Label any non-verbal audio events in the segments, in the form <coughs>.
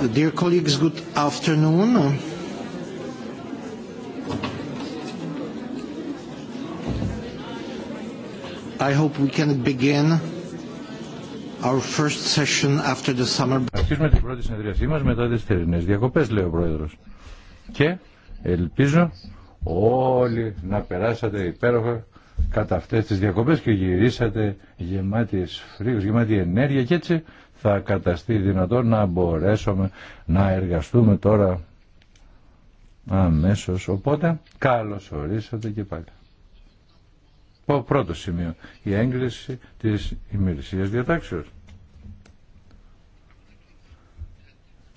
Dear colleagues, good την πρώτη συνεδρίασή μας μετά τις θερινές λέει ο Πρόεδρος. Και ελπίζω όλοι να περάσατε υπέροχα κατά αυτές τις διακοπές και γυρίσατε γεμάτη σφρίγους, γεμάτη ενέργεια και έτσι θα καταστεί δυνατό να μπορέσουμε να εργαστούμε τώρα αμέσως. Οπότε, καλώς ορίσατε και πάλι. Πρώτο σημείο, η έγκριση της ημερησίας διατάξεως.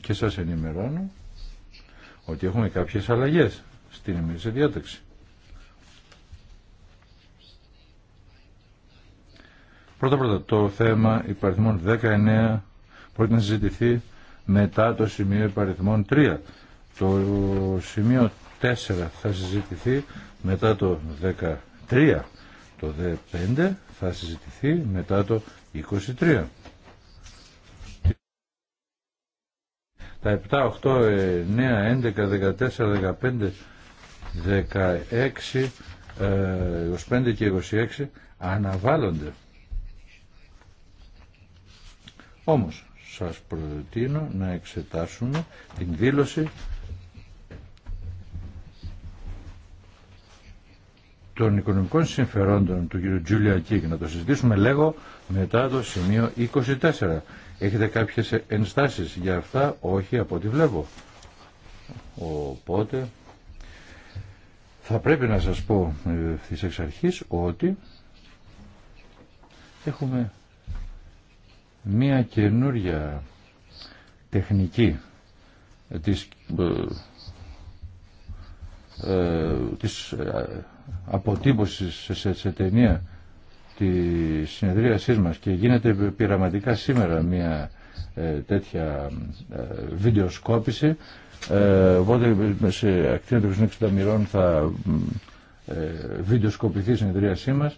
Και σας ενημερώνω ότι έχουμε κάποιες αλλαγές στην ημερησία διάταξη. Πρώτα πρώτα το θέμα υπαριθμών 19 πρέπει να συζητηθεί μετά το σημείο υπαριθμών 3. Το σημείο 4 θα συζητηθεί μετά το 13. Το 5 θα συζητηθεί μετά το 23. Τα 7, 8, 9, 11, 14, 15, 16, 25 και 26 αναβάλλονται. Όμως σας προτείνω να εξετάσουμε την δήλωση των οικονομικών συμφερόντων του κ. Τζούλια Κίγκ. Να το συζητήσουμε λέγω μετά το σημείο 24. Έχετε κάποιες ενστάσεις για αυτά, όχι από ό,τι βλέπω. Οπότε θα πρέπει να σας πω ε, ευθύς εξ αρχής ότι έχουμε μία καινούρια τεχνική της, ε, ε της ε, αποτύπωσης σε, ταινία τη συνεδρίασής μας και γίνεται πειραματικά σήμερα μία ε, τέτοια βιντεοσκόπηση ε, οπότε σε ακτίνα των 60 μοιρών θα ε, βιντεοσκοπηθεί η συνεδρίασή μας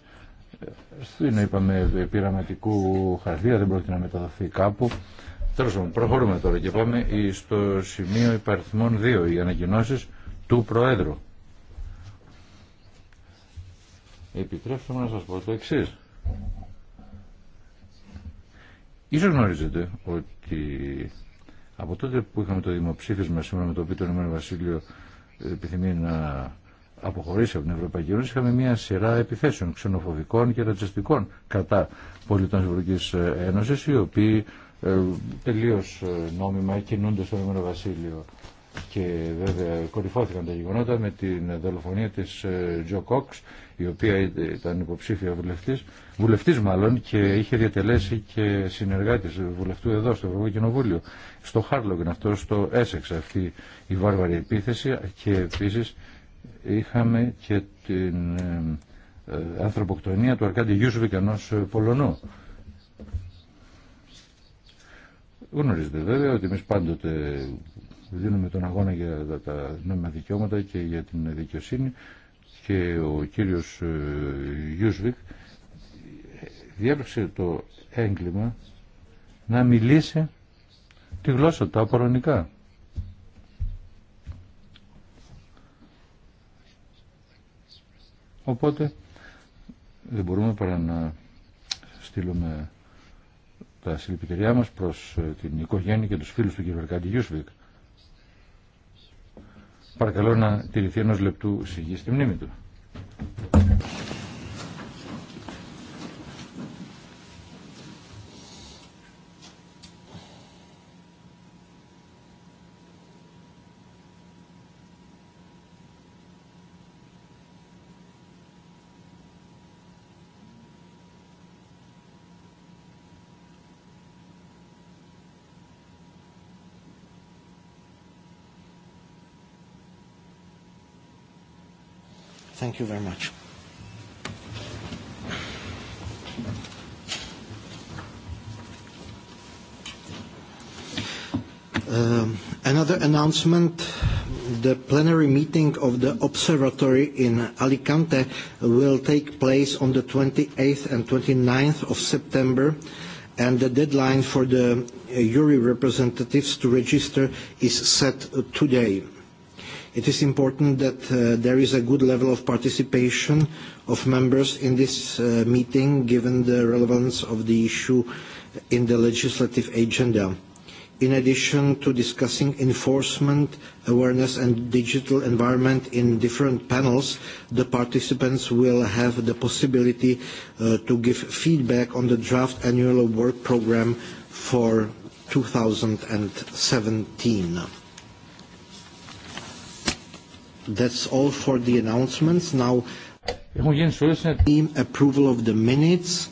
στην είπαμε πειραματικού χαρακτήρα, δεν πρόκειται να μεταδοθεί κάπου. Τέλο πάντων, προχωρούμε τώρα και πάμε στο σημείο υπαριθμών 2, οι ανακοινώσει του Προέδρου. Επιτρέψτε μου να σα πω το εξή. Ίσως γνωρίζετε ότι από τότε που είχαμε το δημοψήφισμα σήμερα με το οποίο το Ηνωμένο Βασίλειο επιθυμεί να αποχωρήσει από την Ευρωπαϊκή Ένωση, είχαμε μια σειρά επιθέσεων ξενοφοβικών και ρατσιστικών κατά πολιτών της Ευρωπαϊκής ε, Ένωσης, οι οποίοι ε, τελείως ε, νόμιμα κινούνται στο Ηνωμένο Βασίλειο. Και βέβαια κορυφώθηκαν τα γεγονότα με την δολοφονία της ε, Τζο Κόξ, η οποία ήταν υποψήφια βουλευτής, βουλευτής μάλλον και είχε διατελέσει και συνεργάτης βουλευτού εδώ στο Ευρωπαϊκό Κοινοβούλιο. Στο Χάρλογκ αυτό, στο Έσεξ αυτή η βάρβαρη επίθεση και επίση είχαμε και την ε, ε, ανθρωποκτονία του Αρκάντη Γιούσβικ, ενός ε, Πολωνού. Γνωρίζετε βέβαια ότι εμεί πάντοτε δίνουμε τον αγώνα για τα νόμιμα δικαιώματα και για την δικαιοσύνη και ο κύριος Γιούσβικ διέπραξε το έγκλημα να μιλήσει τη γλώσσα τα απορρονικά. Οπότε δεν μπορούμε παρά να στείλουμε τα συλληπιτηριά μας προς ε, την οικογένεια και τους φίλους του Βερκάντη Γιούσβικ. Παρακαλώ να τηρηθεί ενός λεπτού συγγύη στη μνήμη του. Thank you very much. Another announcement, the plenary meeting of the observatory in Alicante will take place on the 28th and 29th of September and the deadline for the jury representatives to register is set today. It is important that there is a good level of participation of members in this meeting given the relevance of the issue in the legislative agenda. In addition to discussing enforcement, awareness and digital environment in different panels, the participants will have the possibility to give feedback on the draft annual work program for 2017. That's all for the announcements. Now, ναι. approval of the minutes,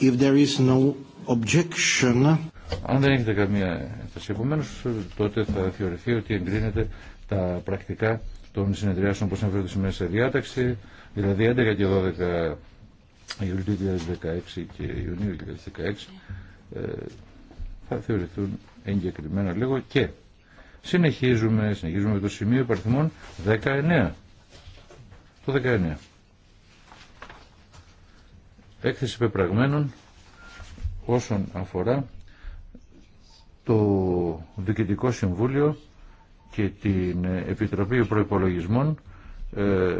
if there is no objection... Αν δεν έχετε καμία ένταση, επομένως τότε θα θεωρηθεί ότι εγκρίνεται τα πρακτικά των συνεδριάσεων που συνέβαινε σήμερα σε διάταξη, δηλαδή 11 και 12 Ιουλίου 2016 και Ιουνίου 2016, ε, θα θεωρηθούν εγκεκριμένα λίγο και Συνεχίζουμε, συνεχίζουμε με το σημείο υπαριθμών 19. Το 19. Έκθεση πεπραγμένων όσον αφορά το Διοικητικό Συμβούλιο και την Επιτροπή Προϋπολογισμών ε,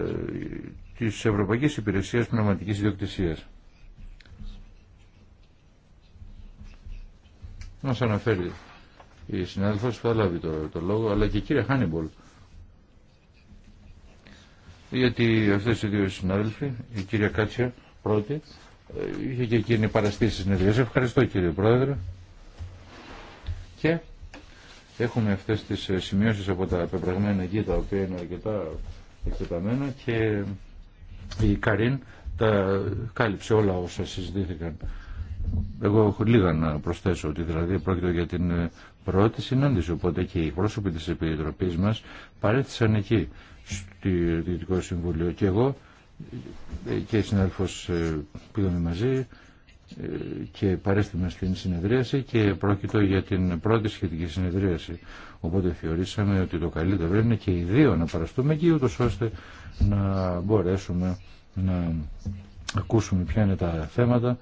της Ευρωπαϊκής Υπηρεσίας Πνευματικής Ιδιοκτησίας. Μας αναφέρει η συνάδελφος θα λάβει το, το λόγο, αλλά και η κύρια Χάνιμπολ. Γιατί αυτές οι δύο συνάδελφοι, η κυρία Κάτσια πρώτη, ε, είχε και εκείνη παραστήσει συνεδρίες. Ευχαριστώ κύριε Πρόεδρε. Και έχουμε αυτές τις ε, σημειώσεις από τα πεπραγμένα εκεί, τα οποία είναι αρκετά εκτεταμένα και η Καρίν τα κάλυψε όλα όσα συζητήθηκαν. Εγώ έχω λίγα να προσθέσω ότι δηλαδή πρόκειται για την ε, πρώτη συνάντηση. Οπότε και οι πρόσωποι τη Επιτροπή μα παρέθησαν εκεί, στο Διοικητικό Συμβούλιο. Και εγώ ε, και η συνάδελφο ε, πήγαμε μαζί ε, και παρέστημα στην συνεδρίαση και πρόκειτο για την πρώτη σχετική συνεδρίαση. Οπότε θεωρήσαμε ότι το καλύτερο είναι και οι δύο να παραστούμε εκεί ούτως ώστε να μπορέσουμε να ακούσουμε ποια είναι τα θέματα,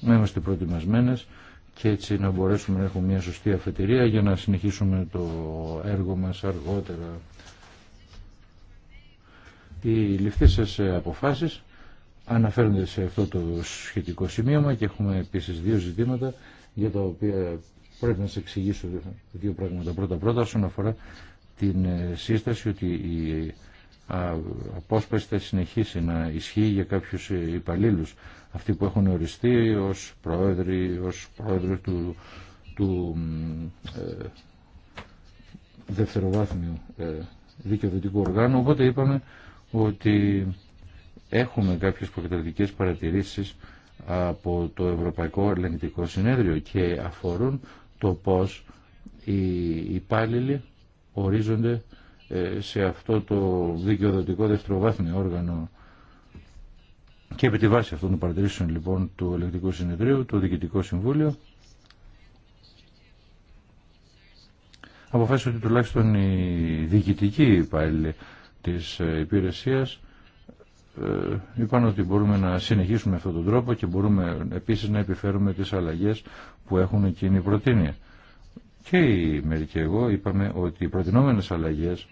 να είμαστε προετοιμασμένες και έτσι να μπορέσουμε να έχουμε μια σωστή αφετηρία για να συνεχίσουμε το έργο μας αργότερα. Οι ληφθείς σας αποφάσεις αναφέρονται σε αυτό το σχετικό σημείωμα και έχουμε επίσης δύο ζητήματα για τα οποία πρέπει να σας εξηγήσω δύο πράγματα. Πρώτα-πρώτα όσον αφορά την ε, σύσταση ότι η απόσπαση θα συνεχίσει να ισχύει για κάποιους υπαλλήλου, αυτοί που έχουν οριστεί ως πρόεδροι, ως πρόεδροι του, του ε, δευτεροβάθμιου ε, δικαιοδοτικού οργάνου. Οπότε είπαμε ότι έχουμε κάποιες προκαταρτικές παρατηρήσεις από το Ευρωπαϊκό Ελεγκτικό Συνέδριο και αφορούν το πώς οι υπάλληλοι ορίζονται σε αυτό το δικαιοδοτικό δευτεροβάθμιο όργανο και επί τη βάση αυτών των παρατηρήσεων λοιπόν του Ελεκτικού Συνεδρίου, το Διοικητικό Συμβούλιο αποφάσισε ότι τουλάχιστον οι διοικητικοί υπάλληλοι της ε, υπηρεσίας ε, είπαν ότι μπορούμε να συνεχίσουμε αυτόν τον τρόπο και μπορούμε επίσης να επιφέρουμε τις αλλαγές που έχουν η προτείνει. Και οι μερικοί εγώ είπαμε ότι οι προτινόμενες αλλαγές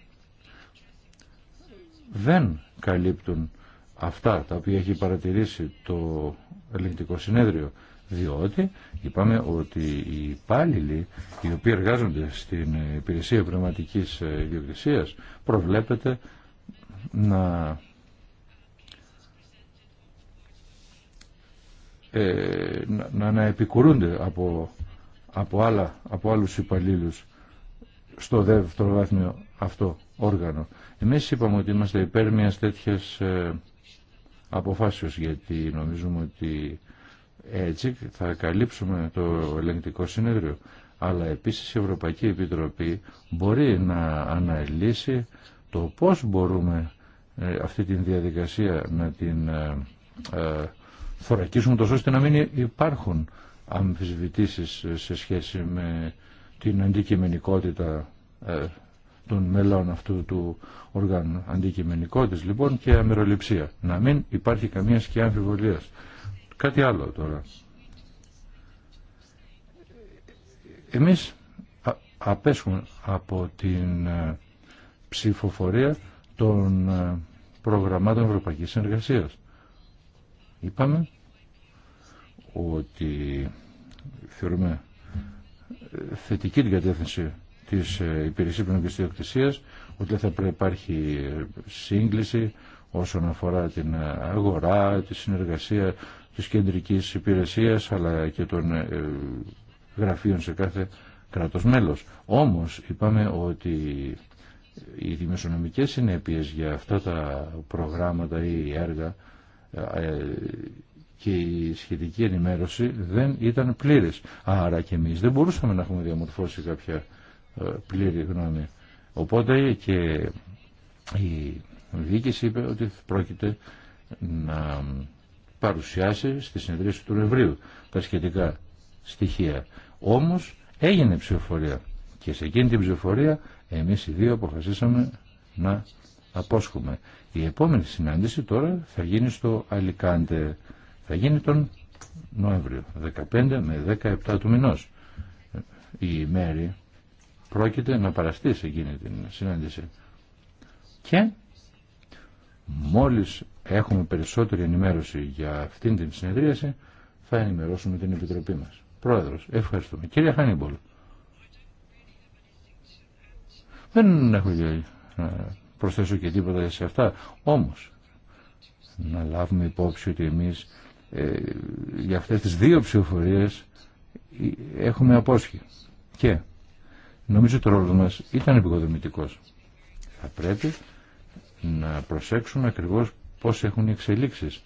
δεν καλύπτουν αυτά τα οποία έχει παρατηρήσει το ελληνικό συνέδριο διότι είπαμε ότι οι υπάλληλοι οι οποίοι εργάζονται στην υπηρεσία πνευματικής ιδιοκτησίας προβλέπεται να ε, να, να επικουρούνται από, από, άλλα, από άλλους υπαλλήλους στο δεύτερο βάθμιο αυτό όργανο. Εμείς είπαμε ότι είμαστε υπέρ μιας τέτοιας ε, αποφάσεως γιατί νομίζουμε ότι έτσι θα καλύψουμε το ελεγκτικό συνέδριο. Αλλά επίσης η Ευρωπαϊκή Επιτροπή μπορεί να αναλύσει το πώς μπορούμε ε, αυτή τη διαδικασία να την ε, θωρακίσουμε τόσο ώστε να μην υπάρχουν αμφισβητήσεις σε σχέση με την αντικειμενικότητα των μελών αυτού του οργάνου. Αντικειμενικότητες λοιπόν και αμεροληψία. Να μην υπάρχει καμία σκιά αμφιβολία. Κάτι άλλο τώρα. Εμείς απέσχουν από την ε, ψηφοφορία των ε, προγραμμάτων Ευρωπαϊκής Συνεργασίας. Είπαμε ότι θεωρούμε ε, θετική την κατεύθυνση της ε, υπηρεσίας πνευματικής ιδιοκτησίας, ότι θα πρέπει να υπάρχει ε, σύγκληση όσον αφορά την ε, αγορά, τη συνεργασία της κεντρικής υπηρεσίας αλλά και των γραφείων σε κάθε κράτος μέλος. Όμως είπαμε ότι οι δημοσιονομικές συνέπειες για αυτά τα προγράμματα ή έργα και η σχετική ενημέρωση δεν ήταν πλήρης. Άρα και εμείς δεν μπορούσαμε να έχουμε διαμορφώσει κάποια ε, πλήρη γνώμη. Οπότε και η διοίκηση είπε ότι πρόκειται να παρουσιάσει στη συνεδρίαση του Νοεμβρίου τα σχετικά στοιχεία. Όμως έγινε ψηφοφορία και σε εκείνη την ψηφοφορία εμείς οι δύο αποφασίσαμε να απόσχουμε. Η επόμενη συνάντηση τώρα θα γίνει στο Αλικάντε. Θα γίνει τον Νοέμβριο, 15 με 17 του μηνός. Η μέρη πρόκειται να παραστεί σε εκείνη την συνάντηση. Και μόλις έχουμε περισσότερη ενημέρωση για αυτήν την συνεδρίαση θα ενημερώσουμε την Επιτροπή μας. Πρόεδρος, ευχαριστούμε. Κυρία Χανίμπολ. Δεν έχω να ε, προσθέσω και τίποτα σε αυτά. Όμως, να λάβουμε υπόψη ότι εμείς ε, για αυτές τις δύο ψηφοφορίες ε, έχουμε απόσχη. Και Νομίζω ότι ο ρόλος μας ήταν επικοδομητικός. Θα πρέπει να προσέξουμε ακριβώς πώς έχουν οι εξελίξεις.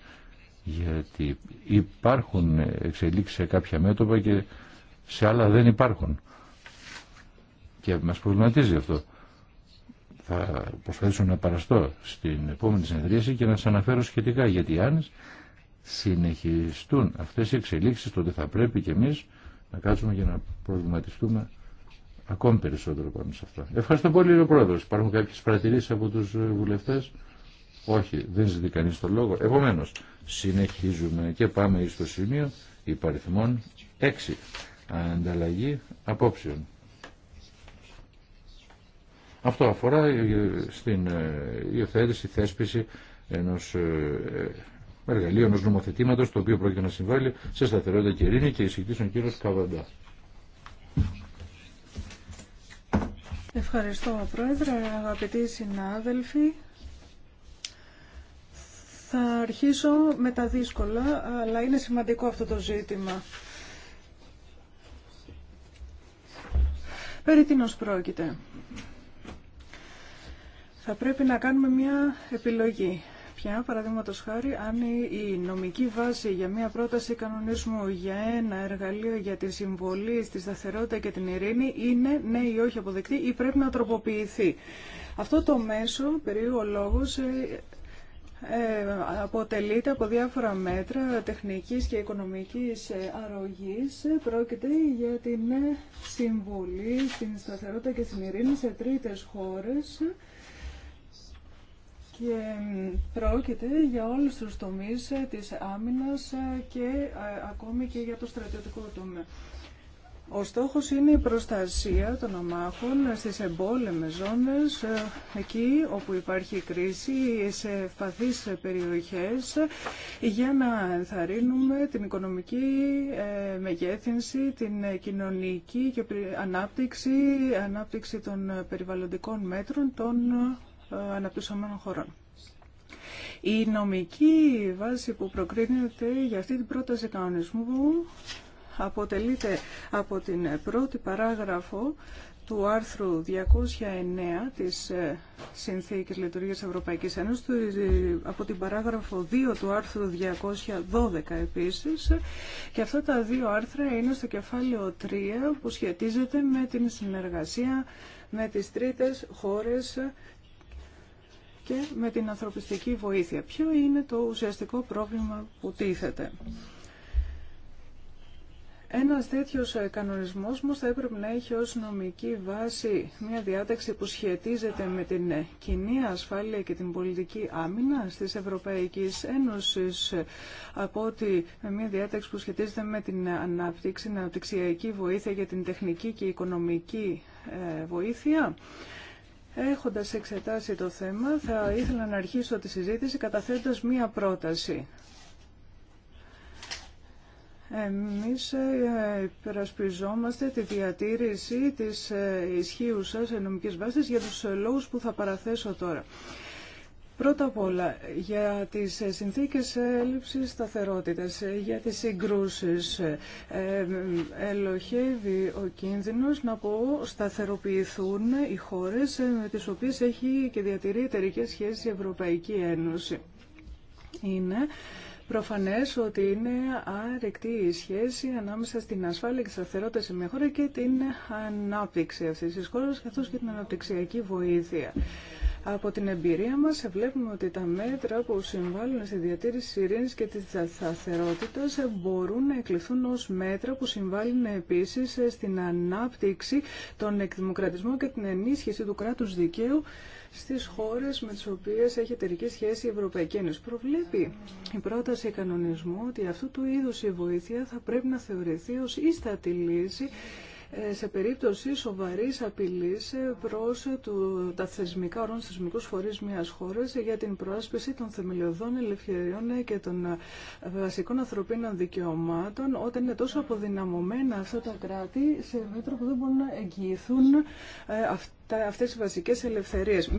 Γιατί υπάρχουν εξελίξεις σε κάποια μέτωπα και σε άλλα δεν υπάρχουν. Και μας προβληματίζει αυτό. Θα προσπαθήσω να παραστώ στην επόμενη συνεδρίαση και να σας αναφέρω σχετικά. Γιατί αν συνεχιστούν αυτές οι εξελίξεις τότε θα πρέπει και εμείς να κάτσουμε και να προβληματιστούμε ακόμη περισσότερο πάνω σε αυτά. Ευχαριστώ πολύ, ο Πρόεδρος. Υπάρχουν κάποιες παρατηρήσεις από τους ε, βουλευτές. Όχι, δεν ζητεί κανεί το λόγο. Επομένω, συνεχίζουμε και πάμε στο σημείο υπαριθμών 6. Ανταλλαγή απόψεων. Αυτό αφορά ε, στην ε, υιοθέτηση, θέσπιση ενός εργαλείου, ενός νομοθετήματος, το οποίο πρόκειται να συμβάλλει σε σταθερότητα και ειρήνη και εισηγητής ο κύριος Καβαντά. Ευχαριστώ, Πρόεδρε, αγαπητοί συνάδελφοι. Θα αρχίσω με τα δύσκολα, αλλά είναι σημαντικό αυτό το ζήτημα. Περί τίνος πρόκειται. Θα πρέπει να κάνουμε μια επιλογή πια, παραδείγματο χάρη, αν η νομική βάση για μια πρόταση κανονισμού για ένα εργαλείο για τη συμβολή στη σταθερότητα και την ειρήνη είναι ναι ή όχι αποδεκτή ή πρέπει να τροποποιηθεί. Αυτό το μέσο, περίεργο ε, ε, αποτελείται από διάφορα μέτρα τεχνικής και οικονομικής ε, αρρωγής. Πρόκειται για την ε, συμβολή στην σταθερότητα και στην ειρήνη σε τρίτες χώρες και πρόκειται για όλους τους τομείς ε, της άμυνας ε, και ε, ακόμη και για το στρατιωτικό τομέα. Ο στόχος είναι η προστασία των ομάχων στις εμπόλεμες ζώνες, εκεί όπου υπάρχει κρίση, σε ευπαθείς περιοχές, για να ενθαρρύνουμε την οικονομική μεγέθυνση, την κοινωνική και ανάπτυξη, ανάπτυξη των περιβαλλοντικών μέτρων των αναπτυσσόμενων χωρών. Η νομική βάση που προκρίνεται για αυτή την πρόταση κανονισμού αποτελείται από την πρώτη παράγραφο του άρθρου 209 της ε, Συνθήκης Λειτουργίας Ευρωπαϊκής Ένωσης, ε, από την παράγραφο 2 του άρθρου 212 επίσης, και αυτά τα δύο άρθρα είναι στο κεφάλαιο 3 που σχετίζεται με την συνεργασία με τις τρίτες χώρες και με την ανθρωπιστική βοήθεια. Ποιο είναι το ουσιαστικό πρόβλημα που τίθεται. Ένας τέτοιος ε, κανονισμός όμω θα έπρεπε να έχει ως νομική βάση μια διάταξη που σχετίζεται με την ε, κοινή ασφάλεια και την πολιτική άμυνα στις Ευρωπαϊκές Ένωσης ε, από ότι μια διάταξη που σχετίζεται με την ανάπτυξη, την αναπτυξιακή βοήθεια για την τεχνική και οικονομική βοήθεια. Έχοντας εξετάσει το θέμα, θα ήθελα να αρχίσω τη συζήτηση καταθέτοντας μία πρόταση. Εμείς ε, υπερασπιζόμαστε τη διατήρηση της ε, ισχύουσας νομικής βάσης για τους ε, λόγους που θα παραθέσω τώρα. Πρώτα απ' όλα, για τις συνθήκες έλλειψης σταθερότητας, για τις συγκρούσεις, ε, ελοχεύει ο κίνδυνος να πω σταθεροποιηθούν οι χώρες με τις οποίες έχει και διατηρεί εταιρικέ σχέσει η Ευρωπαϊκή Ένωση. Είναι Προφανές ότι είναι άρεκτη η σχέση ανάμεσα στην ασφάλεια και σταθερότητα σε μια χώρα και την ανάπτυξη αυτής της χώρας καθώς και την αναπτυξιακή βοήθεια. Από την εμπειρία μας βλέπουμε ότι τα μέτρα που συμβάλλουν στη διατήρηση ειρήνης και της σταθερότητας μπορούν να εκλειθούν ως μέτρα που συμβάλλουν επίσης στην ανάπτυξη, τον εκδημοκρατισμό και την ενίσχυση του κράτους δικαίου στις χώρες με τις οποίες έχει εταιρική σχέση η Ευρωπαϊκή Ένωση. Προβλέπει η πρόταση κανονισμού ότι αυτού του είδους η βοήθεια θα πρέπει να θεωρηθεί ως ίστατη λύση σε περίπτωση σοβαρής απειλής προς τα θεσμικά όρων, θεσμικού θεσμικούς φορείς μιας χώρας για την προάσπιση των θεμελιωδών ελευθεριών και των ε, βασικών ανθρωπίνων δικαιωμάτων όταν είναι τόσο αποδυναμωμένα αυτά τα κράτη σε μέτρο που δεν μπορούν να εγγυηθούν ε, αυτές οι βασικές ελευθερίες.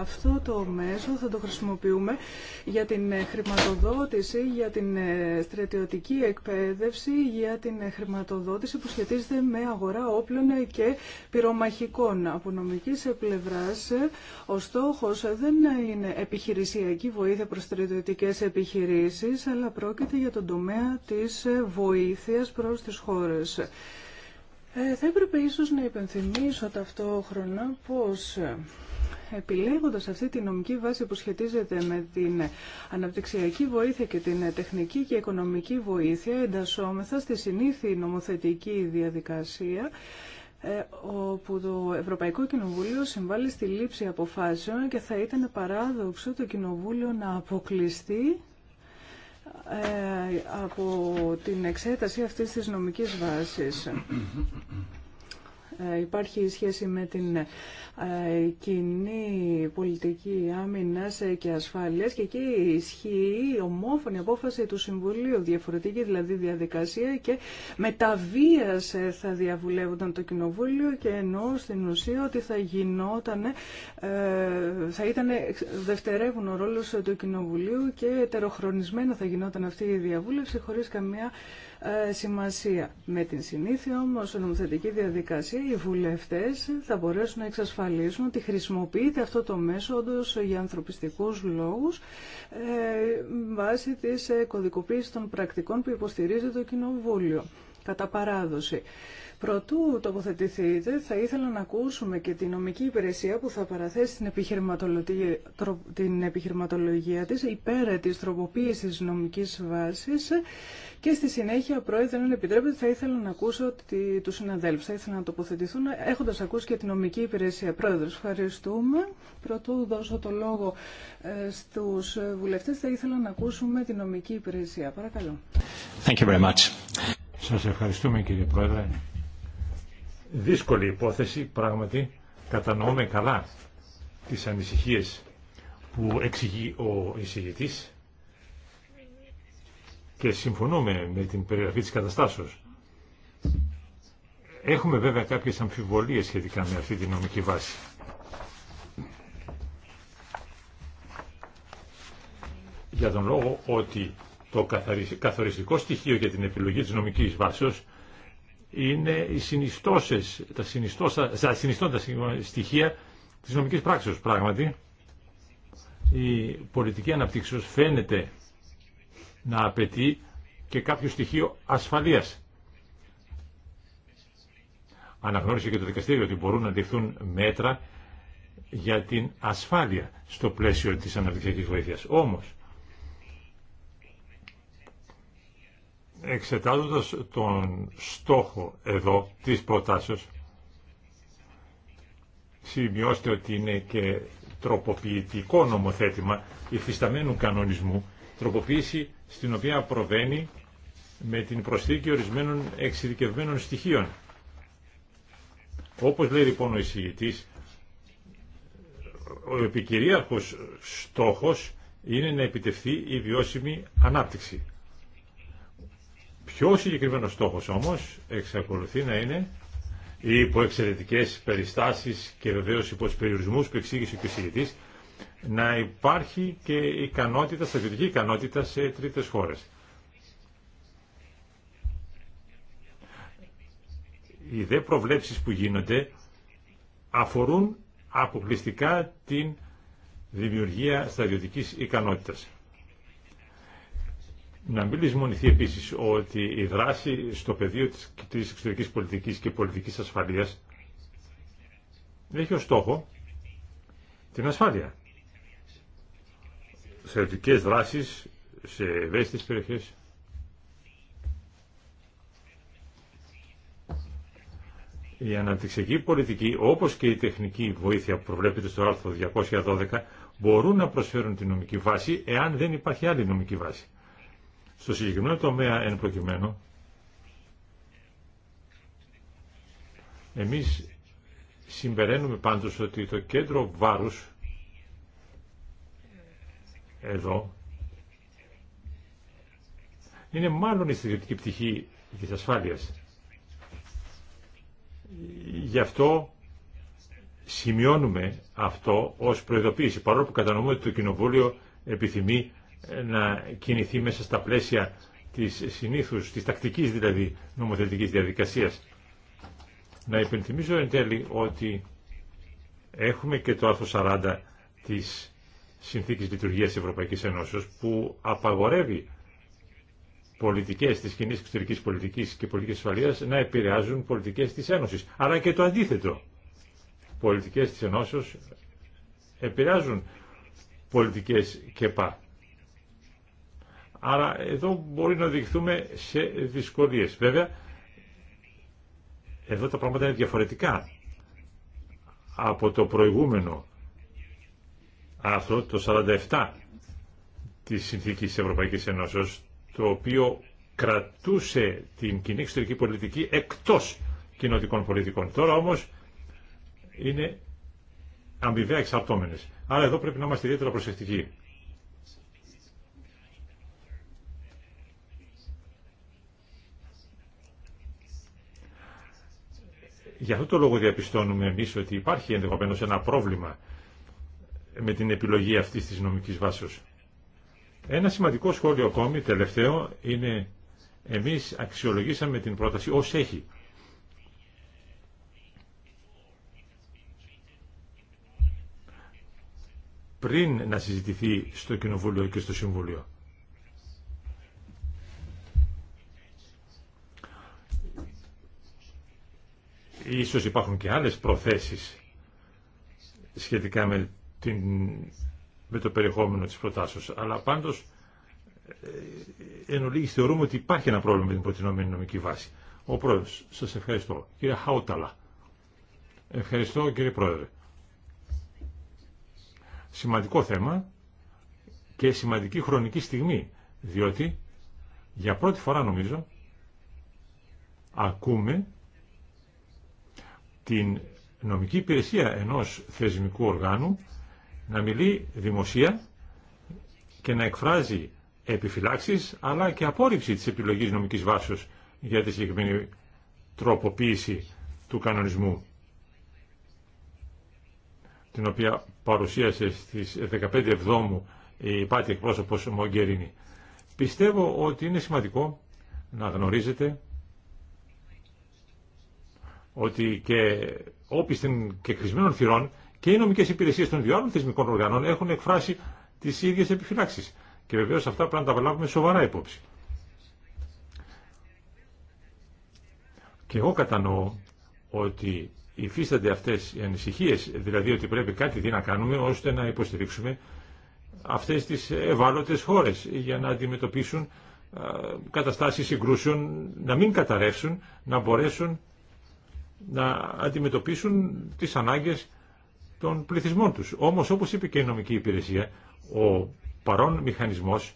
Αυτό το μέσο θα το χρησιμοποιούμε για την ε, χρηματοδότηση, για την ε, στρατιωτική εκπαίδευση, για την ε, χρηματοδότηση που σχετίζεται με αγορά όπλων και πυρομαχικών. Από νομικής πλευράς, ο στόχος δεν είναι επιχειρησιακή βοήθεια προς στρατιωτικές επιχειρήσεις, αλλά πρόκειται για τον τομέα της βοήθειας προς τις χώρες. Ε, θα έπρεπε ίσως να υπενθυμίσω ταυτόχρονα πως επιλέγοντας αυτή τη νομική βάση που σχετίζεται με την αναπτυξιακή βοήθεια και την τεχνική και οικονομική βοήθεια, εντασσόμεθα στη συνήθη νομοθετική διαδικασία ε, όπου το Ευρωπαϊκό Κοινοβούλιο συμβάλλει στη λήψη αποφάσεων και θα ήταν παράδοξο το Κοινοβούλιο να αποκλειστεί ε, από την εξέταση αυτής της νομικής βάσης. Ε, υπάρχει σχέση με την ε, κοινή πολιτική άμυνας ε, και ασφάλειας και εκεί ισχύει η ομόφωνη απόφαση του Συμβουλίου, διαφορετική δηλαδή διαδικασία και μεταβίας θα διαβουλεύονταν το Κοινοβούλιο και ενώ στην ουσία ότι θα γινόταν, θα ήταν δευτερεύουν ο ρόλος του Κοινοβουλίου και ετεροχρονισμένα θα γινόταν αυτή η διαβούλευση χωρίς καμία ε, σημασία. Με την συνήθεια όμως νομοθετική διαδικασία οι βουλευτές θα μπορέσουν να εξασφαλίσουν ότι χρησιμοποιείται αυτό το μέσο για ανθρωπιστικούς λόγους ε, βάσει της κωδικοποίησης των πρακτικών που υποστηρίζει το Κοινοβούλιο κατά παράδοση. Προτού τοποθετηθείτε, θα ήθελα να ακούσουμε και τη νομική υπηρεσία που θα παραθέσει την επιχειρηματολογία, την επιχειρηματολογία της υπέρ της τροποποίησης νομικής βάσης και στη συνέχεια, Πρόεδρε, αν επιτρέπετε, θα ήθελα να ακούσω τη, τους συναδέλφους. Θα ήθελα να τοποθετηθούν έχοντας ακούσει και τη νομική υπηρεσία. Πρόεδρε, ευχαριστούμε. Προτού δώσω το λόγο ε, στους βουλευτές, θα ήθελα να ακούσουμε τη νομική υπηρεσία. Παρακαλώ. Thank you very much. Σας ευχαριστούμε κύριε Πρόεδρε δύσκολη υπόθεση, πράγματι κατανοούμε καλά τις ανησυχίες που εξηγεί ο εισηγητής και συμφωνούμε με την περιγραφή της καταστάσεως. Έχουμε βέβαια κάποιες αμφιβολίες σχετικά με αυτή τη νομική βάση. Για τον λόγο ότι το καθοριστικό στοιχείο για την επιλογή της νομικής βάσεως είναι οι συνιστώσεις, τα, συνιστώσα, τα συνιστώντα στοιχεία της νομικής πράξης. Πράγματι, η πολιτική αναπτύξεως φαίνεται να απαιτεί και κάποιο στοιχείο ασφαλείας. Αναγνώρισε και το δικαστήριο ότι μπορούν να ληφθούν μέτρα για την ασφάλεια στο πλαίσιο της αναπτυξιακής βοήθειας. Όμως, Εξετάζοντας τον στόχο εδώ της προτάσεως, σημειώστε ότι είναι και τροποποιητικό νομοθέτημα υφισταμένου κανονισμού, τροποποίηση στην οποία προβαίνει με την προσθήκη ορισμένων εξειδικευμένων στοιχείων. Όπως λέει λοιπόν ο εισηγητής, ο επικυρίαρχος στόχος είναι να επιτευθεί η βιώσιμη ανάπτυξη πιο συγκεκριμένος στόχος όμως εξακολουθεί να είναι ή υπό εξαιρετικές περιστάσεις και βεβαίως υπό τους περιορισμούς που εξήγησε ο να υπάρχει και ικανότητα, στρατιωτική ικανότητα σε τρίτες χώρες. Οι δε προβλέψεις που γίνονται αφορούν αποκλειστικά την δημιουργία στρατιωτικής ικανότητας. Να μην λησμονηθεί επίση ότι η δράση στο πεδίο τη εξωτερική πολιτική και πολιτική ασφαλεία έχει ω στόχο την ασφάλεια. Στρατιωτικέ δράσει σε ευαίσθητε περιοχέ. Η αναπτυξιακή πολιτική, όπως και η τεχνική βοήθεια που προβλέπεται στο άρθρο 212, μπορούν να προσφέρουν τη νομική βάση, εάν δεν υπάρχει άλλη νομική βάση. Στο συγκεκριμένο τομέα εν προκειμένου, εμείς συμπεραίνουμε πάντως ότι το κέντρο βάρους εδώ είναι μάλλον η στρατιωτική πτυχή της ασφάλειας. Γι' αυτό σημειώνουμε αυτό ως προειδοποίηση, παρόλο που κατανοούμε ότι το Κοινοβούλιο επιθυμεί να κινηθεί μέσα στα πλαίσια της συνήθους, της τακτικής δηλαδή νομοθετικής διαδικασίας. Να υπενθυμίζω εν τέλει ότι έχουμε και το άρθρο 40 της Συνθήκης Λειτουργίας Ευρωπαϊκής Ενώσεως που απαγορεύει πολιτικές της κοινής εξωτερικής πολιτικής και πολιτικής ασφαλείας να επηρεάζουν πολιτικές της Ένωσης. Αλλά και το αντίθετο. Πολιτικές της Ενώσεως επηρεάζουν πολιτικές πά. Άρα εδώ μπορεί να οδηγηθούμε σε δυσκολίες. Βέβαια, εδώ τα πράγματα είναι διαφορετικά από το προηγούμενο άρθρο, το 47 της Συνθήκης της Ευρωπαϊκής Ένωσης, το οποίο κρατούσε την κοινή εξωτερική πολιτική εκτός κοινοτικών πολιτικών. Τώρα όμως είναι αμοιβαία εξαρτώμενες. Άρα εδώ πρέπει να είμαστε ιδιαίτερα προσεκτικοί. Για αυτό το λόγο διαπιστώνουμε εμείς ότι υπάρχει ενδεχομένως ένα πρόβλημα με την επιλογή αυτής της νομικής βάσης. Ένα σημαντικό σχόλιο ακόμη, τελευταίο, είναι εμείς αξιολογήσαμε την πρόταση ως έχει. Πριν να συζητηθεί στο Κοινοβούλιο και στο Συμβούλιο. Ίσως υπάρχουν και άλλες προθέσεις σχετικά με, την, με το περιεχόμενο της προτάσεως. Αλλά πάντως, ε, εν ολίγης θεωρούμε ότι υπάρχει ένα πρόβλημα με την προτινόμενη νομική βάση. Ο Πρόεδρος, σας ευχαριστώ. Κύριε Χαούταλα. Ευχαριστώ κύριε Πρόεδρε. Σημαντικό θέμα και σημαντική χρονική στιγμή, διότι για πρώτη φορά νομίζω ακούμε την νομική υπηρεσία ενός θεσμικού οργάνου να μιλεί δημοσία και να εκφράζει επιφυλάξεις αλλά και απόρριψη της επιλογής νομικής βάσης για τη συγκεκριμένη τροποποίηση του κανονισμού την οποία παρουσίασε στις 15 Εβδόμου η πάτη εκπρόσωπος Μογκερίνη. Πιστεύω ότι είναι σημαντικό να γνωρίζετε ότι και όπισθεν και κρυσμένων θυρών και οι νομικέ υπηρεσίε των δύο άλλων θεσμικών οργανών έχουν εκφράσει τι ίδιε επιφυλάξει. Και βεβαίω αυτά πρέπει να τα βλάβουμε σοβαρά υπόψη. Και εγώ κατανοώ ότι υφίστανται αυτέ οι ανησυχίε, δηλαδή ότι πρέπει κάτι τι να κάνουμε ώστε να υποστηρίξουμε αυτές τις ευάλωτες χώρες για να αντιμετωπίσουν καταστάσεις συγκρούσεων, να μην καταρρεύσουν, να μπορέσουν να αντιμετωπίσουν τις ανάγκες των πληθυσμών τους. Όμως, όπως είπε και η νομική υπηρεσία, ο παρόν μηχανισμός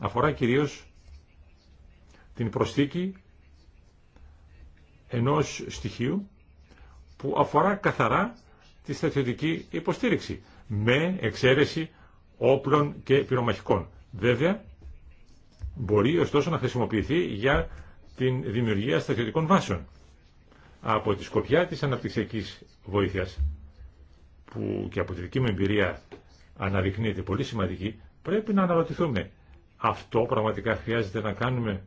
αφορά κυρίως την προσθήκη ενός στοιχείου που αφορά καθαρά τη στρατιωτική υποστήριξη με εξαίρεση όπλων και πυρομαχικών. Βέβαια, μπορεί ωστόσο να χρησιμοποιηθεί για την δημιουργία στρατιωτικών βάσεων από τη σκοπιά της αναπτυξιακής βοήθειας που και από τη δική μου εμπειρία αναδεικνύεται πολύ σημαντική, πρέπει να αναρωτηθούμε αυτό πραγματικά χρειάζεται να κάνουμε.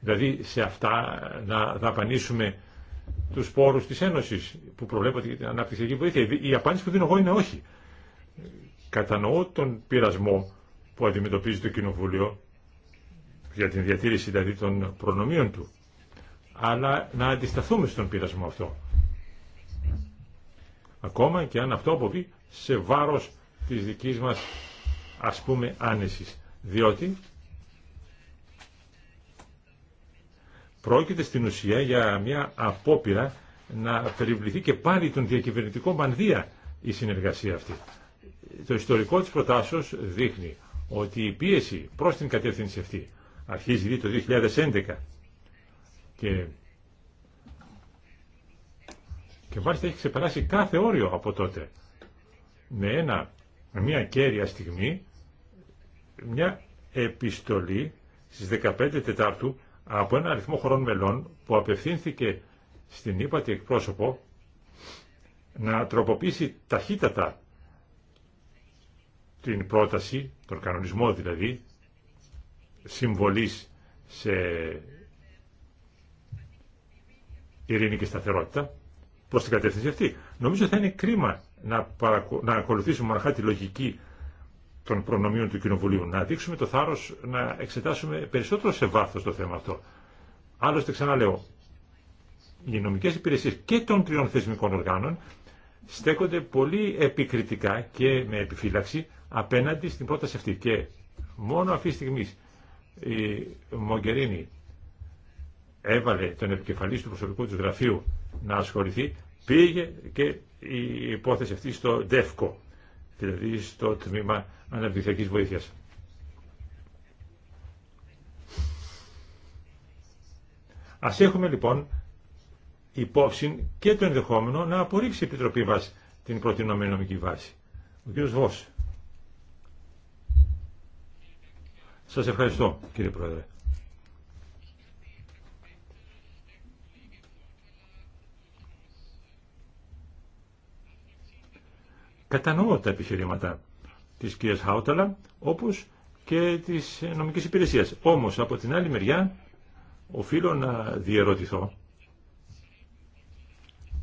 Δηλαδή σε αυτά να δαπανίσουμε τους πόρους της Ένωσης που προβλέπονται για την αναπτυξιακή βοήθεια. Η απάντηση που δίνω εγώ είναι όχι. Κατανοώ τον πειρασμό που αντιμετωπίζει το Κοινοβούλιο για την διατήρηση δηλαδή των προνομίων του, αλλά να αντισταθούμε στον πειρασμό αυτό. Ακόμα και αν αυτό αποβεί σε βάρος της δικής μας ας πούμε άνεσης, διότι πρόκειται στην ουσία για μια απόπειρα να περιβληθεί και πάλι τον διακυβερνητικό μανδύα η συνεργασία αυτή. Το ιστορικό της προτάσεως δείχνει ότι η πίεση προς την κατεύθυνση αυτή αρχίζει το 2011 και, και μάλιστα έχει ξεπεράσει κάθε όριο από τότε με ένα, μια κέρια στιγμή μια επιστολή στις 15 Τετάρτου από ένα αριθμό χωρών μελών που απευθύνθηκε στην ύπατη εκπρόσωπο να τροποποιήσει ταχύτατα την πρόταση, τον κανονισμό δηλαδή, συμβολής σε ειρήνη και σταθερότητα προς την κατεύθυνση αυτή. Νομίζω θα είναι κρίμα να, να ακολουθήσουμε μοναχά τη λογική των προνομίων του Κοινοβουλίου, να δείξουμε το θάρρος να εξετάσουμε περισσότερο σε βάθος το θέμα αυτό. Άλλωστε ξαναλέω, οι νομικές υπηρεσίες και των τριών θεσμικών οργάνων στέκονται πολύ επικριτικά και με επιφύλαξη απέναντι στην πρόταση αυτή. Και μόνο αυτή τη στιγμή η Μογκερίνη έβαλε τον επικεφαλής του προσωπικού του γραφείου να ασχοληθεί, πήγε και η υπόθεση αυτή στο ΔΕΦΚΟ, δηλαδή στο Τμήμα Αναπτυξιακής Βοήθειας. Ας έχουμε λοιπόν υπόψη και το ενδεχόμενο να απορρίψει η Επιτροπή μας την προτινόμενη νομική βάση. Ο κ. Βος. Σας ευχαριστώ κύριε Πρόεδρε. Κατανοώ τα επιχειρήματα της κυρίας Χάουταλα όπως και της νομικής υπηρεσίας. Όμως από την άλλη μεριά οφείλω να διερωτηθώ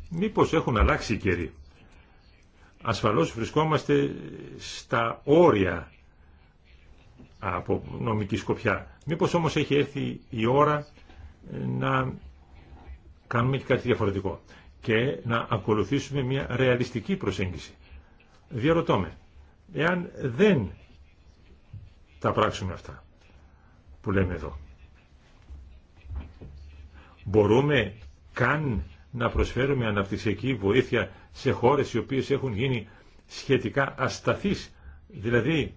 μήπως έχουν αλλάξει οι καιροί. Ασφαλώς βρισκόμαστε στα όρια από νομική σκοπιά. Μήπως όμως έχει έρθει η ώρα ε, να κάνουμε και κάτι διαφορετικό και να ακολουθήσουμε μια ρεαλιστική προσέγγιση. Διαρωτώ με, εάν δεν τα πράξουμε αυτά που λέμε εδώ, μπορούμε καν να προσφέρουμε αναπτυξιακή βοήθεια σε χώρες οι οποίες έχουν γίνει σχετικά ασταθείς, δηλαδή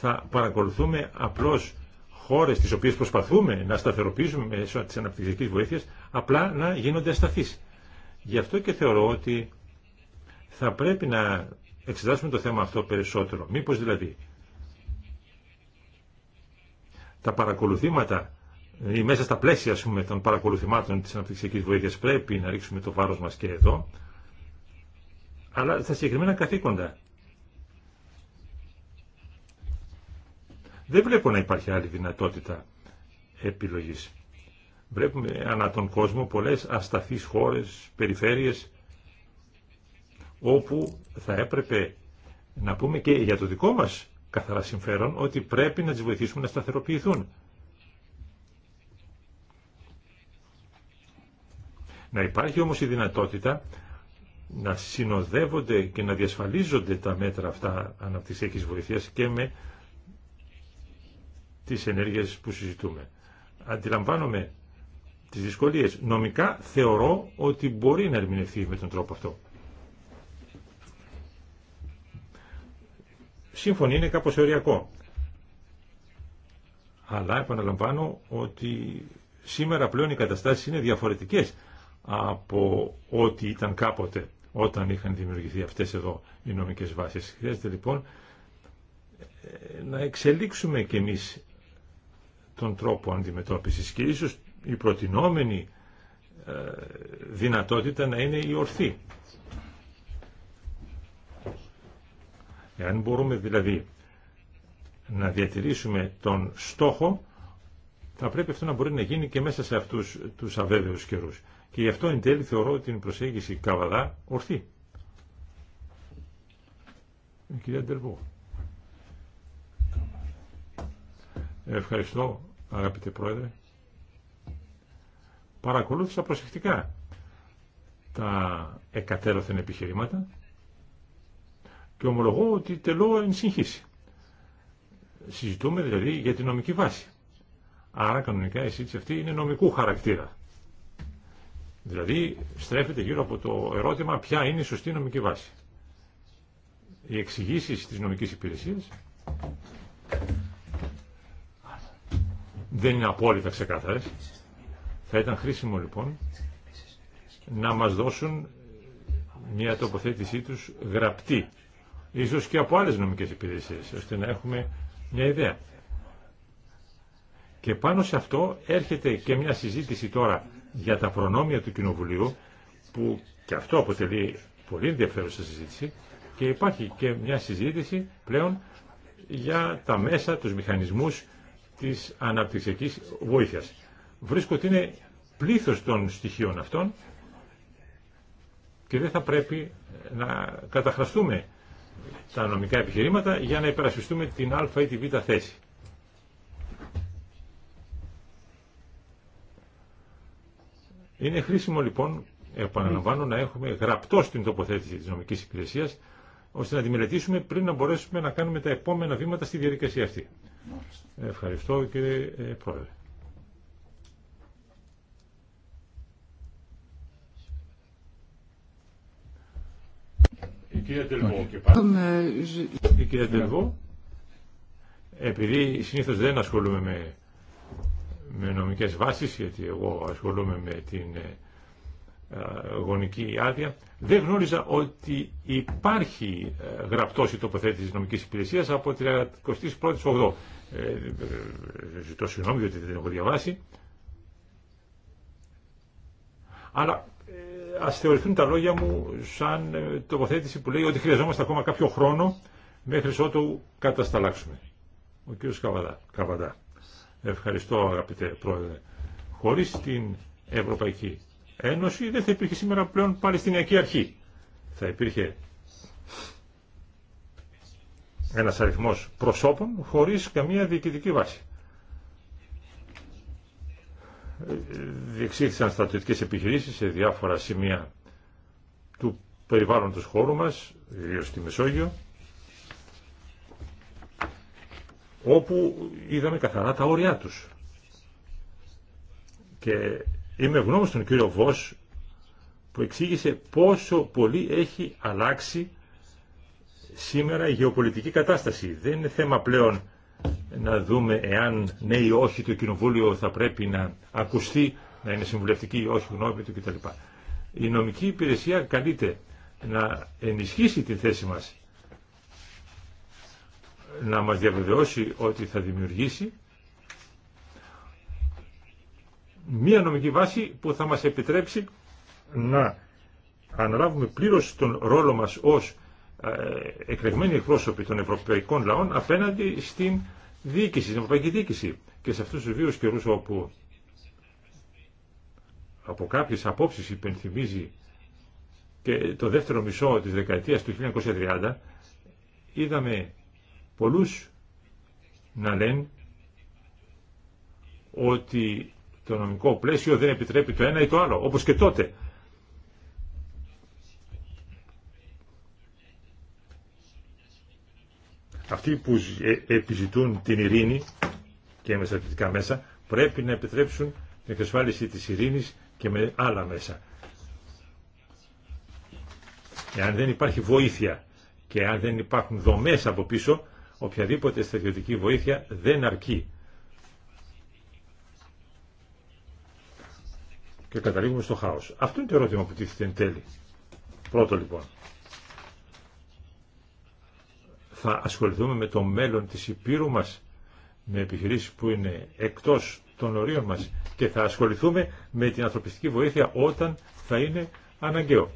θα παρακολουθούμε απλώς χώρες τις οποίες προσπαθούμε να σταθεροποιήσουμε μέσω της αναπτυξιακής βοήθειας, απλά να γίνονται ασταθείς. Γι' αυτό και θεωρώ ότι θα πρέπει να εξετάσουμε το θέμα αυτό περισσότερο. Μήπως δηλαδή τα παρακολουθήματα ή μέσα στα πλαίσια ας πούμε, των παρακολουθημάτων της αναπτυξιακής βοήθειας πρέπει να ρίξουμε το βάρος μας και εδώ, αλλά στα συγκεκριμένα καθήκοντα. Δεν βλέπω να υπάρχει άλλη δυνατότητα επιλογής. Βλέπουμε ανά τον κόσμο πολλές ασταθείς χώρες, περιφέρειες, όπου θα έπρεπε να πούμε και για το δικό μας καθαρά συμφέρον ότι πρέπει να τις βοηθήσουμε να σταθεροποιηθούν. Να υπάρχει όμως η δυνατότητα να συνοδεύονται και να διασφαλίζονται τα μέτρα αυτά αναπτυξιακής βοηθείας και με τις ενέργειες που συζητούμε. Αντιλαμβάνομαι τις δυσκολίες. Νομικά θεωρώ ότι μπορεί να ερμηνευθεί με τον τρόπο αυτό. Σύμφωνοι είναι κάπως εωριακό. Αλλά επαναλαμβάνω ότι σήμερα πλέον οι καταστάσεις είναι διαφορετικές από ό,τι ήταν κάποτε όταν είχαν δημιουργηθεί αυτές εδώ οι νομικές βάσεις. Χρειάζεται λοιπόν να εξελίξουμε κι εμείς τον τρόπο αντιμετώπισης και ίσως η προτινόμενη ε, δυνατότητα να είναι η ορθή. Εάν μπορούμε δηλαδή να διατηρήσουμε τον στόχο, θα πρέπει αυτό να μπορεί να γίνει και μέσα σε αυτούς τους αβέβαιους καιρούς. Και γι' αυτό εν τέλει θεωρώ την προσέγγιση Καβαδά ορθή. Ευχαριστώ αγαπητέ Πρόεδρε. Παρακολούθησα προσεκτικά τα εκατέρωθεν επιχειρήματα και ομολογώ ότι τελώ εν Συζητούμε δηλαδή για τη νομική βάση. Άρα κανονικά η σύντηση αυτή είναι νομικού χαρακτήρα. Δηλαδή στρέφεται γύρω από το ερώτημα ποια είναι η σωστή νομική βάση. Οι εξηγήσει της νομικής υπηρεσίας δεν είναι απόλυτα ξεκάθαρες. Θα ήταν χρήσιμο λοιπόν να μας δώσουν μια τοποθέτησή τους γραπτή, ίσως και από άλλες νομικές υπηρεσίες, ώστε να έχουμε μια ιδέα. Και πάνω σε αυτό έρχεται και μια συζήτηση τώρα για τα προνόμια του Κοινοβουλίου, που και αυτό αποτελεί πολύ ενδιαφέρουσα συζήτηση, και υπάρχει και μια συζήτηση πλέον για τα μέσα, τους μηχανισμούς της αναπτυξιακής βοήθειας. Βρίσκω ότι είναι πλήθος των στοιχείων αυτών και δεν θα πρέπει να καταχραστούμε τα νομικά επιχειρήματα για να υπερασπιστούμε την α ή τη β θέση. Είναι χρήσιμο λοιπόν, επαναλαμβάνω, να έχουμε γραπτό στην τοποθέτηση της νομικής υπηρεσίας, ώστε να τη μελετήσουμε πριν να μπορέσουμε να κάνουμε τα επόμενα βήματα στη διαδικασία αυτή. Ευχαριστώ κύριε ε, Πρόεδρε. Η κυρία Τελβό επειδή συνήθω δεν ασχολούμαι με, με νομικές βάσεις, γιατί εγώ ασχολούμαι με την ε, ε, γονική άδεια. Δεν γνώριζα ότι υπάρχει υπάρχει ε, η τοποθέτηση τη νομική υπηρεσιας υπηρεσίας από 31η 8. Ε, ζητώ συγγνώμη γιατί δεν έχω διαβάσει. Αλλά ε, θεωρηθούν τα λόγια μου σαν τοποθέτηση που λέει ότι χρειαζόμαστε ακόμα κάποιο χρόνο μέχρι ότου κατασταλάξουμε. Ο κύριος Καβαδά, Καβαδά. Ευχαριστώ αγαπητέ πρόεδρε. Χωρίς την Ευρωπαϊκή Ένωση δεν θα υπήρχε σήμερα πλέον Παλαιστινιακή Αρχή. Θα υπήρχε ένας αριθμός προσώπων χωρίς καμία διοικητική βάση. Διεξήχθησαν στρατιωτικές επιχειρήσεις σε διάφορα σημεία του περιβάλλοντος χώρου μας, ιδίω στη Μεσόγειο, όπου είδαμε καθαρά τα όρια τους. Και Είμαι γνώμη στον κύριο Βος που εξήγησε πόσο πολύ έχει αλλάξει σήμερα η γεωπολιτική κατάσταση. Δεν είναι θέμα πλέον να δούμε εάν ναι ή όχι το κοινοβούλιο θα πρέπει να ακουστεί, να είναι συμβουλευτική ή όχι γνώμη του κτλ. Η νομική υπηρεσία καλείται να ενισχύσει τη θέση μας, να μας διαβεβαιώσει ότι θα δημιουργήσει μία νομική βάση που θα μας επιτρέψει να αναλάβουμε πλήρως τον ρόλο μας ως ε, εκλεγμένοι εκπρόσωποι των ευρωπαϊκών λαών απέναντι στην διοίκηση, στην ευρωπαϊκή διοίκηση. Και σε αυτούς τους δύο καιρούς όπου από κάποιες απόψεις υπενθυμίζει και το δεύτερο μισό της δεκαετίας του 1930 είδαμε πολλούς να λένε ότι το νομικό πλαίσιο δεν επιτρέπει το ένα ή το άλλο, όπως και τότε. Αυτοί που ε, επιζητούν την ειρήνη και με στρατιωτικά μέσα πρέπει να επιτρέψουν την εξασφάλιση της ειρήνης και με άλλα μέσα. Εάν δεν υπάρχει βοήθεια και αν δεν υπάρχουν δομές από πίσω, οποιαδήποτε στρατιωτική βοήθεια δεν αρκεί. και καταλήγουμε στο χάος. Αυτό είναι το ερώτημα που τίθεται εν τέλει. Πρώτο λοιπόν. Θα ασχοληθούμε με το μέλλον της Υπήρου μας, με επιχειρήσεις που είναι εκτός των ορίων μας και θα ασχοληθούμε με την ανθρωπιστική βοήθεια όταν θα είναι αναγκαίο.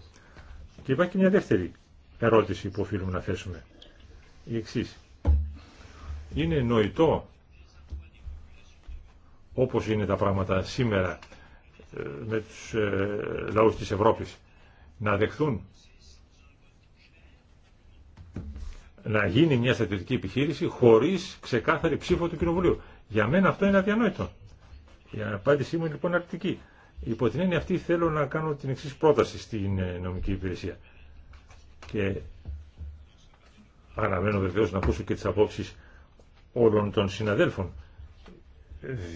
Και υπάρχει και μια δεύτερη ερώτηση που οφείλουμε να θέσουμε. Η εξή. Είναι νοητό όπως είναι τα πράγματα σήμερα με τους ε, λαούς της Ευρώπης να δεχθούν να γίνει μια στρατιωτική επιχείρηση χωρίς ξεκάθαρη ψήφο του Κοινοβουλίου. Για μένα αυτό είναι αδιανόητο. Η απάντησή μου είναι λοιπόν αρκτική. Υπό την έννοια αυτή θέλω να κάνω την εξή πρόταση στην ε, νομική υπηρεσία. Και αναμένω βεβαίως να ακούσω και τις απόψεις όλων των συναδέλφων.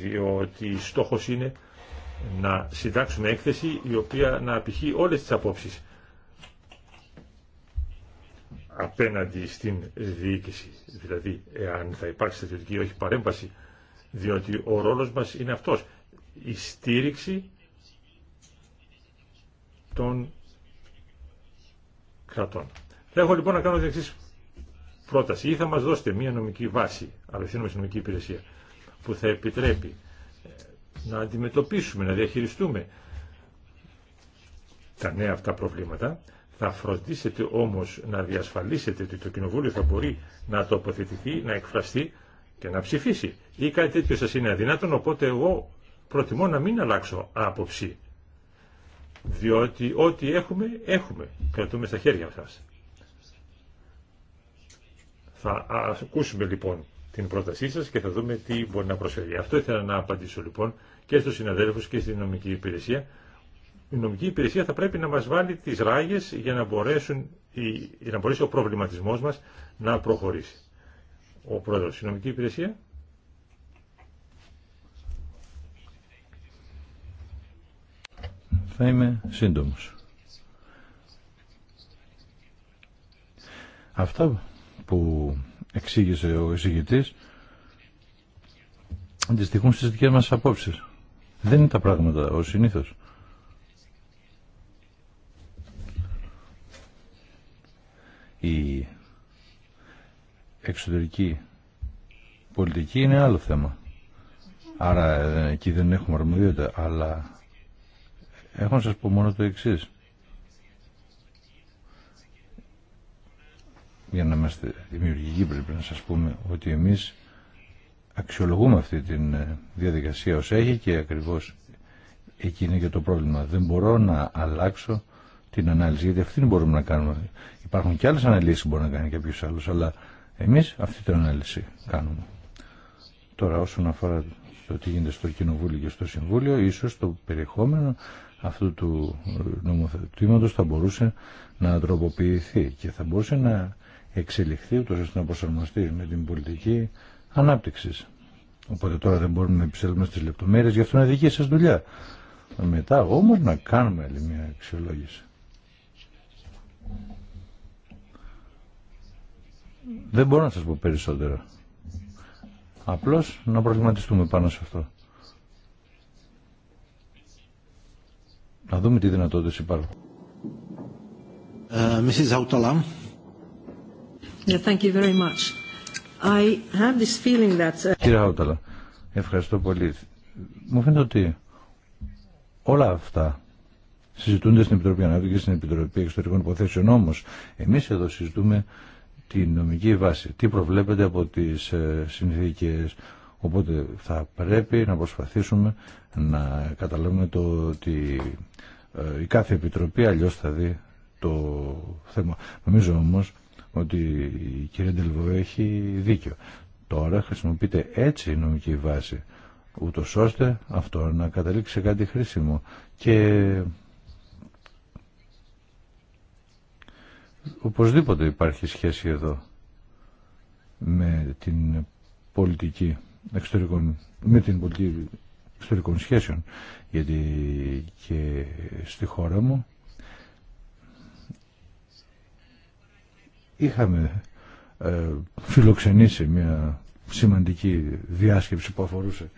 Διότι στόχος είναι να συντάξουμε έκθεση η οποία να απηχεί όλες τις απόψεις απέναντι στην διοίκηση. Δηλαδή, εάν θα υπάρξει στρατιωτική ή όχι παρέμβαση, διότι ο ρόλος μας είναι αυτός. Η στήριξη των κρατών. Θα έχω λοιπόν να κάνω την εξή πρόταση. Ή θα μας δώσετε μία νομική βάση, αλλά νομική υπηρεσία, που θα επιτρέπει να αντιμετωπίσουμε, να διαχειριστούμε τα νέα αυτά προβλήματα. Θα φροντίσετε όμως να διασφαλίσετε ότι το Κοινοβούλιο θα μπορεί να τοποθετηθεί, να εκφραστεί και να ψηφίσει. Ή κάτι τέτοιο σας είναι αδυνάτον, οπότε εγώ προτιμώ να μην αλλάξω άποψη. Διότι ό,τι έχουμε, έχουμε. Κρατούμε στα χέρια σας. Θα ακούσουμε λοιπόν την πρότασή σας και θα δούμε τι μπορεί να προσφέρει. Αυτό ήθελα να απαντήσω λοιπόν και στους συναδέλφους και στην νομική υπηρεσία. Η νομική υπηρεσία θα πρέπει να μας βάλει τις ράγες για να, μπορέσουν, για να μπορέσει ο προβληματισμός μας να προχωρήσει. Ο πρόεδρος, η νομική υπηρεσία. Θα είμαι σύντομος. Αυτά που εξήγησε ο εισηγητής αντιστοιχούν στις δικές μας απόψεις. Δεν είναι τα πράγματα ως συνήθως. Η εξωτερική πολιτική είναι άλλο θέμα. Άρα ε, εκεί δεν έχουμε αρμοδιότητα, αλλά έχω να σας πω μόνο το εξή. Για να είμαστε δημιουργικοί πρέπει να σας πούμε ότι εμείς αξιολογούμε αυτή τη ε, διαδικασία ως έχει και ακριβώς εκεί είναι και το πρόβλημα. Δεν μπορώ να αλλάξω την ανάλυση, γιατί αυτή μπορούμε να κάνουμε. Υπάρχουν και άλλες αναλύσεις που μπορεί να κάνει κάποιο άλλος, αλλά εμείς αυτή την ανάλυση κάνουμε. Τώρα όσον αφορά το τι γίνεται στο Κοινοβούλιο και στο Συμβούλιο, ίσως το περιεχόμενο αυτού του ε, νομοθετήματος θα μπορούσε να τροποποιηθεί και θα μπορούσε να εξελιχθεί ούτως ώστε να προσαρμοστεί με την πολιτική Ανάπτυξη. Οπότε τώρα δεν μπορούμε να επιστρέψουμε στις λεπτομέρειες, γι' αυτό είναι δική σας δουλειά. Μετά όμως να κάνουμε άλλη μια αξιολόγηση. Δεν μπορώ να σας πω περισσότερα. Απλώς να προβληματιστούμε πάνω σε αυτό. Να δούμε τι δυνατότητες υπάρχουν. Uh, Mrs. Yeah, thank you very much. Uh, Κύριε Χάουταλα, ευχαριστώ πολύ. Μου φαίνεται ότι όλα αυτά συζητούνται στην Επιτροπή Ανάπτυξη και στην Επιτροπή Εξωτερικών Υποθέσεων. Όμω, εμεί εδώ συζητούμε τη νομική βάση, τι προβλέπεται από τι ε, συνθήκε. Οπότε θα πρέπει να προσπαθήσουμε να καταλάβουμε το ότι ε, η κάθε επιτροπή αλλιώ θα δει το θέμα. Νομίζω όμως ότι η κυρία Ντελβό έχει δίκιο. Τώρα χρησιμοποιείται έτσι η νομική βάση, ούτω ώστε αυτό να καταλήξει σε κάτι χρήσιμο. Και οπωσδήποτε υπάρχει σχέση εδώ με την πολιτική εξωτερικών, με την πολιτική εξωτερικών σχέσεων, γιατί και στη χώρα μου είχαμε ε, φιλοξενήσει μια σημαντική διάσκεψη που αφορούσε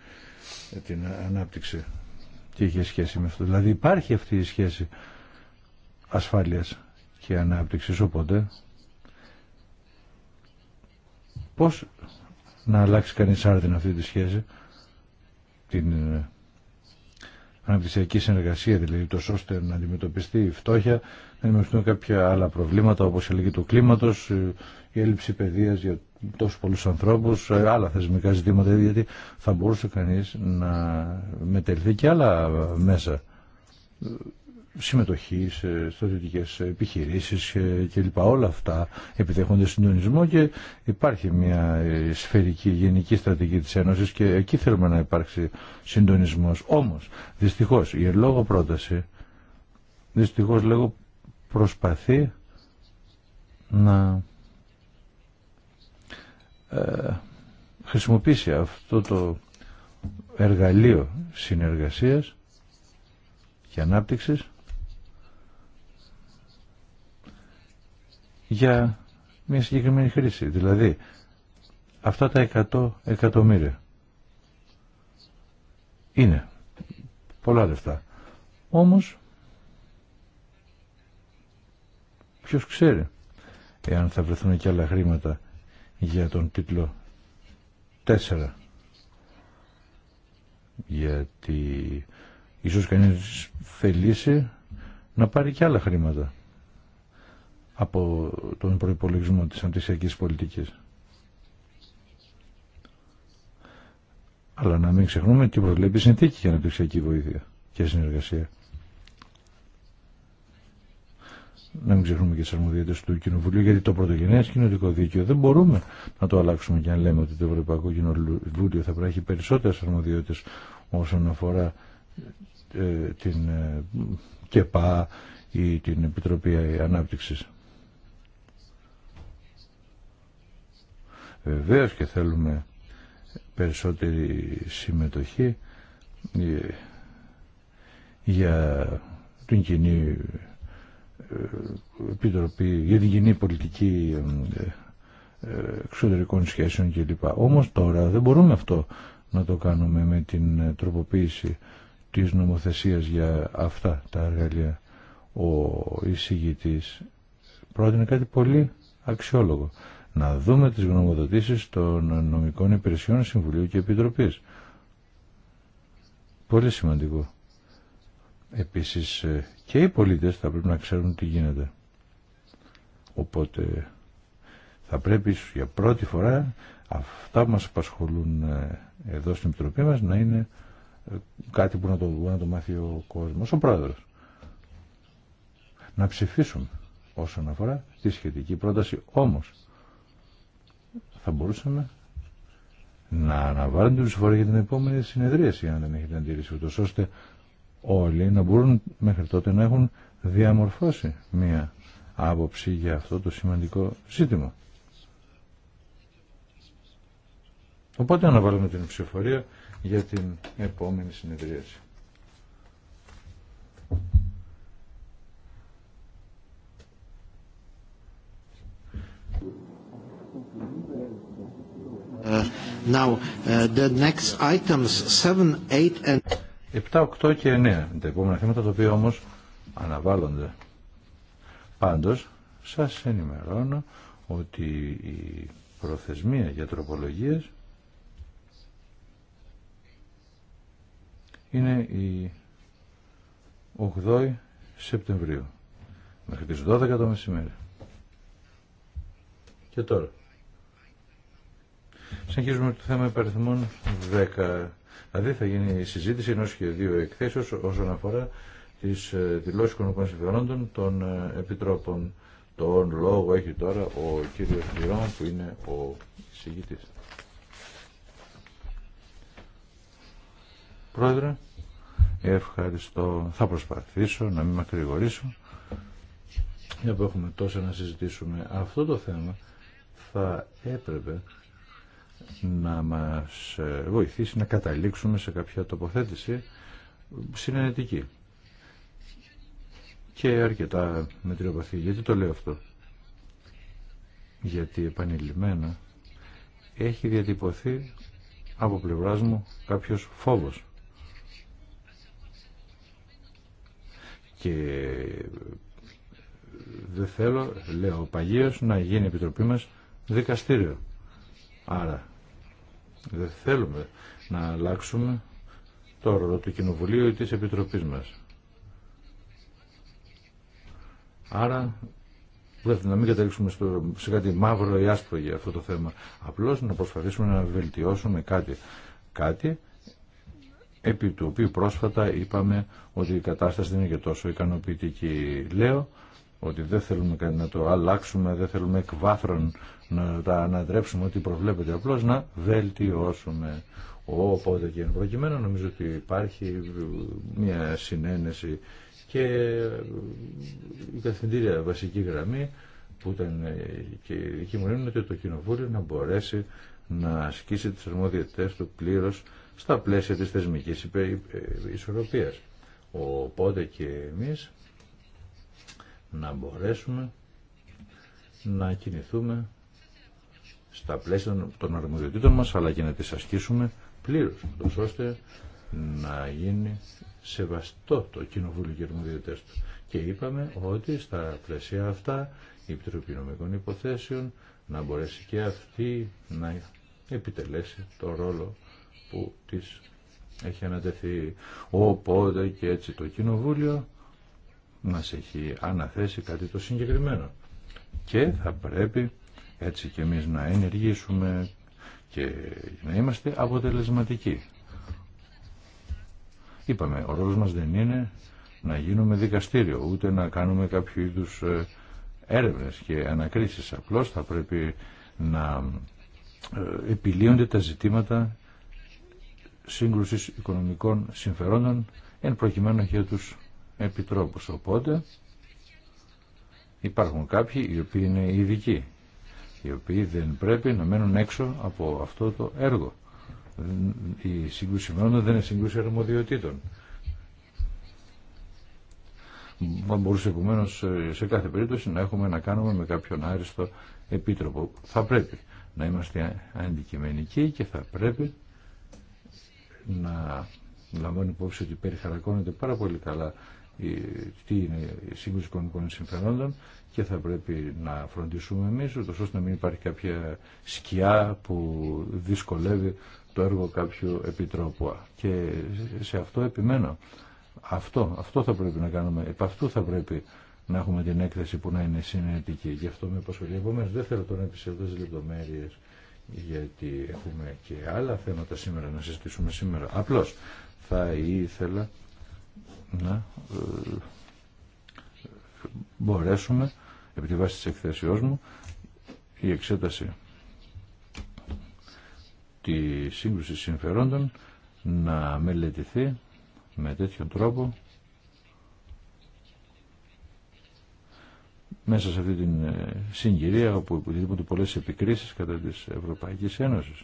ε, την ανάπτυξη και είχε σχέση με αυτό. Δηλαδή υπάρχει αυτή η σχέση ασφάλειας και ανάπτυξης, οπότε πώς να αλλάξει κανείς άρδιν αυτή τη σχέση την ε, Αναπτυσιακή συνεργασία, δηλαδή το ώστε να αντιμετωπιστεί η φτώχεια, να δημιουργηθούν κάποια άλλα προβλήματα όπως η αλλαγή του κλίματος, ε, η έλλειψη παιδείας για τόσους πολλούς ανθρώπους, ε, άλλα θεσμικά ζητήματα, γιατί θα μπορούσε κανείς να μετελθεί και άλλα μέσα συμμετοχή σε στρατιωτικέ επιχειρήσεις κλπ. Όλα αυτά επιδέχονται συντονισμό και υπάρχει μια ε, σφαιρική γενική στρατηγική τη Ένωση και εκεί θέλουμε να υπάρξει συντονισμός. Όμως, δυστυχώς, η λόγω πρόταση, δυστυχώς λέγω προσπαθεί να ε, χρησιμοποιήσει αυτό το εργαλείο συνεργασίας και ανάπτυξης για μια συγκεκριμένη χρήση. Δηλαδή, αυτά τα 100 εκατομμύρια είναι πολλά λεφτά. Όμως, ποιος ξέρει εάν θα βρεθούν και άλλα χρήματα για τον τίτλο 4. Γιατί ίσως κανείς θελήσει να πάρει και άλλα χρήματα από τον προϋπολογισμό της αντισιακής πολιτικής. Αλλά να μην ξεχνούμε τι προβλέπει η συνθήκη για αναπτυξιακή βοήθεια και συνεργασία. Να μην ξεχνούμε και τι αρμοδιότητε του Κοινοβουλίου, γιατί το πρωτογενέ κοινοτικό δίκαιο δεν μπορούμε να το αλλάξουμε και αν λέμε ότι το Ευρωπαϊκό Κοινοβούλιο θα πρέπει να έχει περισσότερε αρμοδιότητε όσον αφορά ε, την ε, ΚΕΠΑ ή την Επιτροπή Ανάπτυξη. Βεβαίω και θέλουμε περισσότερη συμμετοχή ε, για την κοινή ε, επιτροπή, για την κοινή πολιτική ε, εξωτερικών σχέσεων κλπ. Όμως τώρα δεν μπορούμε αυτό να το κάνουμε με την τροποποίηση της νομοθεσίας για αυτά τα εργαλεία. Ο εισηγητής πρότεινε κάτι πολύ αξιόλογο να δούμε τις γνωμοδοτήσεις των νομικών υπηρεσιών Συμβουλίου και Επιτροπής. Πολύ σημαντικό. Επίσης ε, και οι πολίτες θα πρέπει να ξέρουν τι γίνεται. Οπότε θα πρέπει για πρώτη φορά αυτά που μας απασχολούν ε, εδώ στην Επιτροπή μας να είναι ε, κάτι που να το, να το μάθει ο κόσμος, ο πρόεδρος. Να ψηφίσουμε όσον αφορά τη σχετική πρόταση όμως θα μπορούσαμε να αναβάλουμε την ψηφορία για την επόμενη συνεδρίαση, αν δεν έχετε αντίρρηση, ούτως ώστε όλοι να μπορούν μέχρι τότε να έχουν διαμορφώσει μία άποψη για αυτό το σημαντικό ζήτημα. Οπότε αναβάλουμε την ψηφορία για την επόμενη συνεδρίαση. Uh, now, uh, the next items 7, 8 and... 7, 8 και 9. Τα επόμενα θέματα τα οποία όμως αναβάλλονται. Πάντως, σας ενημερώνω ότι η προθεσμία για τροπολογίες είναι η 8η Σεπτεμβρίου μέχρι τις 12 το μεσημέρι. Και τώρα. Συνεχίζουμε με το θέμα υπαριθμών 10. Δηλαδή θα γίνει η συζήτηση ενό και δύο εκθέσεω όσον αφορά τι ε, δηλώσει οικονομικών συμφερόντων των ε, επιτρόπων. Τον λόγο έχει τώρα ο κύριο Μπυρόν που είναι ο εισηγητή. Πρόεδρε, ευχαριστώ. Θα προσπαθήσω να μην μακρηγορήσω. Για που έχουμε τόσο να συζητήσουμε αυτό το θέμα θα έπρεπε να μας ε, βοηθήσει να καταλήξουμε σε κάποια τοποθέτηση συνενετική και αρκετά μετριοπαθή. Γιατί το λέω αυτό. Γιατί επανειλημμένα έχει διατυπωθεί από πλευράς μου κάποιος φόβος. Και δεν θέλω, λέω ο παγίος να γίνει η Επιτροπή μας δικαστήριο. Άρα δεν θέλουμε να αλλάξουμε το ρόλο του Κοινοβουλίου ή της Επιτροπής μας. Άρα να μην καταλήξουμε σε κάτι μαύρο ή άσπρο για αυτό το θέμα. Απλώς να προσπαθήσουμε να βελτιώσουμε κάτι. Κάτι επί του οποίου πρόσφατα είπαμε ότι η κατάσταση δεν είναι και τόσο ικανοποιητική. Λέω ότι δεν θέλουμε να το αλλάξουμε, δεν θέλουμε βάθρων να τα ανατρέψουμε ό,τι προβλέπεται, απλώς να βελτιώσουμε. Οπότε και εν προκειμένου νομίζω ότι υπάρχει μια συνένεση και η καθημερινή βασική γραμμή που ήταν και η δική μου είναι ότι το Κοινοβούλιο να μπορέσει να ασκήσει τις αρμοδιαιτές του πλήρως στα πλαίσια της θεσμικής ε, ισορροπίας. Οπότε και εμείς να μπορέσουμε να κινηθούμε στα πλαίσια των αρμοδιοτήτων μας αλλά και να τις ασκήσουμε πλήρως ώστε να γίνει σεβαστό το κοινοβούλιο και αρμοδιοτήτες του. Και είπαμε ότι στα πλαίσια αυτά η Επιτροπή Νομικών Υποθέσεων να μπορέσει και αυτή να επιτελέσει το ρόλο που της έχει ανατεθεί. Οπότε και έτσι το Κοινοβούλιο μας έχει αναθέσει κάτι το συγκεκριμένο. Και θα πρέπει έτσι και εμείς να ενεργήσουμε και να είμαστε αποτελεσματικοί. Είπαμε, ο ρόλος μας δεν είναι να γίνουμε δικαστήριο, ούτε να κάνουμε κάποιο είδους ε, έρευνες και ανακρίσεις. Απλώς θα πρέπει να ε, επιλύονται τα ζητήματα σύγκρουσης οικονομικών συμφερόντων εν προκειμένου για τους επιτρόπους. Οπότε υπάρχουν κάποιοι οι οποίοι είναι ειδικοί, οι οποίοι δεν πρέπει να μένουν έξω από αυτό το έργο. Η σύγκρουση μόνο δεν είναι σύγκρουση αρμοδιοτήτων. μπορούσε επομένω ε, σε κάθε περίπτωση να έχουμε να κάνουμε με κάποιον άριστο επίτροπο. Θα πρέπει να είμαστε αντικειμενικοί και θα πρέπει να λαμβάνει υπόψη ότι περιχαρακώνεται πάρα πολύ καλά τι είναι η σύγκρουση οικονομικών συμφερόντων και θα πρέπει να φροντίσουμε εμείς ούτως ώστε να μην υπάρχει κάποια σκιά που δυσκολεύει το έργο κάποιου επιτρόπου και σε αυτό επιμένω αυτό, αυτό θα πρέπει να κάνουμε επ' αυτού θα πρέπει να έχουμε την έκθεση που να είναι συνετική. γι' αυτό με απασχολεί Επομένω, δεν θέλω τώρα να επισέλθω στις λεπτομέρειε, γιατί έχουμε και άλλα θέματα σήμερα να συζητήσουμε σήμερα Απλώ θα ήθελα να ε, μπορέσουμε, επί τη βάση της εκθέσεώς μου, η εξέταση τη σύγκρουση συμφερόντων να μελετηθεί με τέτοιον τρόπο μέσα σε αυτή την ε, συγκυρία όπου του πολλές επικρίσεις κατά της Ευρωπαϊκής Ένωσης.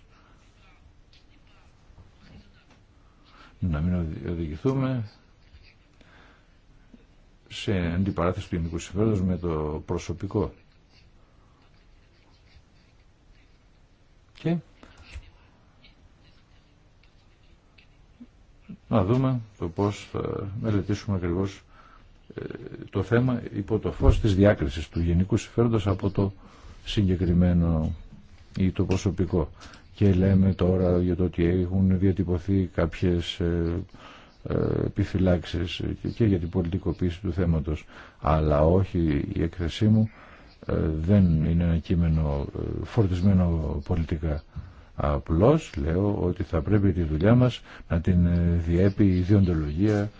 Να μην οδηγηθούμε σε αντιπαράθεση του γενικού συμφέροντος με το προσωπικό. Και να δούμε το πώς θα μελετήσουμε ακριβώς ε, το θέμα υπό το φως της διάκρισης του γενικού συμφέροντος από το συγκεκριμένο ή το προσωπικό. Και λέμε τώρα για το ότι έχουν διατυπωθεί κάποιες ε, επιφυλάξεις και για την πολιτικοποίηση του θέματος αλλά όχι η έκθεσή μου ε, δεν είναι ένα κείμενο ε, φορτισμένο πολιτικά απλώς λέω ότι θα πρέπει τη δουλειά μας να την ε, διέπει η διοντολογία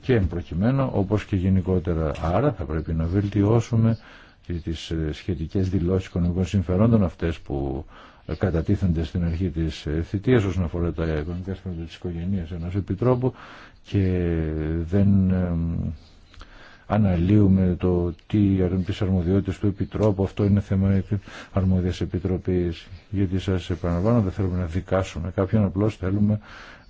και προκειμένου όπως και γενικότερα άρα θα πρέπει να βελτιώσουμε τις σχετικές δηλώσεις οικονομικών συμφερόντων αυτές που κατατίθενται στην αρχή της ε, θητείας όσον αφορά τα οικονομικά σχέδια της οικογένειας ενός επιτρόπου και δεν αναλύουμε το τι τις αρμοδιότητες του επιτρόπου αυτό είναι θέμα αρμόδιας επιτροπής γιατί σας επαναλαμβάνω δεν θέλουμε να δικάσουμε κάποιον απλώς θέλουμε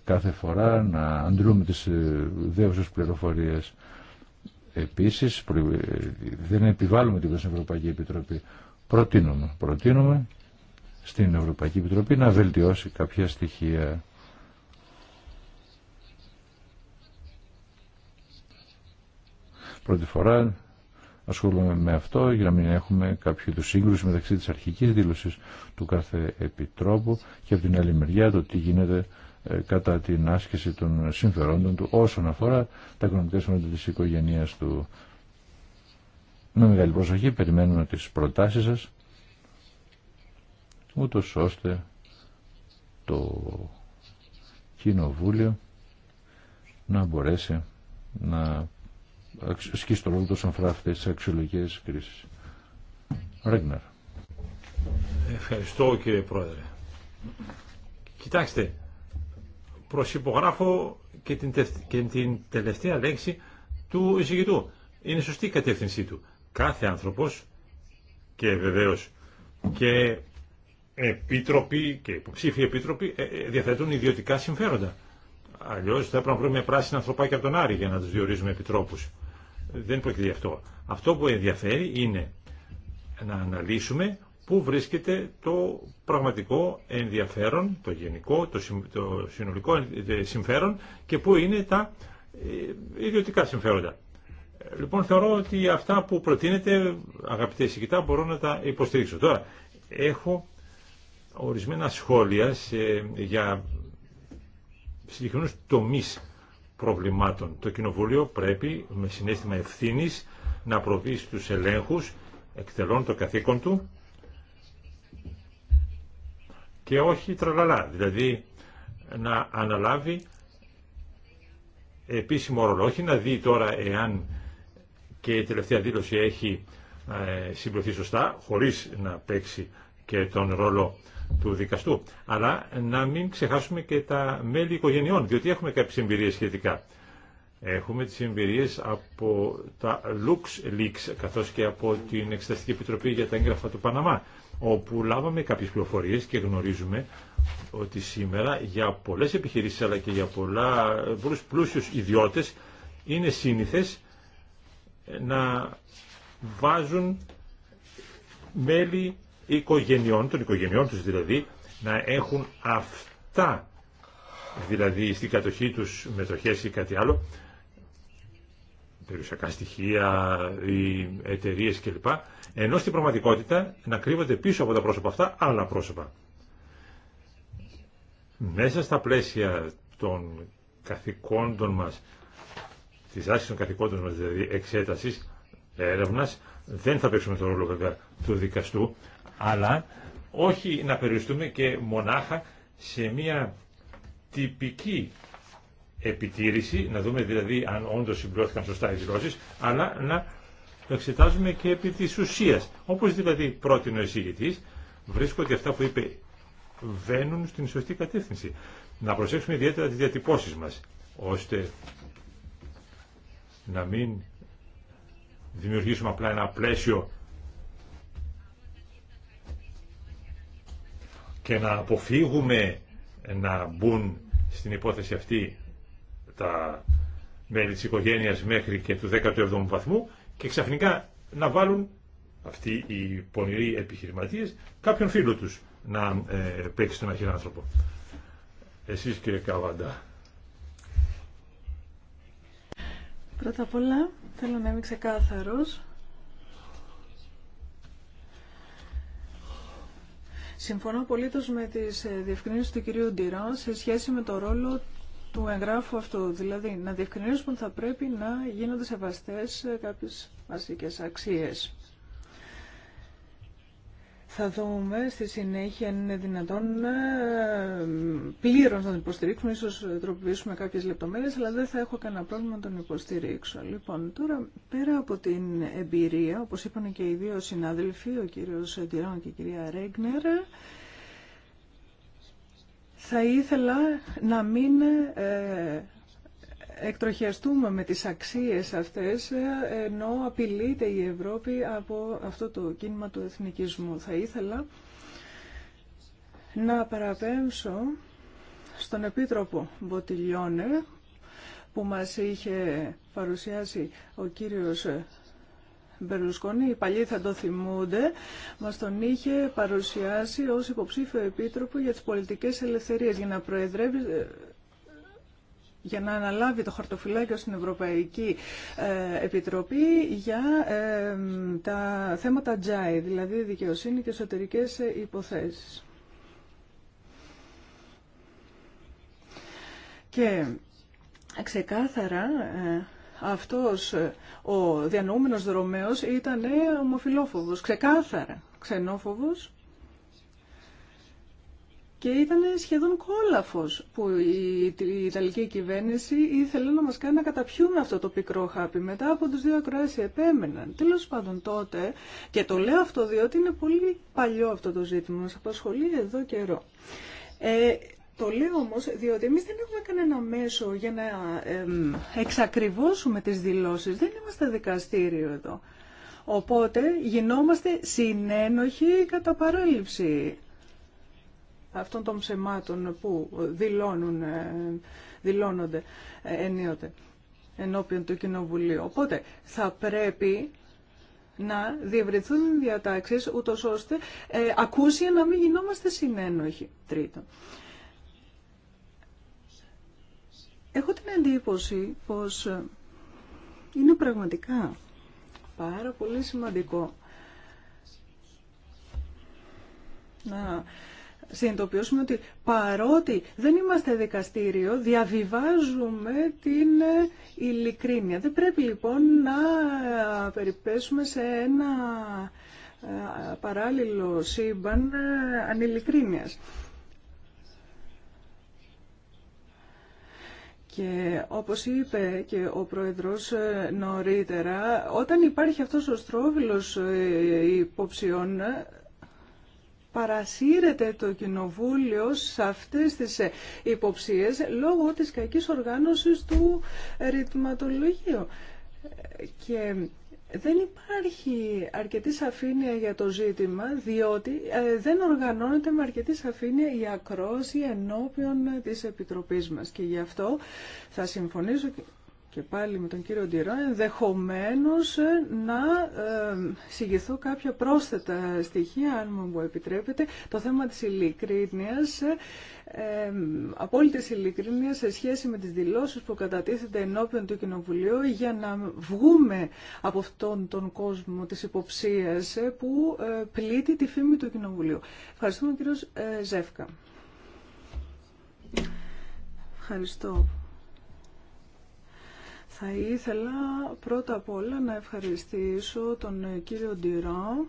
κάθε φορά να αντλούμε τις ε, δέουσες πληροφορίες επίσης ε, δεν επιβάλλουμε την Ευρωπαϊκή Επιτροπή προτείνουμε, προτείνουμε στην Ευρωπαϊκή Επιτροπή να βελτιώσει κάποια στοιχεία. Πρώτη φορά ασχολούμαι με αυτό για να μην έχουμε κάποιο είδου σύγκρουση μεταξύ της αρχικής δήλωσης του κάθε επιτρόπου και από την άλλη μεριά το τι γίνεται ε, κατά την άσκηση των συμφερόντων του όσον αφορά τα οικονομικά συμφέροντα της οικογένειας του. Με μεγάλη προσοχή περιμένουμε τις προτάσεις σας ούτως ώστε το κοινοβούλιο να μπορέσει να ασκήσει το ρόλο του σαν αφορά αυτέ τι αξιολογικές κρίσεις. Ευχαριστώ κύριε Πρόεδρε. Κοιτάξτε, προσυπογράφω και την, και την τελευταία λέξη του εισηγητού. Είναι σωστή η κατεύθυνσή του. Κάθε άνθρωπος και βεβαίως και επίτροποι και υποψήφοι επίτροποι ε, ε, διαθέτουν ιδιωτικά συμφέροντα. Αλλιώ θα έπρεπε να βρούμε πράσινα ανθρωπάκια από τον Άρη για να του διορίζουμε επιτρόπου. Δεν πρόκειται γι' αυτό. Αυτό που ενδιαφέρει είναι να αναλύσουμε πού βρίσκεται το πραγματικό ενδιαφέρον, το γενικό, το, το συνολικό συμφέρον και πού είναι τα ε, ιδιωτικά συμφέροντα. Λοιπόν, θεωρώ ότι αυτά που προτείνετε, αγαπητέ συγκητά, μπορώ να τα υποστηρίξω. Τώρα, έχω ορισμένα σχόλια σε, για συγκεκριμένους τομεί προβλημάτων. Το Κοινοβούλιο πρέπει με συνέστημα ευθύνης να προβεί στους ελέγχους εκτελών το καθήκον του και όχι τραλαλά, δηλαδή να αναλάβει επίσημο ρόλο. Όχι να δει τώρα εάν και η τελευταία δήλωση έχει ε, συμπληρωθεί σωστά, χωρίς να παίξει και τον ρόλο του δικαστού. Αλλά να μην ξεχάσουμε και τα μέλη οικογενειών, διότι έχουμε κάποιες εμπειρίες σχετικά. Έχουμε τις εμπειρίες από τα Lux Leaks, καθώς και από την Εξεταστική Επιτροπή για τα έγγραφα του Παναμά, όπου λάβαμε κάποιες πληροφορίες και γνωρίζουμε ότι σήμερα για πολλές επιχειρήσεις αλλά και για πολλά, πολλούς πλούσιους ιδιώτες είναι σύνηθες να βάζουν μέλη οικογενειών, των οικογενειών τους δηλαδή, να έχουν αυτά, δηλαδή στην κατοχή τους μετοχές ή κάτι άλλο, περιουσιακά στοιχεία ή εταιρείε κλπ. Ενώ στην πραγματικότητα να κρύβονται πίσω από τα πρόσωπα αυτά άλλα πρόσωπα. Μέσα στα πλαίσια των καθηκόντων μας, της άσκησης των καθηκόντων μας, δηλαδή εξέτασης έρευνας, δεν θα παίξουμε τον ρόλο βέβαια του δικαστού, αλλά όχι να περιοριστούμε και μονάχα σε μια τυπική επιτήρηση, να δούμε δηλαδή αν όντως συμπληρώθηκαν σωστά οι δηλώσει, αλλά να το εξετάζουμε και επί τη ουσία. Όπω δηλαδή πρότεινε ο εισηγητή, βρίσκω ότι αυτά που είπε βαίνουν στην σωστή κατεύθυνση. Να προσέξουμε ιδιαίτερα τι διατυπώσει μα. ώστε να μην δημιουργήσουμε απλά ένα πλαίσιο και να αποφύγουμε να μπουν στην υπόθεση αυτή τα μέλη της οικογένειας μέχρι και του 17ου βαθμού και ξαφνικά να βάλουν αυτοί οι πονηροί επιχειρηματίες κάποιον φίλο τους να ε, παίξει τον άνθρωπο. Εσείς κύριε Καβάντα. Πρώτα απ' όλα θέλω να είμαι ξεκάθαρος. Συμφωνώ πολύ με τις ε, διευκρινήσεις του κυρίου Ντυρά σε σχέση με το ρόλο του εγγράφου αυτού. Δηλαδή, να διευκρινίσουμε ότι θα πρέπει να γίνονται σεβαστές ε, κάποιες βασικές αξίες. Θα δούμε στη συνέχεια αν είναι δυνατόν ε, πλήρω να τον υποστηρίξουμε, ίσως τροποποιήσουμε κάποιες λεπτομέρειες, αλλά δεν θα έχω κανένα πρόβλημα να τον υποστηρίξω. Λοιπόν, τώρα πέρα από την εμπειρία, όπως είπαν και οι δύο συνάδελφοι, ο κύριος Τυράν και η κυρία Ρέγνερ, θα ήθελα να μην ε, εκτροχιαστούμε με τις αξίες αυτές, ε, ενώ απειλείται η Ευρώπη από αυτό το κίνημα του εθνικισμού. Θα ήθελα να παραπέμψω στον Επίτροπο Μποτιλιώνε, που μας είχε παρουσιάσει ο κύριος Μπερλουσκόνη, οι παλιοί θα το θυμούνται, μας τον είχε παρουσιάσει ως υποψήφιο επίτροπο για τις πολιτικές ελευθερίες, για να προεδρεύει για να αναλάβει το χαρτοφυλάκιο στην Ευρωπαϊκή ε, Επιτροπή για ε, τα θέματα ΤΖΑΙ, δηλαδή δικαιοσύνη και εσωτερικές υποθέσεις. Και ξεκάθαρα ε, αυτός ο διανοούμενος δρομέος ήταν ομοφιλόφοβος, ξεκάθαρα ξενόφοβος και ήταν σχεδόν κόλαφος που η Ιταλική κυβέρνηση ήθελε να μας κάνει να καταπιούμε αυτό το πικρό χάπι. Μετά από τους δύο ακροάσεις επέμεναν. Τέλος πάντων τότε, και το λέω αυτό διότι είναι πολύ παλιό αυτό το ζήτημα, μας απασχολεί εδώ καιρό. Ε, το λέω όμως διότι εμείς δεν έχουμε κανένα μέσο για να εξακριβώσουμε τις δηλώσεις. Δεν είμαστε δικαστήριο εδώ. Οπότε γινόμαστε συνένοχοι κατά παράληψη αυτών των ψεμάτων που δηλώνουν, ε, δηλώνονται ε, ενίοτε ενώπιον του Κοινοβουλίου. Οπότε θα πρέπει να διευρυνθούν διατάξεις ούτως ώστε ε, ακούσια να μην γινόμαστε συνένοχοι. Τρίτον. Έχω την εντύπωση πως είναι πραγματικά πάρα πολύ σημαντικό να συνειδητοποιήσουμε ότι παρότι δεν είμαστε δικαστήριο, διαβιβάζουμε την ε, ειλικρίνεια. Δεν πρέπει λοιπόν να ε, περιπέσουμε σε ένα ε, παράλληλο σύμπαν ανηλικρίνειας. Και όπως είπε και ο Πρόεδρος νωρίτερα, όταν υπάρχει αυτός ο στρόβιλος υποψιών, παρασύρεται το Κοινοβούλιο σε αυτές τις ε, υποψίες λόγω της κακής οργάνωσης του ε, ρυθματολογίου. Και δεν υπάρχει αρκετή σαφήνεια για το ζήτημα, διότι ε, δεν οργανώνεται με αρκετή σαφήνεια η ακρόση ενώπιον της Επιτροπής μας. Και γι' αυτό θα συμφωνήσω και πάλι με τον κύριο Ντυρό, ενδεχομένω ε, να ε, συγγυθώ κάποια πρόσθετα στοιχεία, αν μου επιτρέπετε. Το θέμα της ειλικρίνειας, ε, ε, απόλυτης ειλικρίνειας σε σχέση με τις δηλώσεις που κατατίθεται ενώπιον του Κοινοβουλίου για να βγούμε από αυτόν τον κόσμο της υποψίας που πλήττει τη φήμη του Κοινοβουλίου. Ευχαριστούμε κύριο Ζεύκα. Ευχαριστώ. Θα ήθελα πρώτα απ' όλα να ευχαριστήσω τον κύριο Ντιρό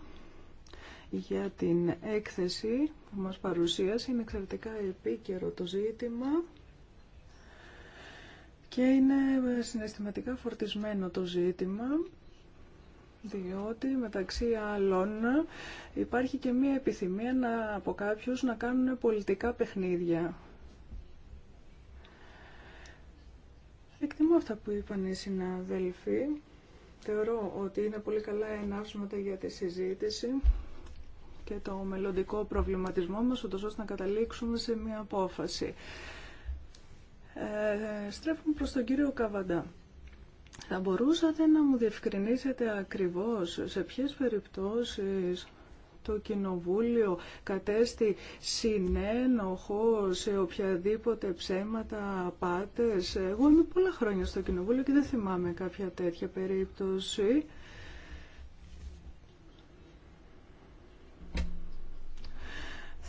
για την έκθεση που μας παρουσίασε. Είναι εξαιρετικά επίκαιρο το ζήτημα και είναι συναισθηματικά φορτισμένο το ζήτημα διότι μεταξύ άλλων υπάρχει και μία επιθυμία να, από κάποιους να κάνουν πολιτικά παιχνίδια Εκτιμώ αυτά που είπαν οι συναδέλφοι. Θεωρώ ότι είναι πολύ καλά ενάψματα για τη συζήτηση και το μελλοντικό προβληματισμό μας, ούτως ώστε να καταλήξουμε σε μια απόφαση. Ε, στρέφουμε προς τον κύριο Καβαντά. Θα μπορούσατε να μου διευκρινίσετε ακριβώς σε ποιες περιπτώσεις το Κοινοβούλιο κατέστη συνένοχο σε οποιαδήποτε ψέματα, απάτες. Εγώ είμαι πολλά χρόνια στο Κοινοβούλιο και δεν θυμάμαι κάποια τέτοια περίπτωση.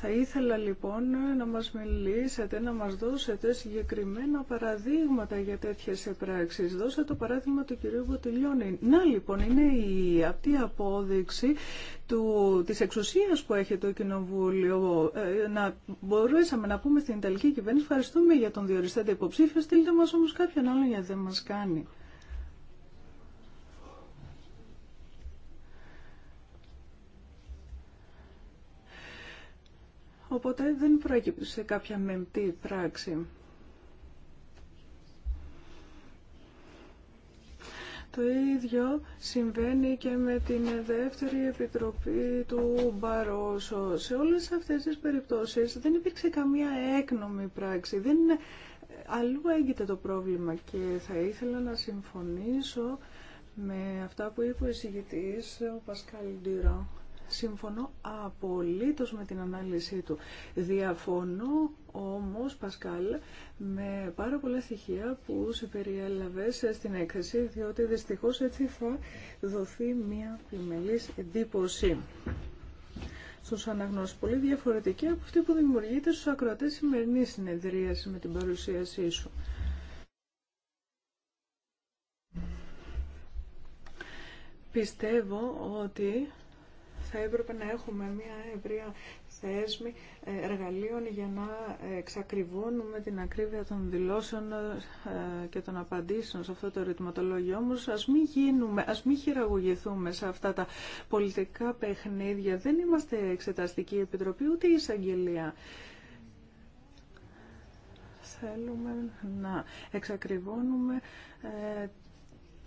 Θα ήθελα λοιπόν να μας μιλήσετε, να μας δώσετε συγκεκριμένα παραδείγματα για τέτοιες πράξεις. Δώσα το παράδειγμα του κυρίου Βοτιλιώνη. Να λοιπόν, είναι η αυτή απόδειξη του, της εξουσίας που έχει το Κοινοβούλιο. Ε, να μπορούσαμε να πούμε στην Ιταλική κυβέρνηση, ευχαριστούμε για τον διοριστέντα υποψήφιο, στείλτε μας όμως κάποιον άλλον γιατί δεν μας κάνει. Οπότε δεν πρόκειται σε κάποια μεμπτή πράξη. Το ίδιο συμβαίνει και με την δεύτερη επιτροπή του Μπαρόσο. Σε όλες αυτές τις περιπτώσεις δεν υπήρξε καμία έκνομη πράξη. Δεν Αλλού έγκυται το πρόβλημα και θα ήθελα να συμφωνήσω με αυτά που είπε ο εισηγητής, ο Πασκάλ Ντυρό. Συμφωνώ απολύτως με την ανάλυση του. Διαφωνώ όμως, Πασκάλ, με πάρα πολλά στοιχεία που σε περιέλαβες στην έκθεση, διότι δυστυχώς έτσι θα δοθεί μια πλημελής εντύπωση στους αναγνώσεις. Πολύ διαφορετική από αυτή που δημιουργείται στους ακροατές σημερινή συνεδρίαση με την παρουσίασή σου. Πιστεύω ότι θα έπρεπε να έχουμε μια ευρεία θέσμη ε, εργαλείων για να εξακριβώνουμε την ακρίβεια των δηλώσεων ε, και των απαντήσεων σε αυτό το ρυθματολόγιο. Όμω ας μην γίνουμε, ας μην χειραγωγηθούμε σε αυτά τα πολιτικά παιχνίδια. Δεν είμαστε εξεταστική επιτροπή ούτε εισαγγελία θέλουμε να εξακριβώνουμε ε,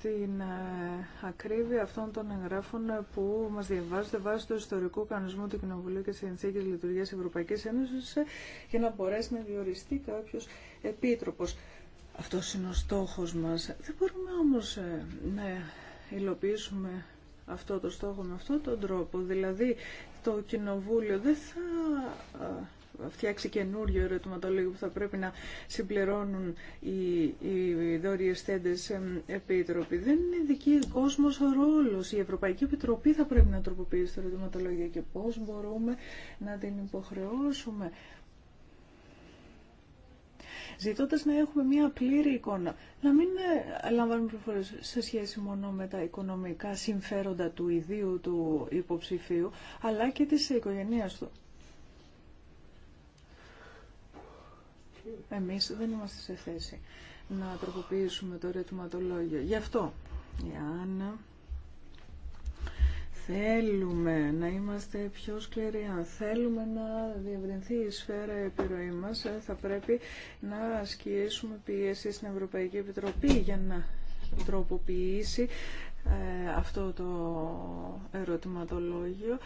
την ε, ακρίβεια αυτών των εγγράφων που μας διαβάζετε βάσει του ιστορικού κανονισμού του Κοινοβουλίου και τη Συνθήκης Λειτουργίας Ευρωπαϊκής Ένωσης ε, για να μπορέσει να διοριστεί κάποιος επίτροπος. Αυτό είναι ο στόχος μας. Δεν μπορούμε όμως ε, να υλοποιήσουμε αυτό το στόχο με αυτόν τον τρόπο. Δηλαδή το Κοινοβούλιο δεν θα φτιάξει καινούριο ερωτηματολόγιο που θα πρέπει να συμπληρώνουν οι, οι δόριες επίτροποι. Δεν είναι δική κόσμος ο ρόλος. Η Ευρωπαϊκή Επιτροπή θα πρέπει να τροποποιήσει το ερωτηματολόγιο και πώς μπορούμε να την υποχρεώσουμε ζητώντα να έχουμε μια πλήρη εικόνα. Να μην ε, λαμβάνουμε προφορές σε σχέση μόνο με τα οικονομικά συμφέροντα του ιδίου του υποψηφίου, αλλά και τη οικογένεια του. Εμεί δεν είμαστε σε θέση να τροποποιήσουμε το ερωτηματολόγιο. Γι' αυτό, εάν θέλουμε να είμαστε πιο σκληροί, αν θέλουμε να διευρυνθεί η σφαίρα επιρροή μα. θα πρέπει να ασκήσουμε πίεση στην Ευρωπαϊκή Επιτροπή για να τροποποιήσει ε, αυτό το ερωτηματολόγιο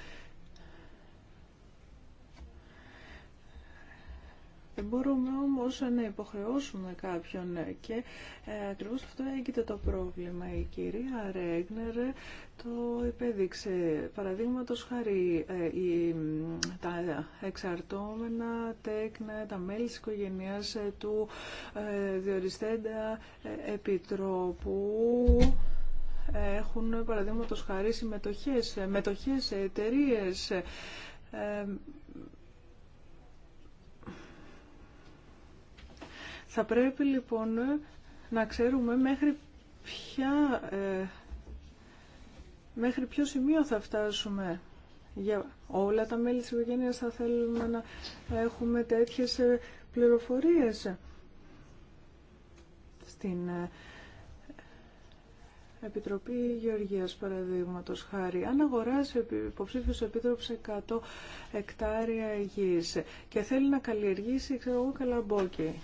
Δεν μπορούμε όμως να υποχρεώσουμε κάποιον ε, και ε, ακριβώς αυτό έγινε το πρόβλημα. Η κυρία Ρέγνερ το υπέδειξε. Παραδείγματος χάρη ε, τα εξαρτώμενα τέκνα, τα μέλη της οικογένειας ε, του ε, διοριστέντα επιτρόπου έχουν παραδείγματος χάρη συμμετοχές, μετοχές σε εταιρείες Θα πρέπει λοιπόν να ξέρουμε μέχρι ποια, ε, μέχρι ποιο σημείο θα φτάσουμε. Για όλα τα μέλη της οικογένειας θα θέλουμε να έχουμε τέτοιες ε, πληροφορίες στην ε, Επιτροπή Γεωργίας παραδείγματος χάρη. Αν αγοράσει υποψήφιος επίτροπος 100 εκτάρια γης και θέλει να καλλιεργήσει ξέρω, καλαμπόκι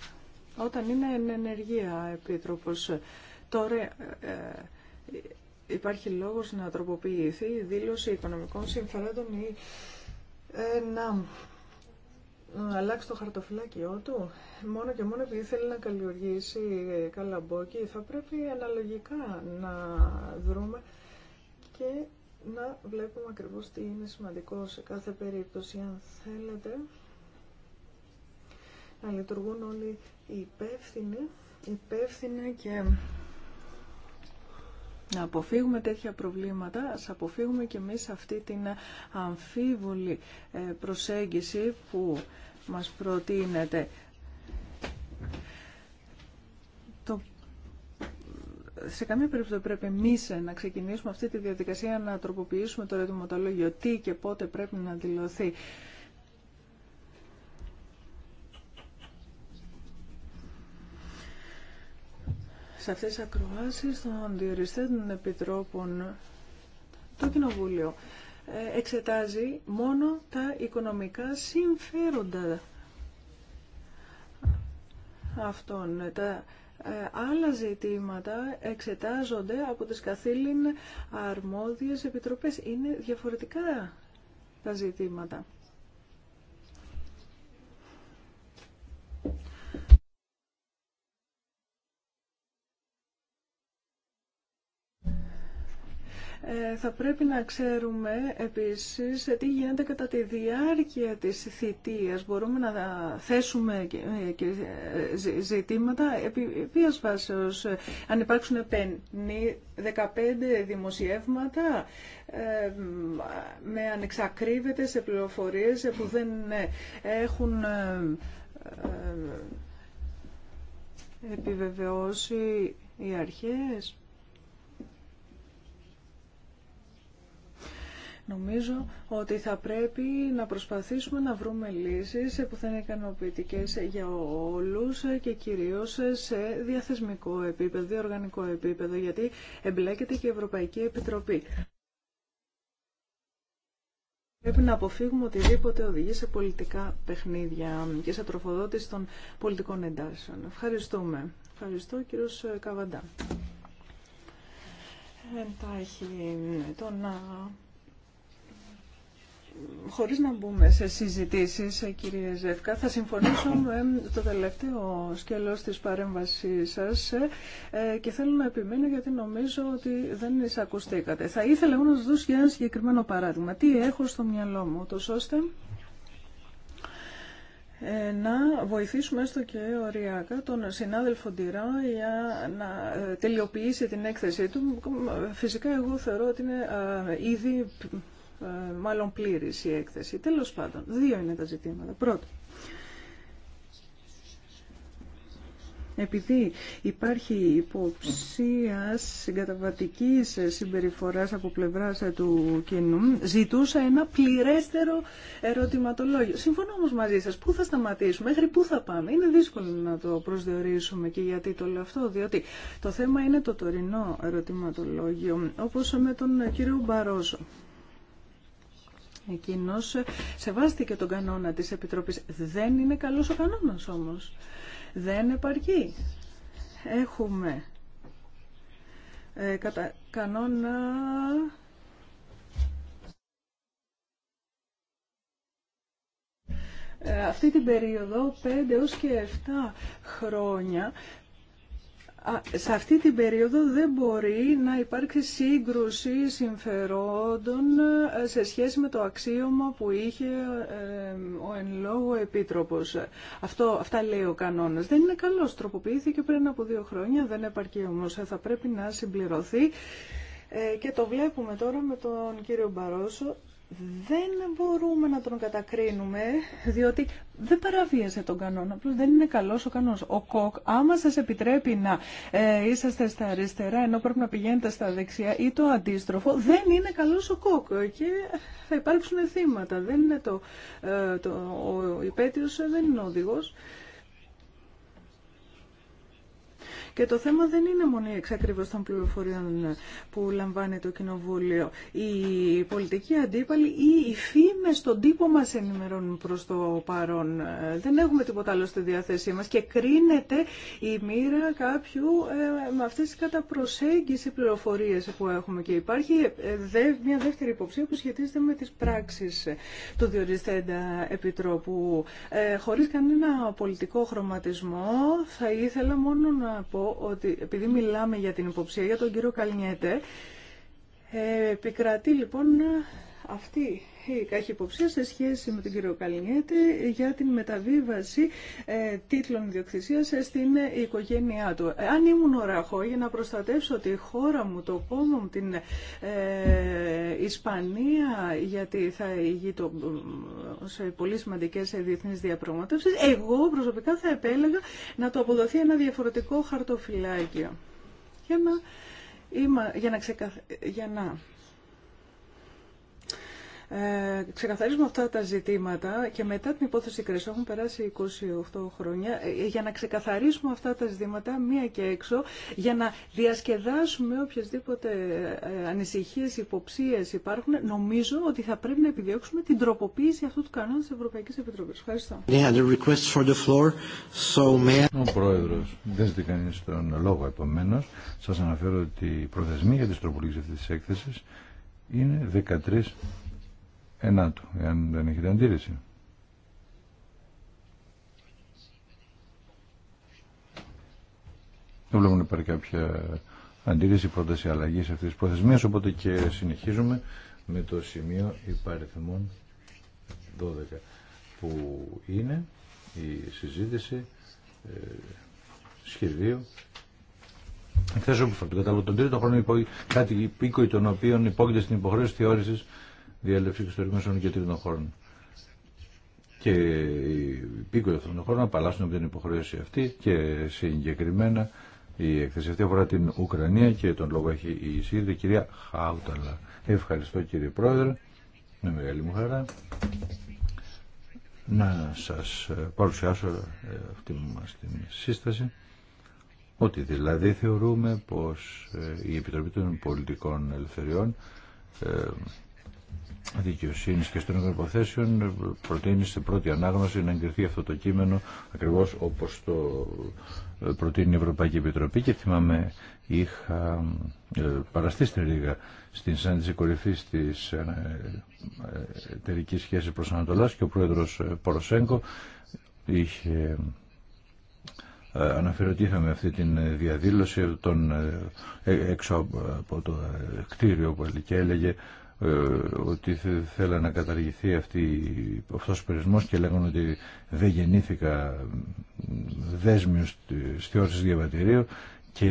όταν είναι εν ενεργεία επίτροπος. Τώρα ε, ε, υπάρχει λόγος να τροποποιηθεί η δήλωση οικονομικών συμφερόντων ή ε, να αλλάξει το χαρτοφυλάκιό του. Μόνο και μόνο επειδή θέλει να καλλιεργήσει καλαμπόκι θα πρέπει αναλογικά να δρούμε και να βλέπουμε ακριβώς τι είναι σημαντικό σε κάθε περίπτωση. Αν θέλετε να λειτουργούν όλοι υπεύθυνοι, και να αποφύγουμε τέτοια προβλήματα, ας αποφύγουμε και εμείς αυτή την αμφίβολη ε, προσέγγιση που μας προτείνεται. Το... Σε καμία περίπτωση πρέπει εμεί να ξεκινήσουμε αυτή τη διαδικασία να τροποποιήσουμε το ρετοιμοτολόγιο τι και πότε πρέπει να δηλωθεί. σε αυτές τις ακροάσεις των διοριστέντων επιτρόπων το Κοινοβούλιο ε, εξετάζει μόνο τα οικονομικά συμφέροντα αυτών. Τα ε, άλλα ζητήματα εξετάζονται από τις καθήλυν αρμόδιες επιτροπές. Είναι διαφορετικά τα ζητήματα. Ε, θα πρέπει να ξέρουμε επίσης τι γίνεται κατά τη διάρκεια της θητείας. Μπορούμε να θέσουμε ε, ε, ζητήματα επί ποιας βάσεως. Αν υπάρξουν 15 δημοσιεύματα με ανεξακρίβεται σε πληροφορίες που δεν έχουν επιβεβαιώσει οι αρχές. Νομίζω ότι θα πρέπει να προσπαθήσουμε να βρούμε λύσεις που θα είναι ικανοποιητικέ για όλους και κυρίως σε διαθεσμικό επίπεδο, οργανικό επίπεδο, γιατί εμπλέκεται και η Ευρωπαϊκή Επιτροπή. Πρέπει να αποφύγουμε οτιδήποτε οδηγεί σε πολιτικά παιχνίδια και σε τροφοδότηση των πολιτικών εντάσεων. Ευχαριστούμε. Ευχαριστώ κύριος Καβαντά. Εντάχει χωρίς να μπούμε σε συζητήσεις, ε, κύριε Ζεύκα, θα συμφωνήσω με το τελευταίο σκέλος της παρέμβασής σας ε, ε, και θέλω να επιμείνω γιατί νομίζω ότι δεν εισακουστήκατε. Θα ήθελα εγώ να σας δώσω για ένα συγκεκριμένο παράδειγμα. Τι έχω στο μυαλό μου, τόσο ώστε να βοηθήσουμε έστω και οριακά τον συνάδελφο Ντυρά για να τελειοποιήσει την έκθεσή του. Φυσικά εγώ θεωρώ ότι είναι ήδη ε, μάλλον πλήρης η έκθεση. Τέλος πάντων, δύο είναι τα ζητήματα. Πρώτο επειδή υπάρχει υποψία συγκαταβατικής συμπεριφοράς από πλευράς του κοινού, ζητούσα ένα πληρέστερο ερωτηματολόγιο. Συμφωνώ όμως μαζί σας, πού θα σταματήσουμε, μέχρι πού θα πάμε. Είναι δύσκολο να το προσδιορίσουμε και γιατί το λέω αυτό, διότι το θέμα είναι το τωρινό ερωτηματολόγιο, όπως με τον κύριο Μπαρόζο. Εκείνο σεβάστηκε τον κανόνα της Επιτροπής. Δεν είναι καλός ο κανόνας όμως. Δεν επαρκεί. Έχουμε ε, κατά κανόνα... Ε, αυτή την περίοδο 5 έως και 7 χρόνια σε αυτή την περίοδο δεν μπορεί να υπάρξει σύγκρουση συμφερόντων ε, σε σχέση με το αξίωμα που είχε ε, ο εν λόγω επίτροπος. Αυτό, αυτά λέει ο κανόνας. Δεν είναι καλός, τροποποιήθηκε πριν από δύο χρόνια, δεν επαρκεί όμως, θα πρέπει να συμπληρωθεί. Ε, και το βλέπουμε τώρα με τον κύριο Μπαρόσο δεν μπορούμε να τον κατακρίνουμε, διότι δεν παραβίασε τον κανόνα. Απλώς δεν είναι καλός ο κανόνας. Ο ΚΟΚ, άμα σας επιτρέπει να ε, είσαστε στα αριστερά, ενώ πρέπει να πηγαίνετε στα δεξιά ή το αντίστροφο, δεν είναι καλός ο ΚΟΚ και θα υπάρξουν θύματα. Δεν είναι το, ε, το, ο υπέτειος ε, δεν είναι ο και το θέμα δεν είναι μόνο η εξακρίβωση των πληροφοριών που λαμβάνει το Κοινοβούλιο. Οι πολιτικοί αντίπαλοι ή οι φήμε στον τύπο μα ενημερώνουν προ το παρόν. Δεν έχουμε τίποτα άλλο στη διάθεσή μα και κρίνεται η μοίρα κάποιου ε, με αυτέ τι κατά προσέγγιση πληροφορίε που έχουμε. Και υπάρχει ε, μια δεύτερη υποψία που σχετίζεται με τι πράξει ε, του διοριστέντα επιτρόπου. Χωρί κανένα πολιτικό χρωματισμό, θα ήθελα μόνο να πω ότι επειδή μιλάμε για την υποψία για τον κύριο Καλνιέτε, επικρατεί λοιπόν αυτή η καχυποψία σε σχέση με τον κύριο Καλνιέτη για την μεταβίβαση ε, τίτλων ιδιοκτησία στην οικογένειά του. Αν ήμουν οραχό για να προστατεύσω τη χώρα μου, το κόμμα μου, την ε, Ισπανία, γιατί θα ηγεί σε πολύ σημαντικέ διεθνεί διαπραγματεύσει, εγώ προσωπικά θα επέλεγα να το αποδοθεί ένα διαφορετικό χαρτοφυλάκιο. Για να, για να, για να ε, ξεκαθαρίζουμε αυτά τα ζητήματα και μετά την υπόθεση Κρέσο, έχουν περάσει 28 χρόνια, ε, ε, για να ξεκαθαρίσουμε αυτά τα ζητήματα μία και έξω, για να διασκεδάσουμε οποιασδήποτε ανησυχίε ε, ανησυχίες, υποψίες υπάρχουν, νομίζω ότι θα πρέπει να επιδιώξουμε την τροποποίηση αυτού του κανόνα της Ευρωπαϊκής Επιτροπής. Ευχαριστώ. Ο Πρόεδρος, δεν ζητεί κανείς τον λόγο επομένως. Σας αναφέρω ότι η προθεσμία για τις τροποποίηση αυτής της έκθεσης είναι 13 ενάτου, εάν δεν έχετε αντίρρηση. Δεν βλέπουμε να υπάρχει κάποια αντίρρηση, πρόταση αλλαγής αυτής της προθεσμίας, οπότε και συνεχίζουμε με το σημείο υπαριθμών 12, που είναι η συζήτηση ε, σχεδίου εκθέσεων που φορτούν. Κατά τον τρίτο χρόνο κάτι οίκοι των οποίων υπόκειται στην υποχρέωση θεώρηση διέλευση εξωτερικών και τρίτων χώρων. Και οι πίκοι αυτών των χώρων απαλλάσσουν από την υποχρέωση αυτή και συγκεκριμένα η έκθεση αυτή αφορά την Ουκρανία και τον λόγο έχει η Σύρδη κυρία Χάουταλα. Ευχαριστώ κύριε Πρόεδρε, με μεγάλη μου χαρά να σας παρουσιάσω ε, αυτή μας την σύσταση ότι δηλαδή θεωρούμε πως ε, η Επιτροπή των Πολιτικών Ελευθεριών ε, Δικαιοσύνη και στον Υποθέσεων προτείνει σε πρώτη ανάγνωση να εγκριθεί αυτό το κείμενο ακριβώ όπω το προτείνει η Ευρωπαϊκή Επιτροπή και θυμάμαι είχα ε, παραστεί στην στην συνάντηση κορυφή τη ε, ε, εταιρική σχέση προ Ανατολά και ο πρόεδρο Ποροσέγκο είχε αναφέρει ότι είχαμε αυτή την διαδήλωση των, έξω από το κτίριο που έλεγε ε, ότι θέλα να καταργηθεί αυτή, αυτός ο περισμός και λέγανε ότι δεν γεννήθηκα δέσμιος στη όρση διαβατηρίου και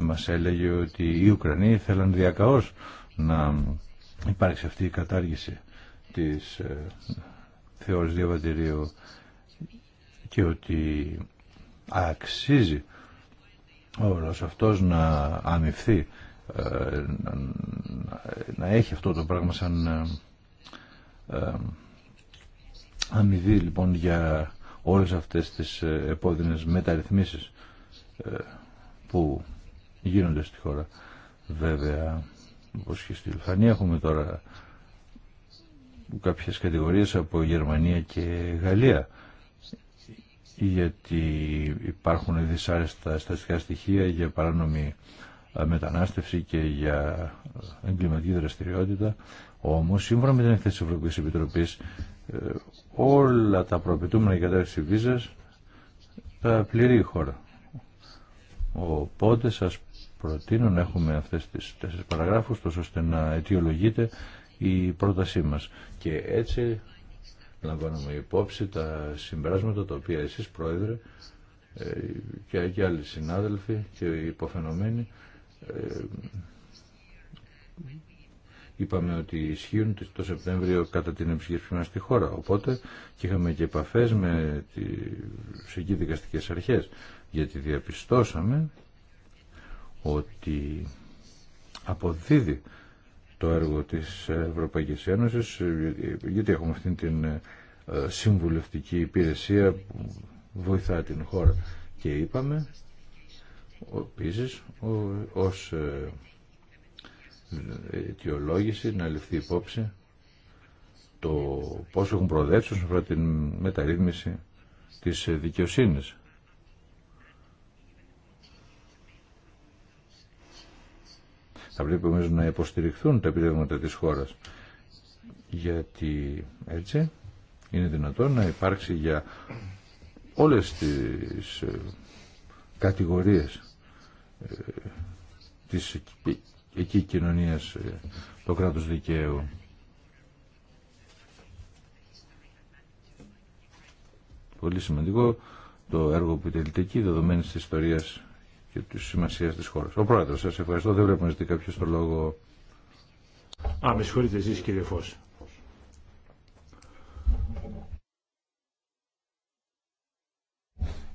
μας έλεγε ότι οι Ουκρανοί θέλαν διακαώς να υπάρξει αυτή η κατάργηση της ε, θεώρησης διαβατηρίου και ότι αξίζει ο αυτός να αμυφθεί ε, να έχει αυτό το πράγμα σαν ε, ε, αμοιβή λοιπόν για όλες αυτές τις επόδυνες μεταρρυθμίσεις που γίνονται στη χώρα. Βέβαια, όπως και στη Λουφανία έχουμε τώρα κάποιες κατηγορίες από Γερμανία και Γαλλία γιατί υπάρχουν δυσάρεστα στατιστικά στοιχεία για παράνομη μετανάστευση και για εγκληματική δραστηριότητα. όμω σύμφωνα με την εκθέση της Ευρωπαϊκή Επιτροπής, ε, όλα τα προαπαιτούμενα για κατάρτιση βίζας τα πληρεί η χώρα. Οπότε σας προτείνω να έχουμε αυτές τις τέσσερι παραγράφους, τόσο ώστε να αιτιολογείται η πρότασή μας. Και έτσι λαμβάνουμε υπόψη τα συμπεράσματα τα οποία εσεί πρόεδρε ε, και, και άλλοι συνάδελφοι και υποφαινομένοι ε, είπαμε ότι ισχύουν το Σεπτέμβριο κατά την εμψυχή μας στη χώρα. Οπότε και είχαμε και επαφές με τις εκεί δικαστικές αρχές γιατί διαπιστώσαμε ότι αποδίδει το έργο της Ευρωπαϊκής Ένωσης γιατί έχουμε αυτή την ε, συμβουλευτική υπηρεσία που βοηθά την χώρα και είπαμε Επίση, ως ε, αιτιολόγηση να ληφθεί υπόψη το πόσο έχουν προοδεύσει όσον αφορά την μεταρρύθμιση της δικαιοσύνης. Θα πρέπει όμως να υποστηριχθούν τα επιδεύματα της χώρας γιατί έτσι είναι δυνατόν να υπάρξει για όλες τις ε, κατηγορίες ε, της εκεί κοινωνίας ε, το κράτος δικαίου. Πολύ σημαντικό το έργο που τελείται εκεί δεδομένης της ιστορίας και της σημασίας της χώρας. Ο πρόεδρος, σας ευχαριστώ. Δεν βλέπω να ζητεί κάποιο το λόγο. Α, με συγχωρείτε εσείς κύριε Φως.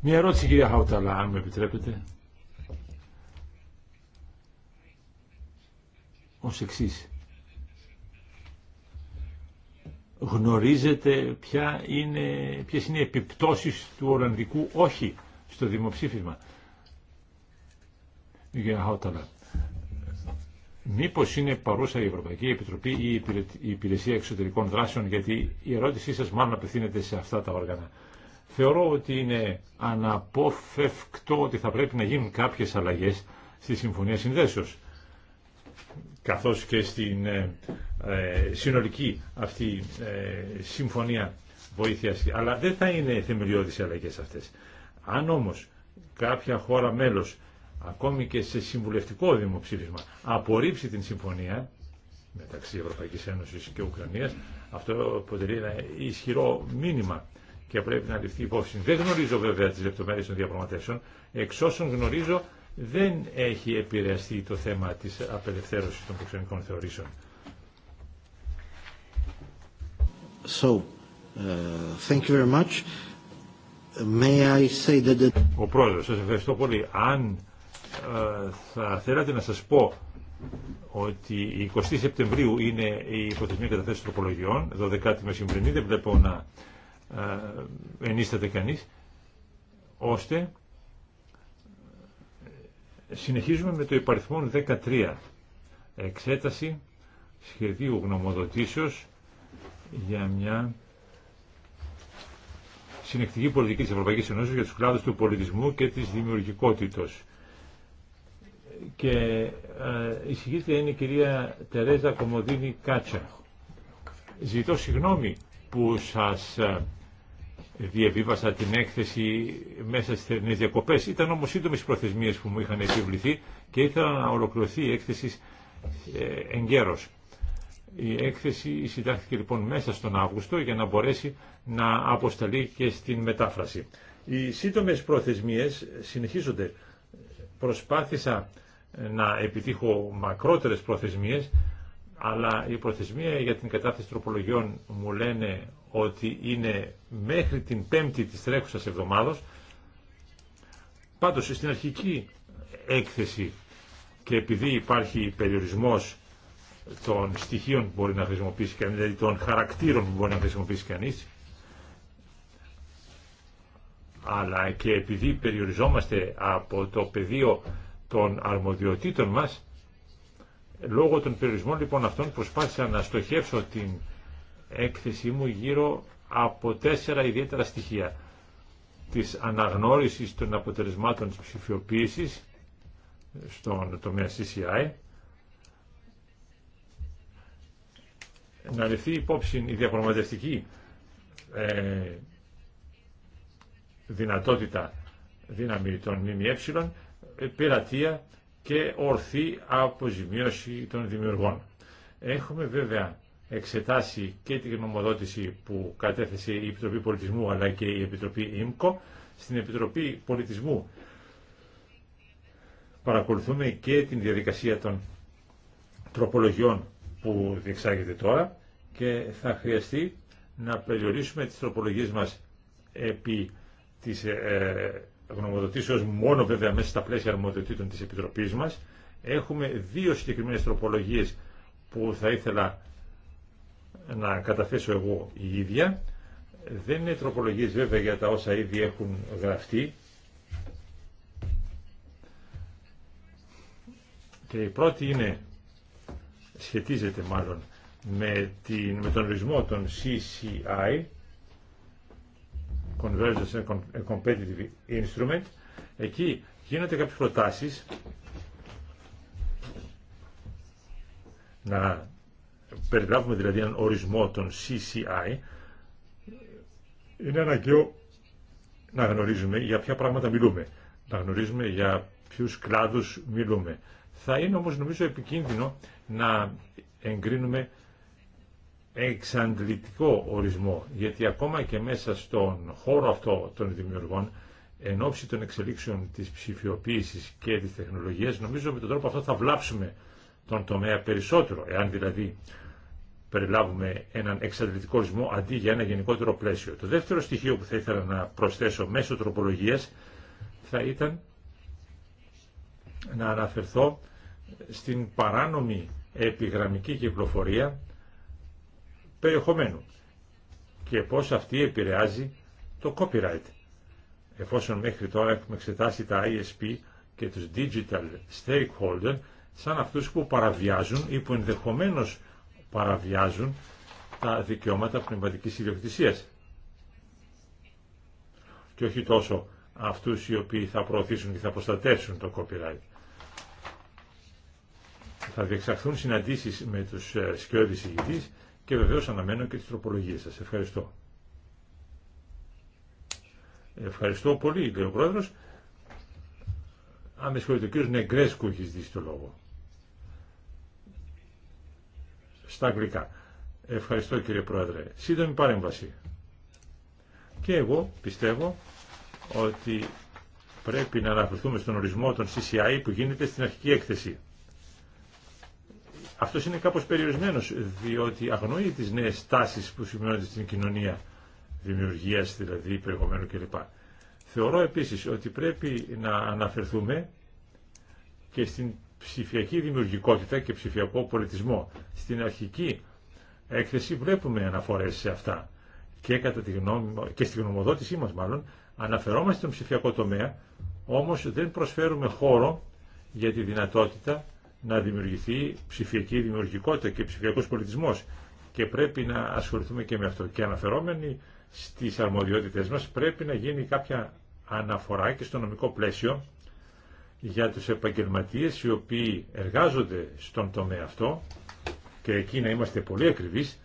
Μια ερώτηση κυρία Χαουταλά, αν με επιτρέπετε. ως εξής. Γνωρίζετε ποια είναι, ποιες είναι οι επιπτώσεις του Ολλανδικού όχι στο δημοψήφισμα. Μήπω Μήπως είναι παρούσα η Ευρωπαϊκή Επιτροπή ή η Υπηρεσία Εξωτερικών Δράσεων, γιατί η ερώτησή σας μάλλον απευθύνεται σε αυτά τα όργανα. Θεωρώ ότι είναι αναπόφευκτο ότι θα πρέπει να γίνουν κάποιες αλλαγές στη Συμφωνία Συνδέσεως καθώς και στην ε, ε, συνολική αυτή ε, συμφωνία βοήθειας. Αλλά δεν θα είναι θεμελιώδεις οι αλλαγές αυτές. Αν όμως κάποια χώρα μέλος, ακόμη και σε συμβουλευτικό δημοψήφισμα, απορρίψει την συμφωνία μεταξύ Ευρωπαϊκής Ένωσης και Ουκρανίας, αυτό αποτελεί ένα ισχυρό μήνυμα και πρέπει να ληφθεί υπόψη. Δεν γνωρίζω βέβαια τις λεπτομέρειες των διαπραγματεύσεων. Εξ όσων γνωρίζω δεν έχει επηρεαστεί το θέμα της απελευθέρωσης των προξενικών θεωρήσεων. So, uh, thank you very much. May I say that... Ο πρόεδρος, σας ευχαριστώ πολύ. Αν ε, θα θέλατε να σας πω ότι η 20 Σεπτεμβρίου είναι η υποθεσμια των καταθέσεις τροπολογιών, 12η μεσημβρινή, δεν βλέπω να uh, ενίσταται κανείς, ώστε Συνεχίζουμε με το υπαριθμό 13. Εξέταση σχεδίου γνωμοδοτήσεως για μια συνεκτική πολιτική της Ευρωπαϊκής Ενώσης για τους κλάδους του πολιτισμού και της δημιουργικότητος. Και ε, η συγκίτρια είναι η κυρία Τερέζα Κομοδίνη Κάτσα. Ζητώ συγγνώμη που σας ε, διαβίβασα την έκθεση μέσα στι θερινέ διακοπέ. Ήταν όμως οι προθεσμίε που μου είχαν επιβληθεί και ήθελα να ολοκληρωθεί η έκθεση ε, εγκαίρως. Η έκθεση συντάχθηκε λοιπόν μέσα στον Αύγουστο για να μπορέσει να αποσταλεί και στην μετάφραση. Οι σύντομε προθεσμίε, συνεχίζονται. Προσπάθησα ε, να επιτύχω μακρότερες προθεσμίες, αλλά η προθεσμία για την κατάθεση τροπολογιών μου λένε ότι είναι μέχρι την πέμπτη της τρέχουσας εβδομάδος. Πάντως στην αρχική έκθεση και επειδή υπάρχει περιορισμός των στοιχείων που μπορεί να χρησιμοποιήσει κανείς, δηλαδή των χαρακτήρων που μπορεί να χρησιμοποιήσει κανείς, αλλά και επειδή περιοριζόμαστε από το πεδίο των αρμοδιοτήτων μας, λόγω των περιορισμών λοιπόν αυτών προσπάθησα να στοχεύσω την έκθεσή μου γύρω από τέσσερα ιδιαίτερα στοιχεία της αναγνώρισης των αποτελεσμάτων της ψηφιοποίησης στον τομέα CCI, να ληφθεί υπόψη η διαπραγματευτική ε, δυνατότητα δύναμη των ΜΜΕ, πειρατεία και ορθή αποζημίωση των δημιουργών. Έχουμε βέβαια εξετάσει και την γνωμοδότηση που κατέθεσε η Επιτροπή Πολιτισμού αλλά και η Επιτροπή ΙΜΚΟ. Στην Επιτροπή Πολιτισμού παρακολουθούμε και την διαδικασία των τροπολογιών που διεξάγεται τώρα και θα χρειαστεί να περιορίσουμε τις τροπολογίες μας επί της ε, γνωμοδοτήσεως μόνο βέβαια μέσα στα πλαίσια αρμοδιοτήτων της Επιτροπής μας. Έχουμε δύο συγκεκριμένες τροπολογίες που θα ήθελα να καταθέσω εγώ η ίδια. Δεν είναι τροπολογίες βέβαια για τα όσα ήδη έχουν γραφτεί. Και η πρώτη είναι, σχετίζεται μάλλον με, την, με τον ορισμό των CCI, Convergence and Competitive Instrument, εκεί γίνονται κάποιες προτάσεις να περιγράφουμε δηλαδή έναν ορισμό των CCI, είναι αναγκαίο να γνωρίζουμε για ποια πράγματα μιλούμε, να γνωρίζουμε για ποιους κλάδους μιλούμε. Θα είναι όμως νομίζω επικίνδυνο να εγκρίνουμε εξαντλητικό ορισμό, γιατί ακόμα και μέσα στον χώρο αυτό των δημιουργών, εν ώψη των εξελίξεων της ψηφιοποίησης και της τεχνολογίας, νομίζω με τον τρόπο αυτό θα βλάψουμε τον τομέα περισσότερο, εάν δηλαδή περιλάβουμε έναν εξαντλητικό ρυθμό αντί για ένα γενικότερο πλαίσιο. Το δεύτερο στοιχείο που θα ήθελα να προσθέσω μέσω τροπολογίας θα ήταν να αναφερθώ στην παράνομη επιγραμμική κυκλοφορία περιεχομένου και πώς αυτή επηρεάζει το copyright. Εφόσον μέχρι τώρα έχουμε εξετάσει τα ISP και τους digital stakeholder, σαν αυτούς που παραβιάζουν ή που ενδεχομένως παραβιάζουν τα δικαιώματα πνευματικής ιδιοκτησίας. Και όχι τόσο αυτούς οι οποίοι θα προωθήσουν και θα προστατεύσουν το copyright. Θα διεξαχθούν συναντήσεις με τους ε, σκιώδης ηγητής και βεβαίως αναμένω και τις τροπολογίες σας. Ευχαριστώ. Ευχαριστώ πολύ, λέει ο Πρόεδρος. Αν με συγχωρείτε, ο κύριος Νεγκρέσκου έχει ζητήσει το λόγο στα αγγλικά. Ευχαριστώ κύριε Πρόεδρε. Σύντομη παρέμβαση. Και εγώ πιστεύω ότι πρέπει να αναφερθούμε στον ορισμό των CCI που γίνεται στην αρχική έκθεση. Αυτός είναι κάπως περιορισμένος, διότι αγνοεί τις νέες τάσεις που σημειώνονται στην κοινωνία, δημιουργίας δηλαδή, περιεχομένου κλπ. Θεωρώ επίσης ότι πρέπει να αναφερθούμε και στην ψηφιακή δημιουργικότητα και ψηφιακό πολιτισμό. Στην αρχική έκθεση βλέπουμε αναφορές σε αυτά και, κατά τη γνώμη, και στη γνωμοδότησή μας μάλλον αναφερόμαστε στον ψηφιακό τομέα όμως δεν προσφέρουμε χώρο για τη δυνατότητα να δημιουργηθεί ψηφιακή δημιουργικότητα και ψηφιακός πολιτισμός και πρέπει να ασχοληθούμε και με αυτό. Και αναφερόμενοι στις αρμοδιότητες μας πρέπει να γίνει κάποια αναφορά και στο νομικό πλαίσιο για τους επαγγελματίες οι οποίοι εργάζονται στον τομέα αυτό και εκεί να είμαστε πολύ ακριβείς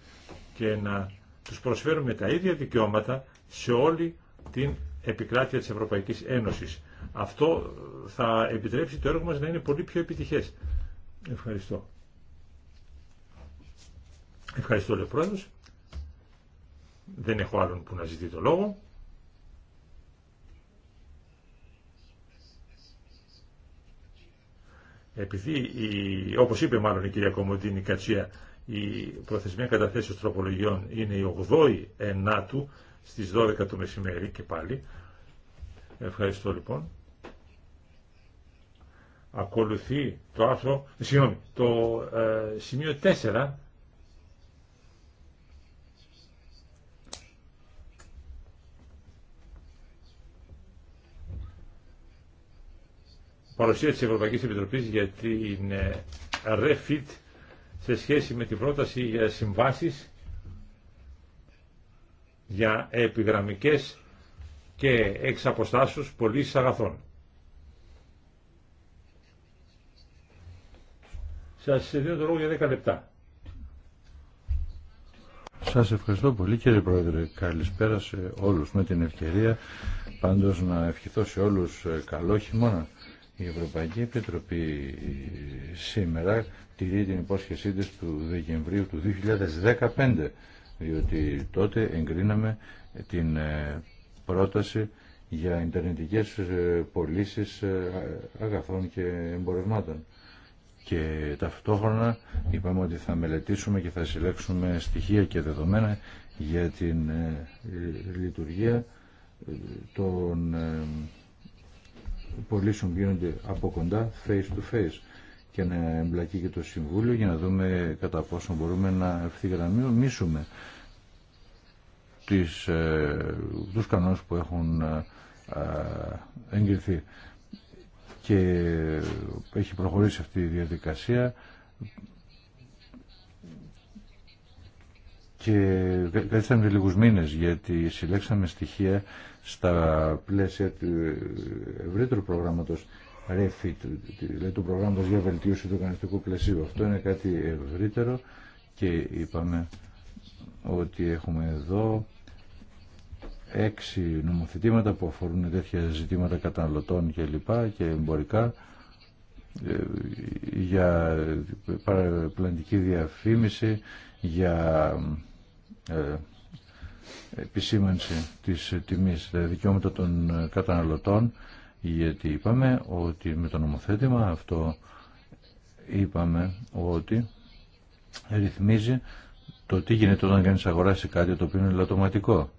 και να τους προσφέρουμε τα ίδια δικαιώματα σε όλη την επικράτεια της Ευρωπαϊκής Ένωσης. Αυτό θα επιτρέψει το έργο μας να είναι πολύ πιο επιτυχές. Ευχαριστώ. Ευχαριστώ, Λεπρόεδρος. Δεν έχω άλλον που να ζητεί το λόγο. Επειδή, η, όπως είπε μάλλον η κυρία Κομοντίνη Κατσία, η προθεσμία καταθέσεως τροπολογιών είναι η 8η ενάτου στις 12 το μεσημέρι και πάλι. Ευχαριστώ λοιπόν. Ακολουθεί το άρθρο, συγγνώμη, το ε, σημείο 4 παρουσία της Ευρωπαϊκής Επιτροπής για την ε, REFIT σε σχέση με την πρόταση για συμβάσεις για επιγραμμικές και εξ αποστάσεως πωλήσεις αγαθών. Σας δίνω το λόγο για 10 λεπτά. Σας ευχαριστώ πολύ κύριε Πρόεδρε. Καλησπέρα σε όλους με την ευκαιρία. Πάντως να ευχηθώ σε όλους ε, καλό χειμώνα. Η Ευρωπαϊκή Επιτροπή σήμερα τηρεί την υπόσχεσή της του Δεκεμβρίου του 2015, διότι τότε εγκρίναμε την ε, πρόταση για ιντερνετικές ε, πωλήσει ε, αγαθών και εμπορευμάτων. Και ταυτόχρονα είπαμε ότι θα μελετήσουμε και θα συλλέξουμε στοιχεία και δεδομένα για την λειτουργία των πωλήσεων γίνονται από κοντά, face to face και να εμπλακεί και το Συμβούλιο για να δούμε κατά πόσο μπορούμε να ευθυγραμμίσουμε τις, ε, τους κανόνες που έχουν ε, ε, εγκριθεί. Και έχει προχωρήσει αυτή η διαδικασία και καθίσαμε λίγους μήνες γιατί συλλέξαμε στοιχεία στα πλαίσια του ευρύτερου προγράμματος REFIT, δηλαδή του προγράμματος για βελτίωση του κανονιστικού πλαισίου. Αυτό είναι κάτι ευρύτερο και είπαμε ότι έχουμε εδώ έξι νομοθετήματα που αφορούν τέτοια ζητήματα καταναλωτών και λοιπά και εμπορικά ε, για παραπλανητική διαφήμιση, για ε, επισήμανση της τιμής, δικαιώματα των ε, καταναλωτών, γιατί είπαμε ότι με το νομοθέτημα αυτό είπαμε ότι ρυθμίζει το τι γίνεται όταν κανείς αγοράσει κάτι το οποίο είναι λατωματικό.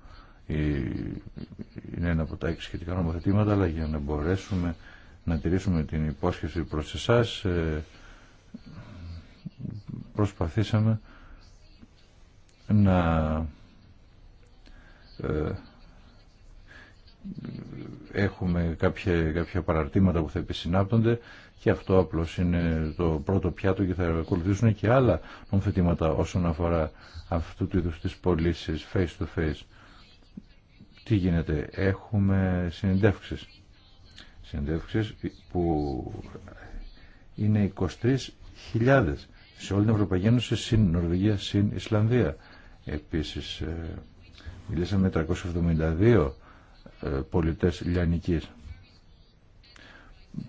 Είναι ένα από τα έξι σχετικά νομοθετήματα, αλλά για να μπορέσουμε να τηρήσουμε την υπόσχεση προς εσάς ε, προσπαθήσαμε να ε, έχουμε κάποια, κάποια παραρτήματα που θα επισυνάπτονται και αυτό απλώς είναι το πρώτο πιάτο και θα ακολουθήσουν και άλλα νομοθετήματα όσον αφορά αυτού του είδους τις πωλήσει face to face. Τι γίνεται, έχουμε συνεντεύξεις. Συνεντεύξεις που είναι 23.000 σε όλη την Ευρωπαϊκή Ένωση, συν Νορβηγία, συν Ισλανδία. Επίσης ε, Μιλήσαμε 372 ε, πολιτές λιανικής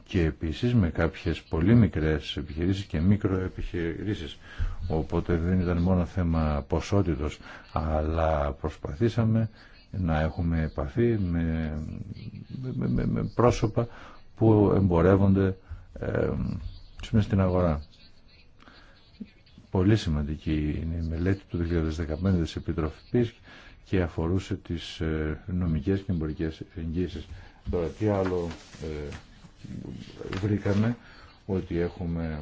και επίσης με κάποιες πολύ μικρές επιχειρήσεις και μικροεπιχειρήσεις. Οπότε δεν ήταν μόνο θέμα ποσότητος, αλλά προσπαθήσαμε να έχουμε επαφή με, πρόσωπα που εμπορεύονται ε, στην αγορά. Πολύ σημαντική είναι η μελέτη του 2015 της Επιτροφής και αφορούσε τις ε, νομικές και εμπορικές εγγύσεις. Τώρα τι άλλο ε, βρήκαμε ότι έχουμε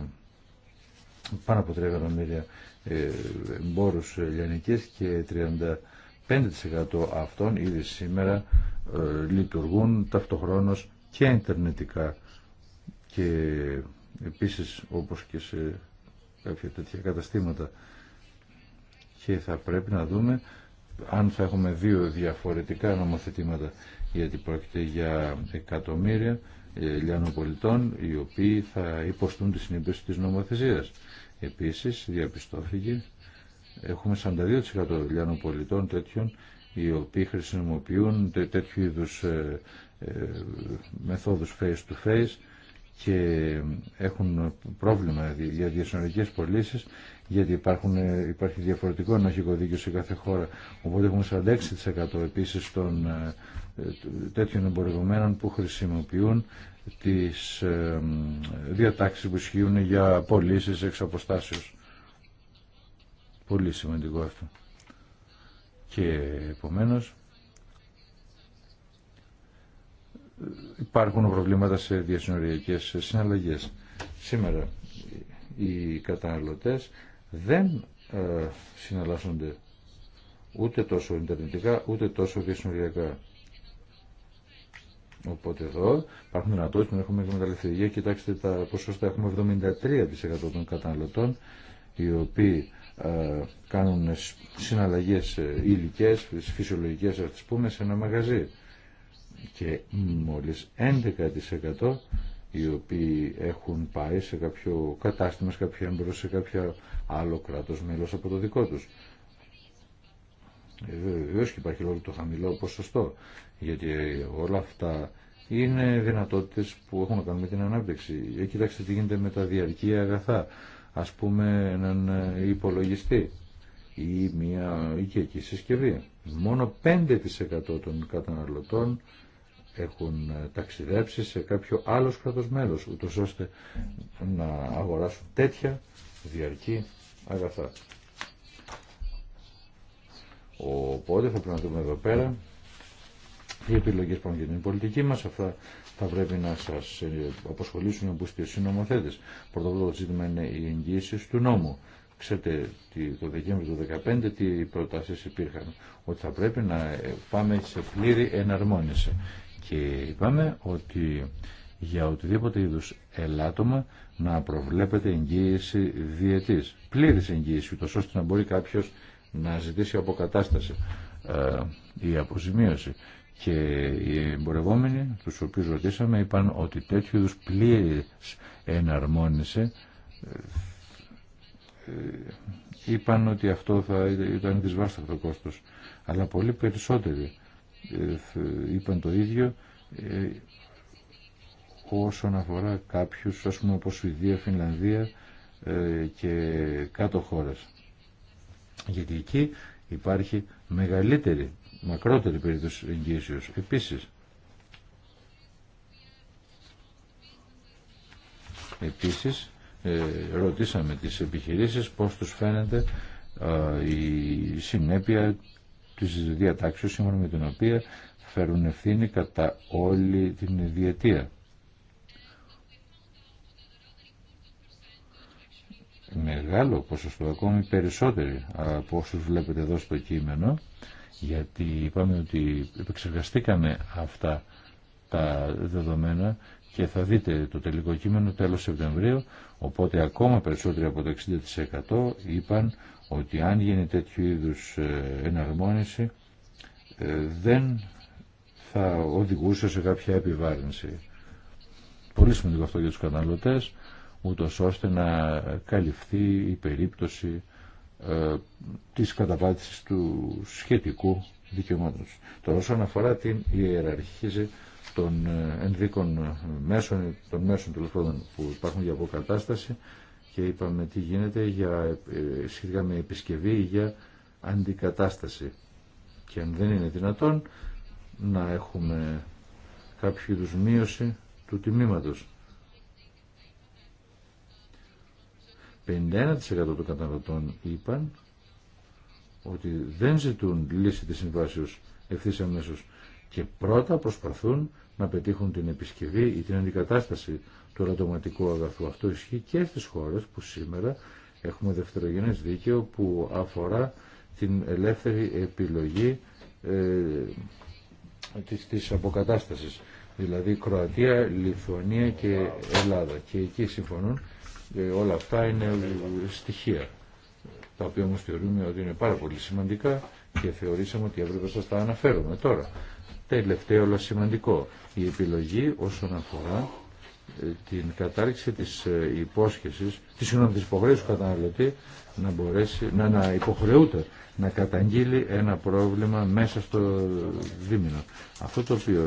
πάνω από 3 εκατομμύρια ε, εμπόρους λιανικές και 35% αυτών ήδη σήμερα λειτουργούν ταυτοχρόνως και ιντερνετικά και επίσης όπως και σε κάποια τέτοια καταστήματα και θα πρέπει να δούμε αν θα έχουμε δύο διαφορετικά νομοθετήματα γιατί πρόκειται για εκατομμύρια ε, λιανοπολιτών οι οποίοι θα υποστούν τη συνήπωση της νομοθεσίας. Επίσης διαπιστώθηκε έχουμε 42% λιανοπολιτών τέτοιων οι οποίοι χρησιμοποιούν τέτοιου είδους ε, ε, μεθόδους face to face και έχουν πρόβλημα για διασυνορικές πωλήσει γιατί υπάρχουν, ε, υπάρχει διαφορετικό ενοχικό δίκαιο σε κάθε χώρα. Οπότε έχουμε 46% επίσης των ε, τέτοιων εμπορευμένων που χρησιμοποιούν τις ε, διατάξεις που ισχύουν για πωλήσει εξ αποστάσεως. Πολύ σημαντικό αυτό. Και επομένως υπάρχουν προβλήματα σε διασυνοριακές συναλλαγές. Σήμερα οι καταναλωτές δεν ε, συναλλάσσονται ούτε τόσο ιντερνετικά ούτε τόσο και Οπότε εδώ υπάρχουν δυνατότητε να έχουμε εκμεταλλευτεί. Για κοιτάξτε τα ποσοστά. Έχουμε 73% των καταναλωτών οι οποίοι ε, κάνουν συναλλαγές ε, υλικέ, φυσιολογικές ας πούμε, σε ένα μαγαζί. Και μόλις 11% οι οποίοι έχουν πάει σε κάποιο κατάστημα, σε κάποια έμπορο, σε κάποια άλλο κράτος μέλος από το δικό τους. Ε, Βεβαίω και υπάρχει λόγω το χαμηλό ποσοστό, γιατί όλα αυτά είναι δυνατότητες που έχουν να κάνουν με την ανάπτυξη. Ε, κοιτάξτε τι γίνεται με τα διαρκή αγαθά, ας πούμε έναν ε, υπολογιστή ή μια οικιακή συσκευή. Μόνο 5% των καταναλωτών έχουν ταξιδέψει σε κάποιο άλλο κράτος μέλος, ούτως ώστε να αγοράσουν τέτοια διαρκή αγαθά. Οπότε θα πρέπει να δούμε εδώ πέρα οι επιλογές πάνω για την πολιτική μας. Αυτά θα πρέπει να σας ε, αποσχολήσουν όπως και οι νομοθέτες. Πρώτα το ζήτημα είναι οι εγγύησει του νόμου. Ξέρετε το Δεκέμβριο του 2015 τι προτάσεις υπήρχαν. Ότι θα πρέπει να ε, πάμε σε πλήρη εναρμόνιση. Και είπαμε ότι για οτιδήποτε είδους ελάττωμα να προβλέπεται εγγύηση διετής. Πλήρης εγγύηση, ούτως ώστε να μπορεί κάποιος να ζητήσει αποκατάσταση ή ε, αποζημίωση. Και οι εμπορευόμενοι, τους οποίους ρωτήσαμε, είπαν ότι τέτοιου είδους πλήρης εναρμόνιση ε, είπαν ότι αυτό θα ήταν το κόστος. Αλλά πολύ περισσότεροι ε, είπαν το ίδιο όσον αφορά κάποιους, ας πούμε, όπως Σουηδία, Φινλανδία ε, και κάτω χώρες. Γιατί εκεί υπάρχει μεγαλύτερη, μακρότερη περίπτωση εγγύησεως. Επίσης, επίσης ε, ρωτήσαμε τις επιχειρήσεις πώς τους φαίνεται ε, η συνέπεια της διατάξεως σύμφωνα με την οποία φέρουν ευθύνη κατά όλη την διετία. μεγάλο ποσοστό, ακόμη περισσότεροι από όσου βλέπετε εδώ στο κείμενο, γιατί είπαμε ότι επεξεργαστήκαμε αυτά τα δεδομένα και θα δείτε το τελικό κείμενο τέλος Σεπτεμβρίου, οπότε ακόμα περισσότεροι από το 60% είπαν ότι αν γίνει τέτοιου είδους ε, εναρμόνιση ε, δεν θα οδηγούσε σε κάποια επιβάρυνση. Πολύ σημαντικό αυτό για τους καταναλωτές ούτως ώστε να καλυφθεί η περίπτωση ε, της του σχετικού δικαιωμάτους. Τώρα όσον αφορά την ιεραρχίζει των ε, ενδίκων μέσων, των μέσων τελευταίων που υπάρχουν για αποκατάσταση και είπαμε τι γίνεται για, ε, σχετικά με επισκευή για αντικατάσταση. Και αν δεν είναι δυνατόν να έχουμε κάποιο είδου μείωση του τιμήματος. 51% των καταναλωτών είπαν ότι δεν ζητούν λύση της συμβάσεως ευθύς αμέσως και πρώτα προσπαθούν να πετύχουν την επισκευή ή την αντικατάσταση του ερωτηματικού αγαθού. Αυτό ισχύει και στις χώρες που σήμερα έχουμε δευτερογενές δίκαιο που αφορά την ελεύθερη επιλογή ε, της, της αποκατάστασης. Δηλαδή Κροατία, Λιθουανία και Ελλάδα. Και εκεί συμφωνούν ε, όλα αυτά είναι στοιχεία τα οποία όμως θεωρούμε ότι είναι πάρα πολύ σημαντικά και θεωρήσαμε ότι έπρεπε να σας τα αναφέρουμε τώρα. Τελευταίο αλλά σημαντικό, η επιλογή όσον αφορά ε, την κατάρριξη της ε, υπόσχεσης, της συγγνώμη της καταναλωτή να μπορέσει, να, να υποχρεούται να καταγγείλει ένα πρόβλημα μέσα στο δίμηνο. Αυτό το οποίο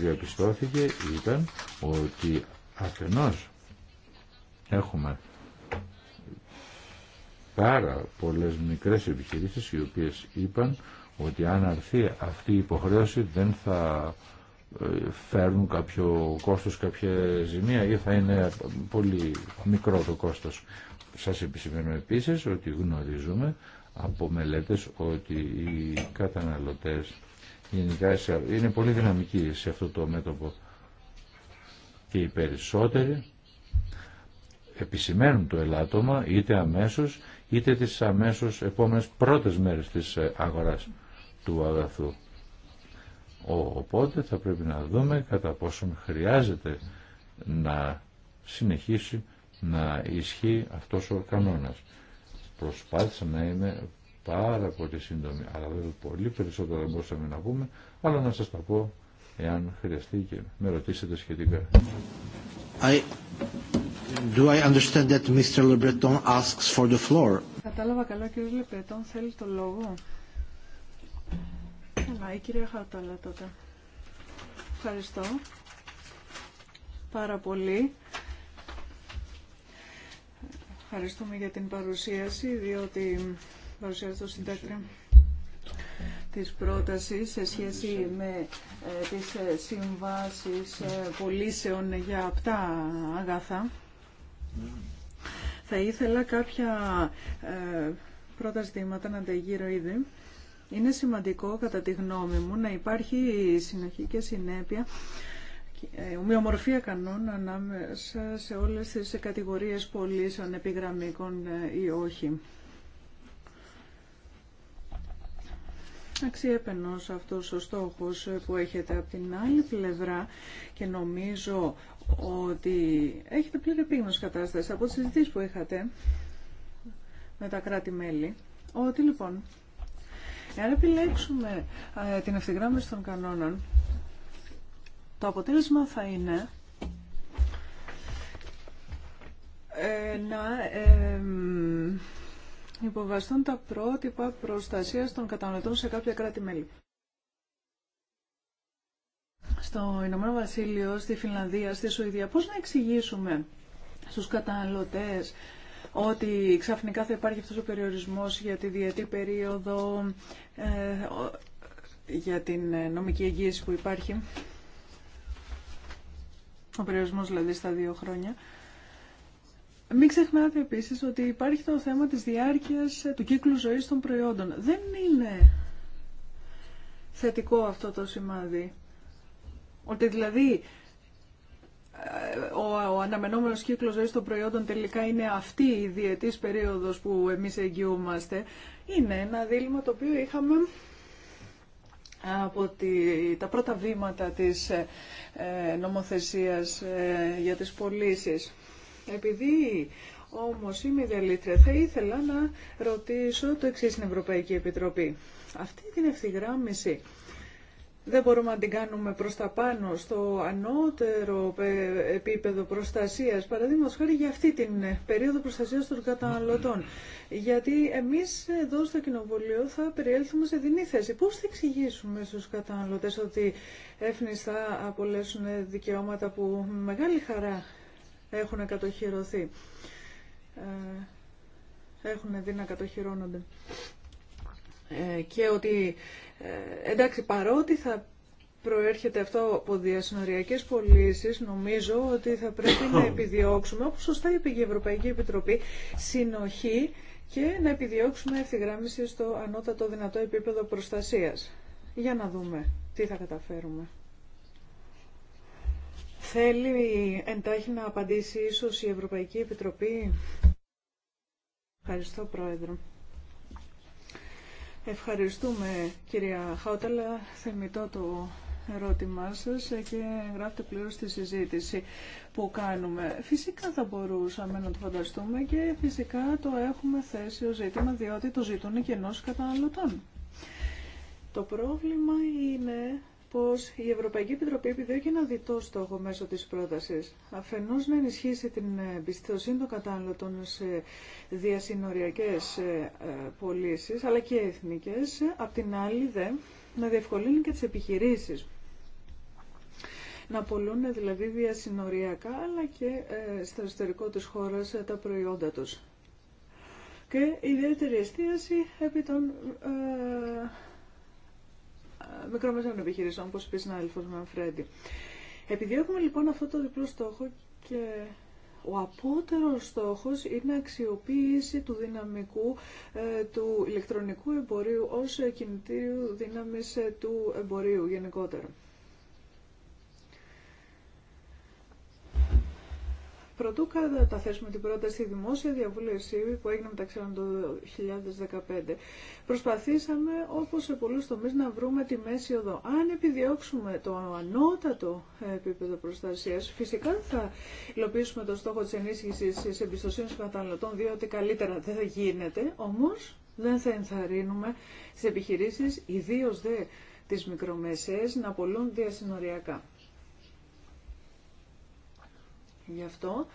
διαπιστώθηκε ήταν ότι αφενός Έχουμε πάρα πολλές μικρές επιχειρήσεις οι οποίες είπαν ότι αν αρθεί αυτή η υποχρέωση δεν θα ε, φέρνουν κάποιο κόστος, κάποια ζημία ή θα είναι πολύ μικρό το κόστος. Σας επισημαίνω επίσης ότι γνωρίζουμε από μελέτες ότι οι καταναλωτές γενικά είναι πολύ δυναμικοί σε αυτό το μέτωπο και οι περισσότεροι επισημαίνουν το ελάττωμα είτε αμέσως είτε τις αμέσως επόμενες πρώτες μέρες της ε, αγοράς του αγαθού. Οπότε θα πρέπει να δούμε κατά πόσο χρειάζεται να συνεχίσει να ισχύει αυτός ο κανόνας. Προσπάθησα να είμαι πάρα πολύ σύντομη, αλλά βέβαια πολύ περισσότερο μπορούσαμε να πούμε, αλλά να σας τα πω εάν χρειαστεί και με ρωτήσετε σχετικά. Do I understand that Mr. Le asks for the floor? Κατάλαβα καλά, κύριε Λεπρετών, θέλει το λόγο. Καλά, η κυρία Χατάλα τότε. Ευχαριστώ πάρα πολύ. Ευχαριστούμε για την παρουσίαση, διότι παρουσιάζω το της πρότασης σε σχέση με ε, τις ε, συμβάσεις ε, πολίσεων για αυτά αγαθά. Θα ήθελα κάποια ε, πρώτα ζητήματα να τα γύρω ήδη. Είναι σημαντικό, κατά τη γνώμη μου, να υπάρχει συνοχή και συνέπεια ε, ομοιομορφία κανόν ανάμεσα σε όλες τις κατηγορίες πωλήσεων επιγραμμικών ε, ή όχι. αξιέπαινος αυτός ο στόχος που έχετε από την άλλη πλευρά και νομίζω ότι έχετε πλήρη επίγνωση κατάσταση από τις συζητήσεις που είχατε με τα κράτη-μέλη, ότι λοιπόν, εάν επιλέξουμε ε, την ευθυγράμμιση των κανόνων, το αποτέλεσμα θα είναι ε, να υποβαστούν τα πρότυπα προστασίας των κατανοητών σε κάποια κράτη-μέλη στο Ηνωμένο Βασίλειο, στη Φινλανδία, στη Σουηδία, πώς να εξηγήσουμε στους καταναλωτές ότι ξαφνικά θα υπάρχει αυτός ο περιορισμός για τη διετή περίοδο, ε, για την ε, νομική εγγύηση που υπάρχει, ο περιορισμός δηλαδή στα δύο χρόνια. Μην ξεχνάτε επίσης ότι υπάρχει το θέμα της διάρκειας ε, του κύκλου ζωής των προϊόντων. Δεν είναι θετικό αυτό το σημάδι. Ότι δηλαδή ε, ο, ο αναμενόμενος κύκλος ζωής των προϊόντων τελικά είναι αυτή η διετής περίοδος που εμείς εγγυούμαστε. Είναι ένα δίλημα το οποίο είχαμε από τα πρώτα βήματα της ε, νομοθεσίας ε, για τις πωλήσει. Επειδή όμως είμαι διαλύτρια, θα ήθελα να ρωτήσω το εξής στην Ευρωπαϊκή Επιτροπή. Αυτή την ευθυγράμμιση δεν μπορούμε να την κάνουμε προς τα πάνω στο ανώτερο επίπεδο προστασίας, παραδείγματος χάρη για αυτή την περίοδο προστασίας των καταναλωτών. Γιατί εμείς εδώ στο Κοινοβουλίο θα περιέλθουμε σε δινή θέση. Πώς θα εξηγήσουμε στους καταναλωτές ότι έφνης θα απολέσουν δικαιώματα που με μεγάλη χαρά έχουν κατοχυρωθεί. Ε, έχουν δει να κατοχυρώνονται. Ε, και ότι ε, εντάξει παρότι θα προέρχεται αυτό από διασυνοριακές πωλήσει, νομίζω ότι θα πρέπει να <coughs> επιδιώξουμε, όπως σωστά είπε η Ευρωπαϊκή Επιτροπή, συνοχή και να επιδιώξουμε ευθυγράμμιση στο ανώτατο δυνατό επίπεδο προστασίας. Για να δούμε τι θα καταφέρουμε. Θέλει εντάχει να απαντήσει ίσως η Ευρωπαϊκή Επιτροπή. Ευχαριστώ Πρόεδρο. Ευχαριστούμε κυρία Χάουταλα, θεμητό το ερώτημά σας και γράφτε πλήρως τη συζήτηση που κάνουμε. Φυσικά θα μπορούσαμε να το φανταστούμε και φυσικά το έχουμε θέσει ως ζήτημα διότι το ζητούν και ενός καταναλωτών. Το πρόβλημα είναι πως η Ευρωπαϊκή Επιτροπή επιδιώκει ένα διτό στόχο μέσω της πρότασης. Αφενός να ενισχύσει την εμπιστοσύνη των κατάλληλων σε διασυνοριακές ε, πωλήσει, αλλά και εθνικές, απ' την άλλη δε να διευκολύνει και τις επιχειρήσεις να πολλούν δηλαδή διασυνοριακά αλλά και ε, στο εσωτερικό της χώρας ε, τα προϊόντα τους. Και ιδιαίτερη εστίαση επί των μικρομεσαίων επιχειρήσεων, όπως είπε συνάδελφος με Φρέντι. Επειδή έχουμε λοιπόν αυτό το διπλό στόχο και ο απότερος στόχος είναι αξιοποίηση του δυναμικού ε, του ηλεκτρονικού εμπορίου ως κινητήριου δύναμης ε, του εμπορίου γενικότερα. Πρωτού καταθέσουμε την πρόταση στη δημόσια διαβούλευση που έγινε μεταξύ το 2015, προσπαθήσαμε όπως σε πολλού τομεί να βρούμε τη μέση οδό. Αν επιδιώξουμε το ανώτατο επίπεδο προστασίας, φυσικά θα υλοποιήσουμε το στόχο τη ενίσχυση τη εμπιστοσύνη των καταναλωτών, διότι καλύτερα δεν θα γίνεται, όμως δεν θα ενθαρρύνουμε τι επιχειρήσει, ιδίω δε τις μικρομέσαίε να πολλούν διασυνοριακά. Γι' αυτό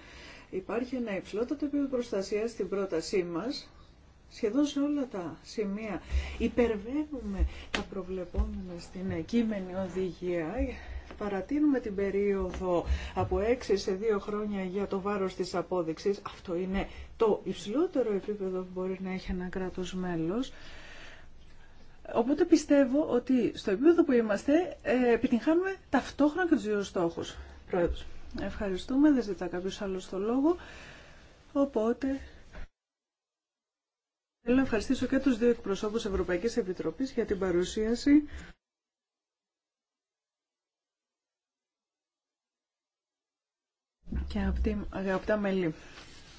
υπάρχει ένα υψηλότερο επίπεδο προστασία στην πρότασή μας, σχεδόν σε όλα τα σημεία. Υπερβαίνουμε τα προβλεπόμενα στην κείμενη οδηγία. Παρατείνουμε την περίοδο από 6 σε 2 χρόνια για το βάρος της απόδειξης. Αυτό είναι το υψηλότερο επίπεδο που μπορεί να έχει ένα κράτος μέλος. Οπότε πιστεύω ότι στο επίπεδο που είμαστε ε, επιτυγχάνουμε ταυτόχρονα και τους δύο στόχους. Ευχαριστούμε. Δεν ζητά κάποιο άλλο το λόγο. Οπότε... Θέλω να ευχαριστήσω και τους δύο εκπροσώπους Ευρωπαϊκής Επιτροπής για την παρουσίαση. Και από αγαπητά μέλη,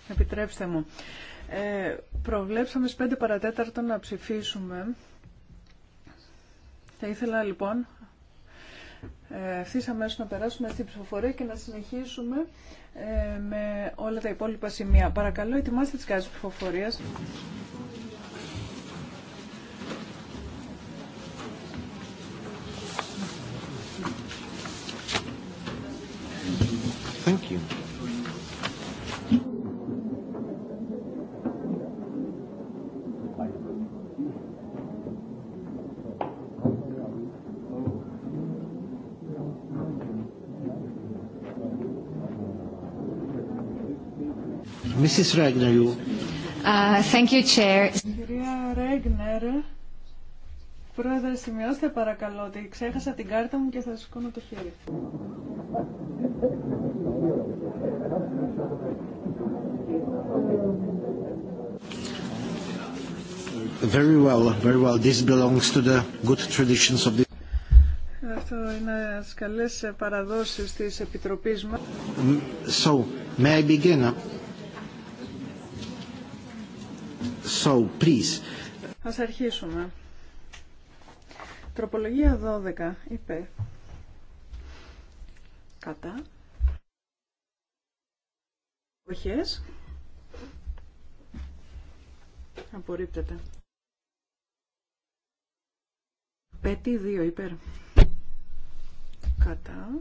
επιτρέψτε μου. Ε, προβλέψαμε στι 5 παρατέταρτο να ψηφίσουμε. Θα ήθελα λοιπόν ευθύ αμέσω να περάσουμε στην ψηφοφορία και να συνεχίσουμε ε, με όλα τα υπόλοιπα σημεία. Παρακαλώ, ετοιμάστε τι κάρτε ψηφοφορία. Thank you. Mrs. Regner, uh, Κυρία Ρέγνερ, πρόεδρε, σημειώστε παρακαλώ ότι ξέχασα την κάρτα μου και θα σηκώνω το χέρι. αυτό είναι στις καλές παραδόσεις της Επιτροπής μας. Ας αρχίσουμε. Τροπολογία 12. Υπέρ. Κατά. Εποχές. Απορρίπτεται. πέτει 2. Υπέρ. Κατά.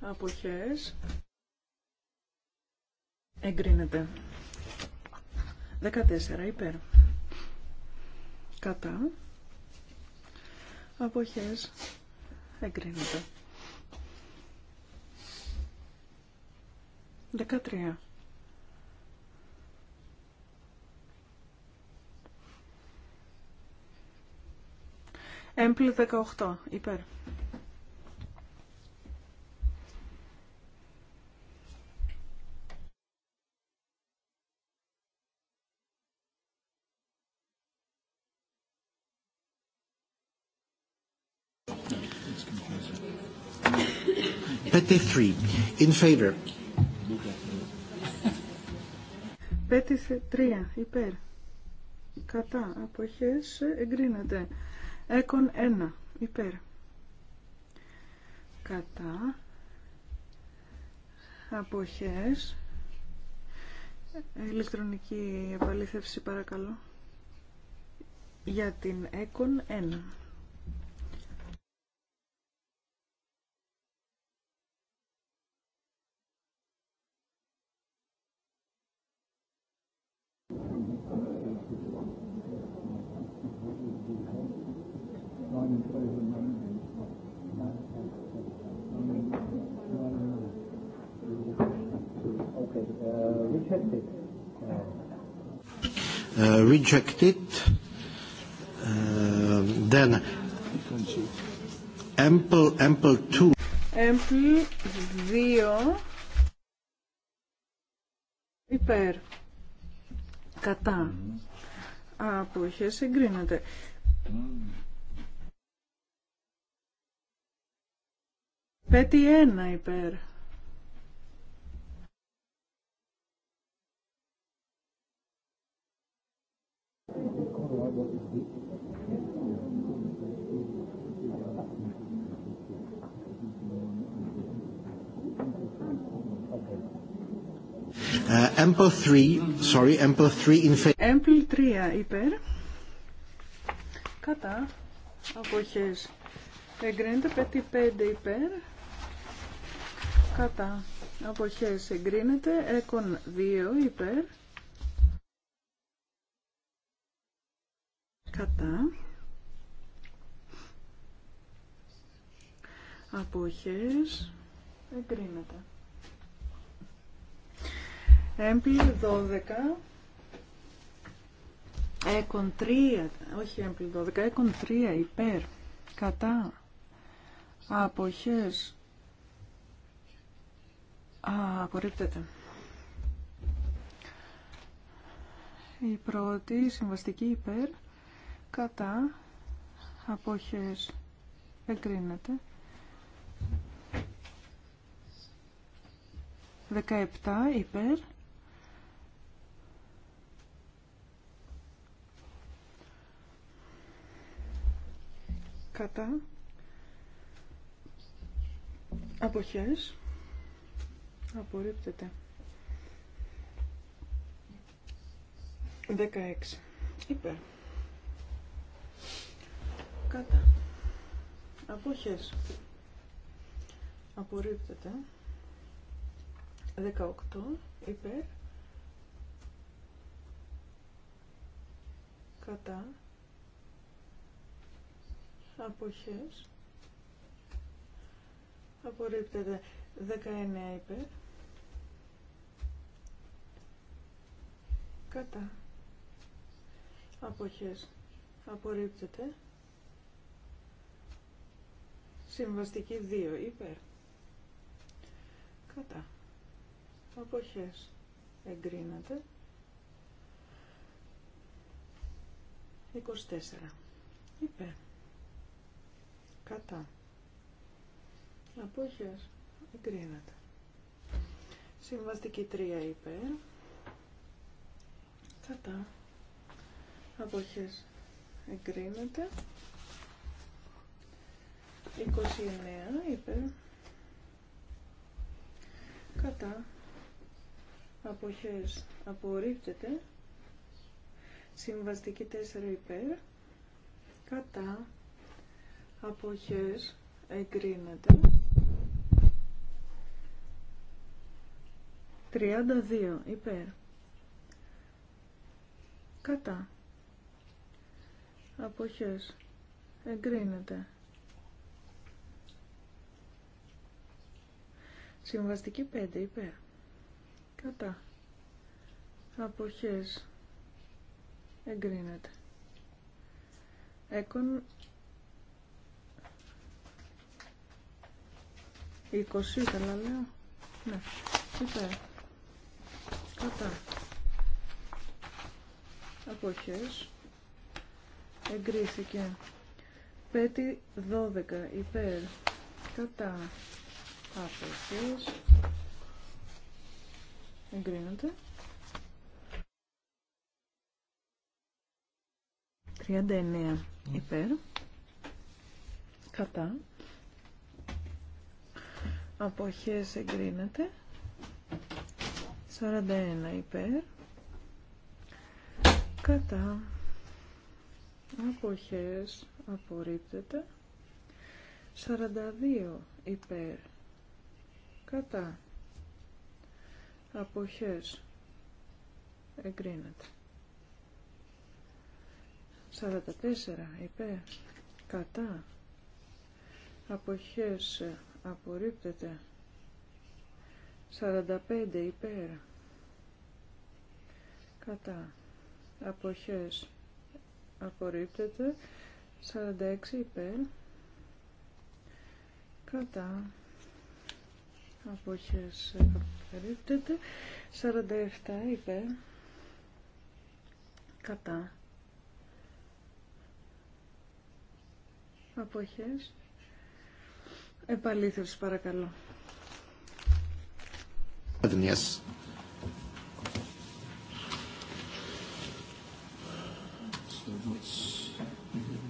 Αποχές. Εγκρίνεται. 14 υπέρ. Κατά. Αποχές. Εγκρίνεται. 13. Έμπλη 18, υπέρ. 3. In favor. Πέτησε 3. Υπέρ. Κατά. Αποχές. Εγκρίνεται. Έκον 1. Υπέρ. Κατά. Αποχές. Ηλεκτρονική επαλήθευση παρακαλώ. Για την έκον 1. Uh, rejected. Uh, then ample, ample two. Ample zero Υπέρ. Κατά. Αποχές εγκρίνεται. Πέτει ένα υπέρ. Ample ε, 3, sorry, Ample 3 in Ample 3 υπέρ. Κατά. Αποχές. Εγκρίνεται 5 υπέρ. Κατά. Αποχές εγκρίνεται. Έκον 2 υπέρ. Κατά. Αποχές εγκρίνεται. Έμπλ 12. Έκον 3, όχι έμπλη 12, έκον 3 υπέρ, κατά, αποχές, α, απορρίπτεται. Η πρώτη συμβαστική υπέρ, κατά, αποχές, εγκρίνεται. 17 υπέρ, κατά αποχές απορρίπτεται 16 υπέρ κατά αποχές απορρίπτεται 18 υπέρ κατά αποχές απορρίπτεται 19 υπέρ κατά αποχές απορρίπτεται συμβαστική 2 υπέρ κατά αποχές εγκρίνεται 24 υπέρ Κατά. Απόχες. Εγκρίνεται. Συμβαστική 3 υπέρ. Κατά. Απόχες. Εγκρίνεται. 29 υπέρ. Κατά. Αποχές. Απορρίπτεται. Συμβαστική 4 υπέρ. Κατά αποχές εγκρίνεται 32 υπέρ κατά αποχές εγκρίνεται συμβαστική 5 υπέρ κατά αποχές εγκρίνεται έκον 20 θα λέω. Ναι, ναι. Υπέρ. Κατά. Αποχές. Εγκρίθηκε. 5 12 υπέρ. Κατά. Αποχές. Εγκρίνονται. 39 υπέρ. Κατά αποχές εγκρίνεται 41 υπέρ κατά αποχές απορρίπτεται 42 υπέρ κατά αποχές εγκρίνεται 44 υπέρ κατά αποχές απορρίπτεται 45 υπέρ κατά αποχές απορρίπτεται 46 υπέρ κατά αποχές απορρίπτεται 47 υπέρ κατά αποχές Επαλήθευση παρακαλώ. Yes.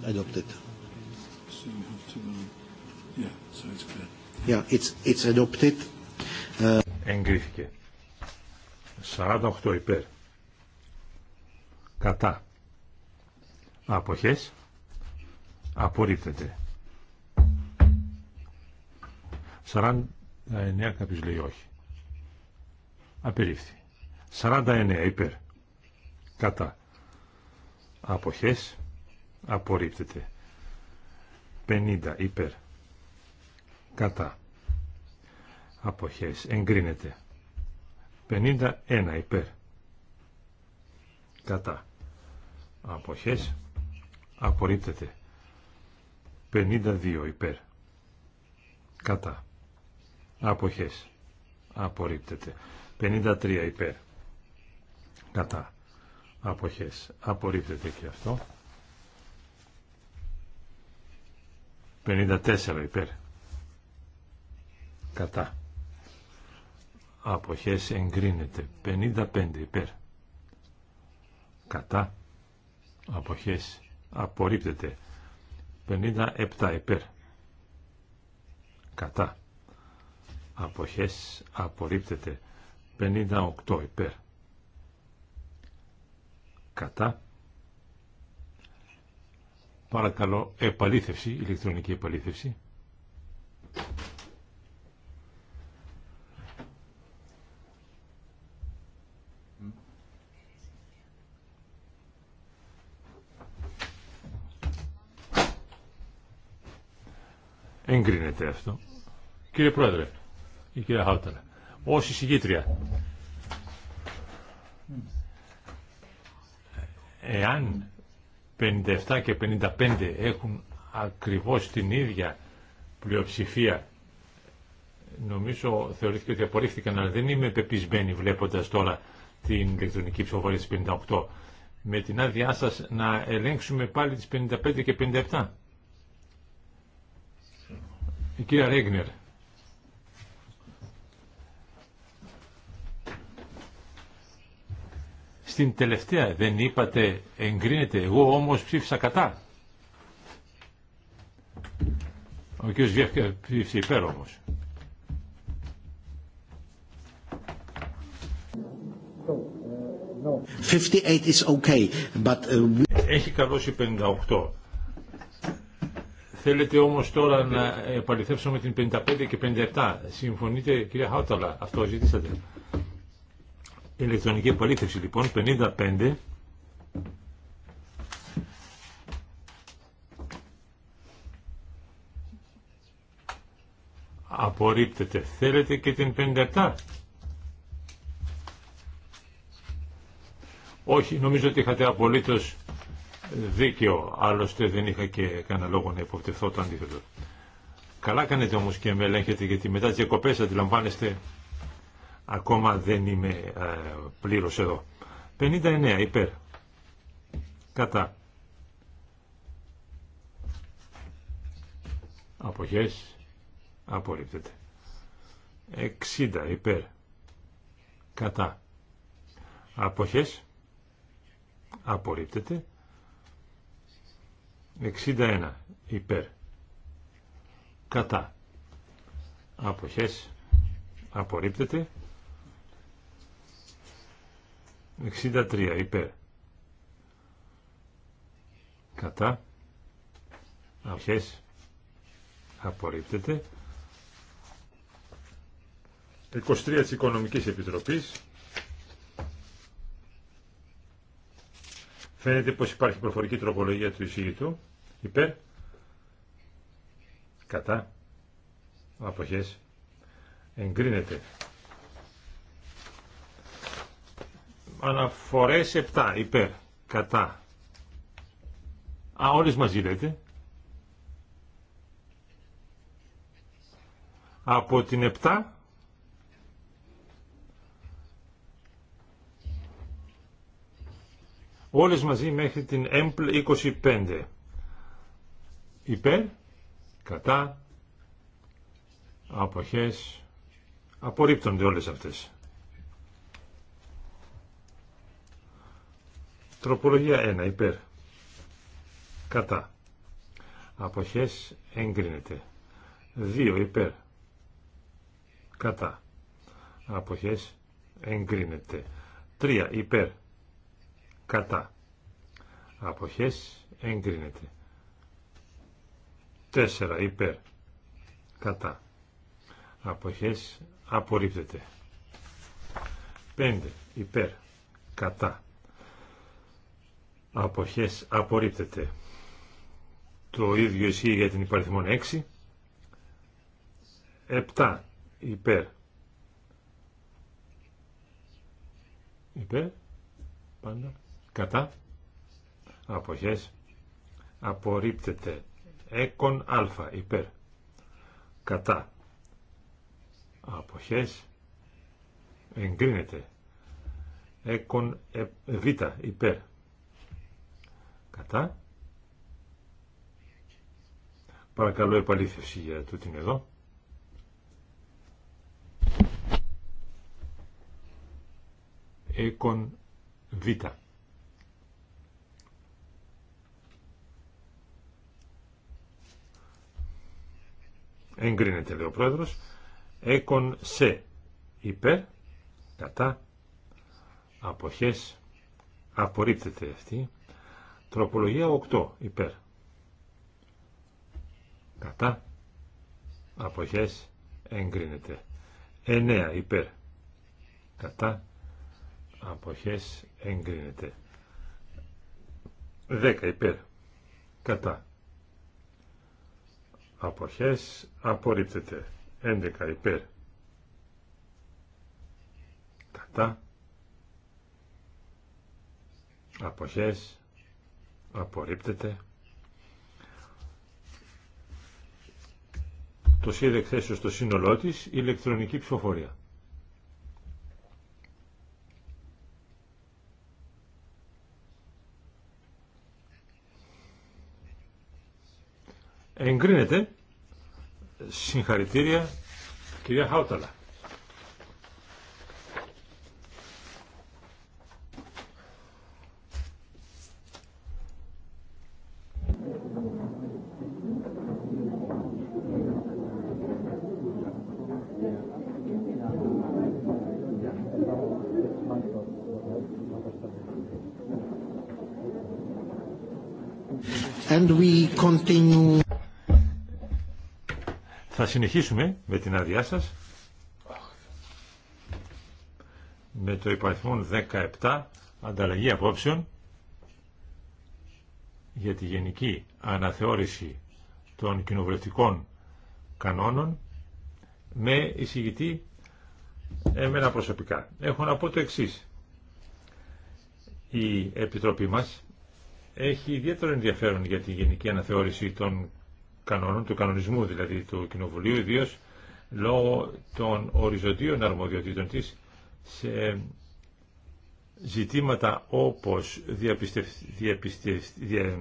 Adopted. Uh, yeah, it's it's, adopted. adopted. Uh, Εγκρίθηκε. 48 υπέρ. Κατά. Αποχές. Απορρίπτεται. 49 κάποιος λέει όχι. Απερίφθη. 49 υπέρ. Κατά. Αποχές. Απορρίπτεται. 50 υπέρ. Κατά. Αποχές. Εγκρίνεται. 51 υπέρ. Κατά. Αποχές. Απορρίπτεται. 52 υπέρ. Κατά αποχές απορρίπτεται 53 υπέρ κατά αποχές απορρίπτεται και αυτό 54 υπέρ κατά αποχές εγκρίνεται 55 υπέρ κατά αποχές απορρίπτεται 57 υπέρ κατά αποχές απορρίπτεται 58 υπέρ κατά παρακαλώ επαλήθευση ηλεκτρονική επαλήθευση Εγκρίνεται αυτό. Κύριε Πρόεδρε, η κυρία Χάουταλα. ω εισηγήτρια. Εάν 57 και 55 έχουν ακριβώς την ίδια πλειοψηφία νομίζω θεωρήθηκε ότι απορρίφθηκαν αλλά δεν είμαι πεπισμένη βλέποντας τώρα την ηλεκτρονική ψηφοφορία της 58 με την άδειά σας να ελέγξουμε πάλι τις 55 και 57 η κυρία Ρέγνερ Στην τελευταία δεν είπατε εγκρίνεται, εγώ όμως ψήφισα κατά. Ο κ. Βιέφκα ψήφισε υπέρ όμως. Uh, Έχει καλώσει 58. Θέλετε όμως τώρα να επαληθεύσουμε την 55 και 57. Συμφωνείτε κυρία Χάουταλα, αυτό ζητήσατε. Ηλεκτρονική επαλήθευση λοιπόν 55 απορρίπτεται. Θέλετε και την 57. Όχι, νομίζω ότι είχατε απολύτως δίκαιο. Άλλωστε δεν είχα και κανένα λόγο να υποπτευθώ το αντίθετο. Καλά κάνετε όμως και με ελέγχετε γιατί μετά τις διακοπές αντιλαμβάνεστε Ακόμα δεν είμαι ε, πλήρως εδώ. 59 υπέρ. Κατά. Αποχές. Απορρίπτεται. 60 υπέρ. Κατά. Αποχές. Απορρίπτεται. 61 υπέρ. Κατά. Αποχές. Απορρίπτεται. 63 υπέρ. Κατά. Αρχές. Απορρίπτεται. 23 της Οικονομικής Επιτροπής. Φαίνεται πως υπάρχει προφορική τροπολογία του εισηγητού. Υπέρ. Κατά. Αποχές. Εγκρίνεται. Αναφορές 7 υπέρ. Κατά. Α, όλες μαζί λέτε. Από την 7 όλες μαζί μέχρι την έμπλ 25. Υπέρ, κατά, αποχές, απορρίπτονται όλες αυτές. Τροπολογία 1 υπέρ. Κατά. Αποχές εγκρίνεται. 2 υπέρ. Κατά. Αποχές εγκρίνεται. 3 υπέρ. Κατά. Αποχές εγκρίνεται. 4 υπέρ. Κατά. Αποχές απορρίπτεται. 5 υπέρ. Κατά αποχές απορρίπτεται. Το ίδιο ισχύει για την υπαριθμόν 6. 7 υπέρ. Υπέρ. Πάντα. Κατά. Αποχές. Απορρίπτεται. Έκον α υπέρ. Κατά. Αποχές. Εγκρίνεται. Έκον ε, β υπέρ Κατά. Παρακαλώ επαλήθευση για τούτην εδώ. Έκον Β. Εγκρίνεται, λέει ο πρόεδρος. Έκον σε υπέρ, κατά, αποχές, απορρίπτεται αυτή. Τροπολογία 8 υπέρ. Κατά. Αποχές εγκρίνεται. 9 υπέρ. Κατά. Αποχές εγκρίνεται. 10 υπέρ. Κατά. Αποχές απορρίπτεται. 11 υπέρ. Κατά. Αποχές απορρίπτεται. Το σχέδιο στο σύνολό της, ηλεκτρονική ψηφοφορία. Εγκρίνεται. Συγχαρητήρια, κυρία Χάουταλα. Θα συνεχίσουμε με την άδειά σα. με το υπαριθμό 17 ανταλλαγή απόψεων για τη γενική αναθεώρηση των κοινοβουλευτικών κανόνων με εισηγητή εμένα προσωπικά. Έχω να πω το εξή. Η Επιτροπή μας έχει ιδιαίτερο ενδιαφέρον για τη γενική αναθεώρηση των κανόνων, του κανονισμού δηλαδή του Κοινοβουλίου, ιδίω λόγω των οριζοντίων αρμοδιοτήτων της σε ζητήματα όπως διαπιστευ... Διαπιστευ... Δια...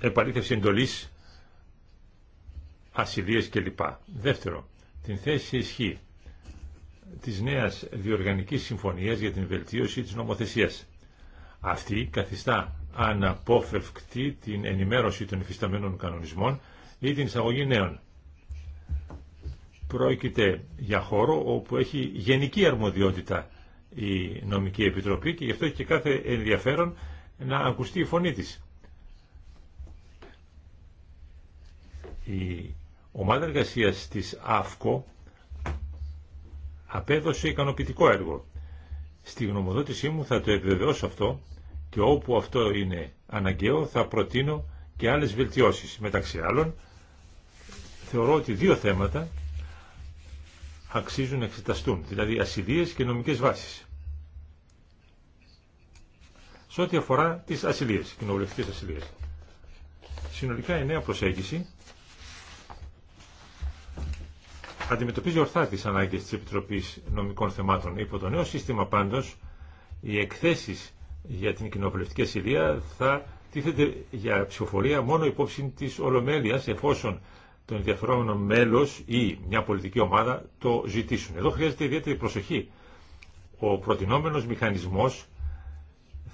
επαλήθευση εντολής, ασυλίες κλπ. Δεύτερο, την θέση ισχύ της νέας διοργανικής συμφωνίας για την βελτίωση της νομοθεσίας. Αυτή καθιστά αναπόφευκτη την ενημέρωση των υφισταμένων κανονισμών ή την εισαγωγή νέων. Πρόκειται για χώρο όπου έχει γενική αρμοδιότητα η νομική επιτροπή και γι' αυτό έχει και κάθε ενδιαφέρον να ακουστεί η φωνή της. Η ομάδα εργασίας της ΑΦΚΟ απέδωσε ικανοποιητικό έργο. Στη γνωμοδότησή μου θα το επιβεβαιώσω αυτό και όπου αυτό είναι αναγκαίο θα προτείνω και άλλες βελτιώσεις. Μεταξύ άλλων, θεωρώ ότι δύο θέματα αξίζουν να εξεταστούν, δηλαδή ασυλίες και νομικές βάσεις. Σε ό,τι αφορά τις ασυλίες, κοινοβουλευτικές ασυλίες. Συνολικά η νέα προσέγγιση αντιμετωπίζει ορθά τις ανάγκες της Επιτροπής Νομικών Θεμάτων. Υπό το νέο σύστημα πάντως, οι εκθέσεις για την κοινοβουλευτική ασυλία θα τίθεται για ψηφοφορία μόνο υπόψη της Ολομέλειας εφόσον τον ενδιαφερόμενο μέλος ή μια πολιτική ομάδα το ζητήσουν. Εδώ χρειάζεται ιδιαίτερη προσοχή. Ο προτινόμενος μηχανισμός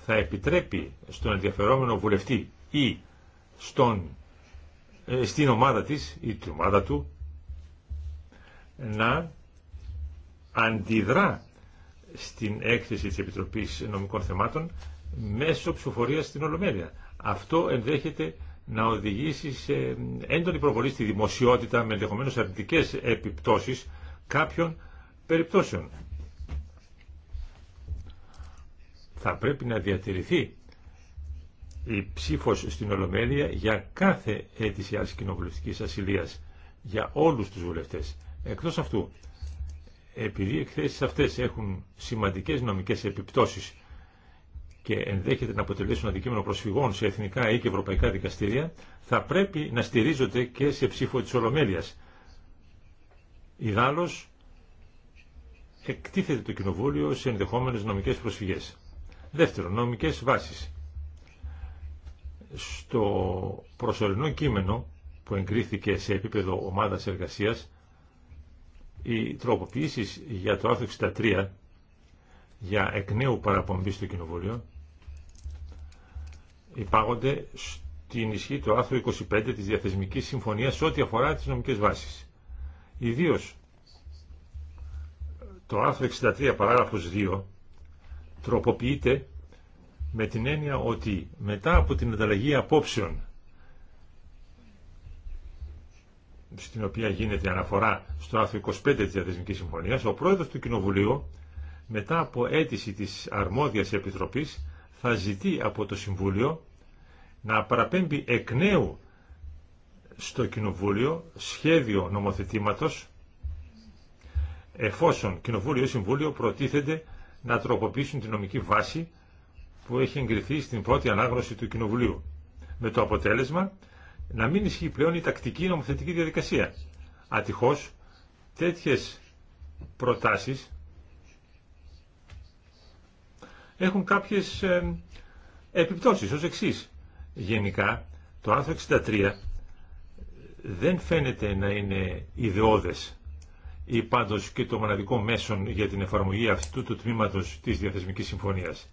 θα επιτρέπει στον ενδιαφερόμενο βουλευτή ή στον, ε, στην ομάδα της ή την ομάδα του να αντιδρά στην έκθεση της Επιτροπής Νομικών Θεμάτων μέσω ψηφοφορία στην Ολομέλεια. Αυτό ενδέχεται να οδηγήσει σε έντονη προβολή στη δημοσιότητα με ενδεχομένω αρνητικέ επιπτώσεις κάποιων περιπτώσεων. Θα πρέπει να διατηρηθεί η ψήφος στην Ολομέλεια για κάθε αίτηση κοινοβουλευτική ασυλίας για όλους τους βουλευτές. Εκτός αυτού, επειδή οι εκθέσεις αυτές έχουν σημαντικές νομικές επιπτώσεις και ενδέχεται να αποτελέσουν αντικείμενο προσφυγών σε εθνικά ή και ευρωπαϊκά δικαστήρια, θα πρέπει να στηρίζονται και σε ψήφο της Ολομέλειας. Ιδάλλως, εκτίθεται το Κοινοβούλιο σε ενδεχόμενες νομικές προσφυγές. Δεύτερον, νομικές βάσεις. Στο προσωρινό κείμενο που εγκρίθηκε σε επίπεδο ομάδας εργασίας, οι τροποποίησει για το άρθρο 63 για εκ νέου παραπομπή στο Κοινοβούλιο υπάγονται στην ισχύ του άρθρου 25 της Διαθεσμικής Συμφωνίας ό,τι αφορά τις νομικές βάσεις. Ιδίως το άρθρο 63 παράγραφος 2 τροποποιείται με την έννοια ότι μετά από την ανταλλαγή απόψεων στην οποία γίνεται αναφορά στο άρθρο 25 της Διαθεσμικής Συμφωνίας, ο πρόεδρος του Κοινοβουλίου, μετά από αίτηση της αρμόδιας επιτροπής, θα ζητεί από το Συμβούλιο να παραπέμπει εκ νέου στο Κοινοβούλιο σχέδιο νομοθετήματος, εφόσον Κοινοβούλιο ή Συμβούλιο προτίθεται να τροποποιήσουν τη νομική βάση που έχει εγκριθεί στην πρώτη ανάγνωση του Κοινοβουλίου. Με το αποτέλεσμα να μην ισχύει πλέον η τακτική νομοθετική διαδικασία. Ατυχώς, τέτοιες προτάσεις έχουν κάποιες ε, επιπτώσεις ως εξής. Γενικά, το άρθρο 63 δεν φαίνεται να είναι ιδεώδες ή πάντως και το μοναδικό μέσον για την εφαρμογή αυτού του τμήματος της Διαθεσμικής Συμφωνίας.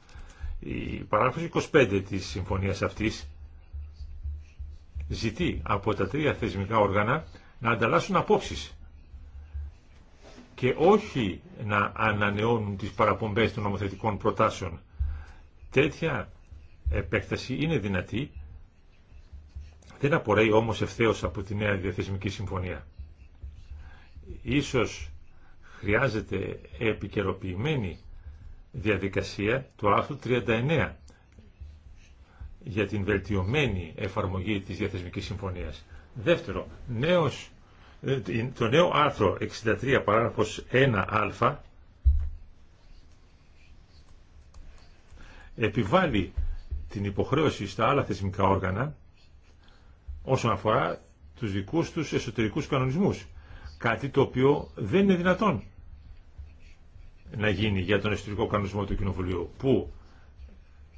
Η παράγραφος 25 της συμφωνίας αυτής ζητεί από τα τρία θεσμικά όργανα να ανταλλάσσουν απόψεις και όχι να ανανεώνουν τις παραπομπές των νομοθετικών προτάσεων. Τέτοια επέκταση είναι δυνατή, δεν απορρέει όμως ευθέως από τη νέα διαθεσμική συμφωνία. Ίσως χρειάζεται επικαιροποιημένη διαδικασία του άρθρου 39 για την βελτιωμένη εφαρμογή της Διαθεσμικής Συμφωνίας. Δεύτερο, νέος, ε, το νέο άρθρο 63 παράγραφος 1α επιβάλλει την υποχρέωση στα άλλα θεσμικά όργανα όσον αφορά τους δικούς τους εσωτερικούς κανονισμούς. Κάτι το οποίο δεν είναι δυνατόν να γίνει για τον εσωτερικό κανονισμό του Κοινοβουλίου που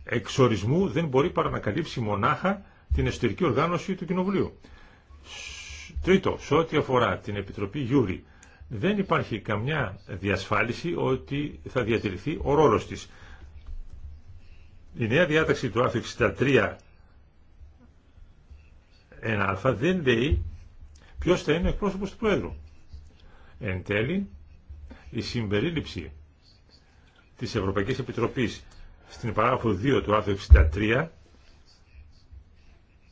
εξορισμού δεν μπορεί παρά να καλύψει μονάχα την εσωτερική οργάνωση του Κοινοβουλίου. Τρίτο, σε ό,τι αφορά την Επιτροπή Γιούρη, δεν υπάρχει καμιά διασφάλιση ότι θα διατηρηθεί ο ρόλος της. Η νέα διάταξη του άρθρου 63 εν α δεν λέει ποιος θα είναι ο εκπρόσωπος του Πρόεδρου. Εν τέλει, η συμπερίληψη της Ευρωπαϊκής Επιτροπής στην παράγραφο 2 του άρθρου 63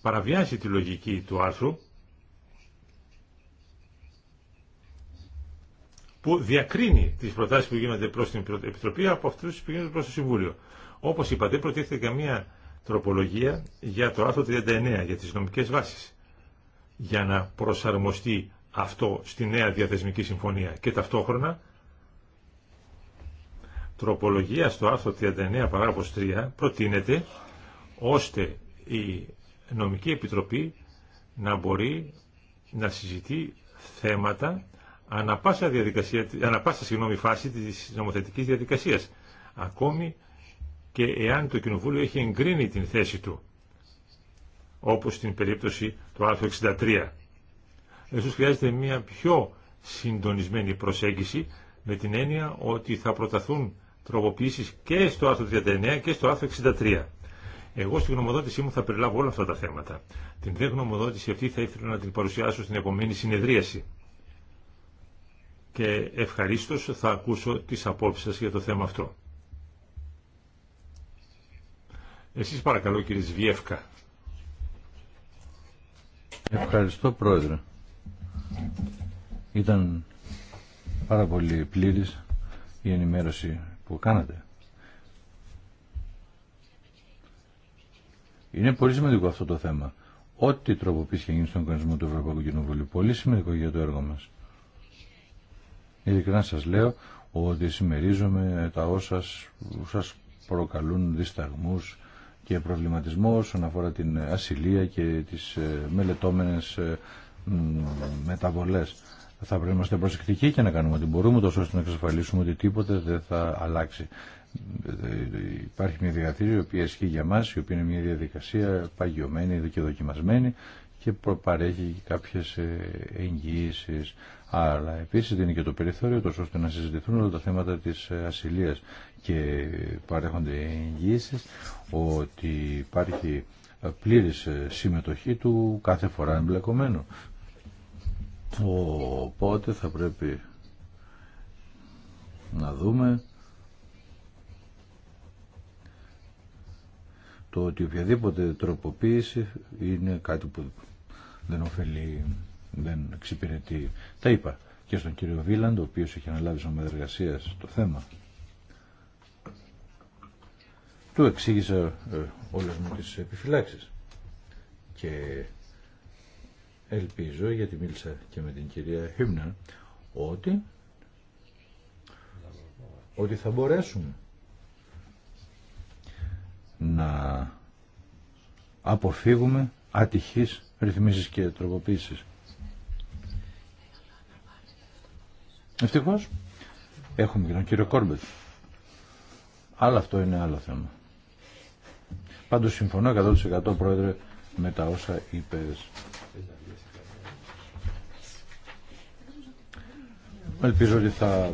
παραβιάζει τη λογική του άρθρου που διακρίνει τις προτάσεις που γίνονται προς την Επιτροπή από αυτούς που γίνονται προς το Συμβούλιο. Όπως είπατε, προτίθεται καμία τροπολογία για το άρθρο 39, για τις νομικές βάσεις, για να προσαρμοστεί αυτό στη νέα διαθεσμική συμφωνία και ταυτόχρονα τροπολογία στο άρθρο 39 παράγραφος 3 προτείνεται ώστε η νομική επιτροπή να μπορεί να συζητεί θέματα ανα πάσα, διαδικασία, ανα πάσα συγγνώμη, φάση της νομοθετικής διαδικασίας ακόμη και εάν το Κοινοβούλιο έχει εγκρίνει την θέση του όπως στην περίπτωση του άρθρου 63. Ίσως χρειάζεται μια πιο συντονισμένη προσέγγιση με την έννοια ότι θα προταθούν τροποποιήσεις και στο άρθρο 39 και στο άρθρο 63. Εγώ στην γνωμοδότησή μου θα περιλάβω όλα αυτά τα θέματα. Την δε γνωμοδότηση αυτή θα ήθελα να την παρουσιάσω στην επόμενη συνεδρίαση. Και ευχαρίστω θα ακούσω τις απόψεις σα για το θέμα αυτό. Εσείς παρακαλώ κύριε Σβιεύκα. Ευχαριστώ πρόεδρε. Ήταν πάρα πολύ πλήρης η ενημέρωση που κάνατε. Είναι πολύ σημαντικό αυτό το θέμα. Ό,τι τροποποίηση γίνει στον οργανισμό του Ευρωπαϊκού Κοινοβουλίου, πολύ σημαντικό για το έργο μας. Ειλικρινά σα λέω ότι συμμερίζομαι τα όσα σα προκαλούν δισταγμού και προβληματισμό όσον αφορά την ασυλία και τι ε, μελετώμενε ε, μεταβολέ θα πρέπει να είμαστε προσεκτικοί και να κάνουμε ό,τι μπορούμε, τόσο ώστε να εξασφαλίσουμε ότι τίποτε δεν θα αλλάξει. Υπάρχει μια διαδικασία η οποία ισχύει για μα, η οποία είναι μια διαδικασία παγιωμένη και δοκιμασμένη και παρέχει κάποιε εγγυήσει. Αλλά επίση δίνει και το περιθώριο, τόσο ώστε να συζητηθούν όλα τα θέματα τη ε, ασυλία και παρέχονται εγγυήσει ότι υπάρχει ε, πλήρης ε, συμμετοχή του κάθε φορά εμπλεκομένου. Οπότε θα πρέπει να δούμε το ότι οποιαδήποτε τροποποίηση είναι κάτι που δεν ωφελεί, δεν εξυπηρετεί. Τα είπα και στον κύριο Βίλαντ, ο οποίος έχει αναλάβει σαν εργασία το θέμα. Του εξήγησα ε, όλες μου τις επιφυλάξεις και Ελπίζω, γιατί μίλησα και με την κυρία Χίμνερ, ότι, ότι θα μπορέσουμε να αποφύγουμε ατυχείς ρυθμίσεις και τροποποίησεις. Ευτυχώς έχουμε και τον κύριο Κόρμπετ. Αλλά αυτό είναι άλλο θέμα. Πάντως συμφωνώ 100% πρόεδρε με τα όσα είπες. Ελπίζω ότι θα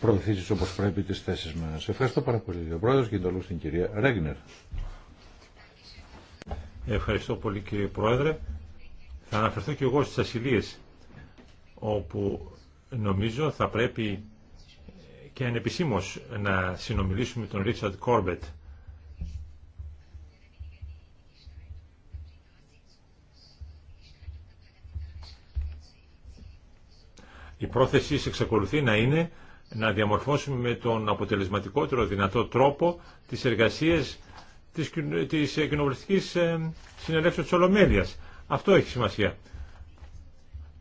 προωθήσει όπω πρέπει τις θέσεις μας. Ευχαριστώ πάρα πολύ. Πρόεδρος και το λόγο στην κυρία Ρέγνερ. Ευχαριστώ πολύ κύριε Πρόεδρε. Θα αναφερθώ και εγώ στι ασυλίε, όπου νομίζω θα πρέπει και ανεπισήμως να συνομιλήσουμε τον Ρίτσαρντ Κόρμπετ Η πρόθεσή εξακολουθεί να είναι να διαμορφώσουμε με τον αποτελεσματικότερο δυνατό τρόπο τις εργασίες της, της κοινοβουλευτικής ε, συνελεύσεως της Ολομέλειας. Αυτό έχει σημασία.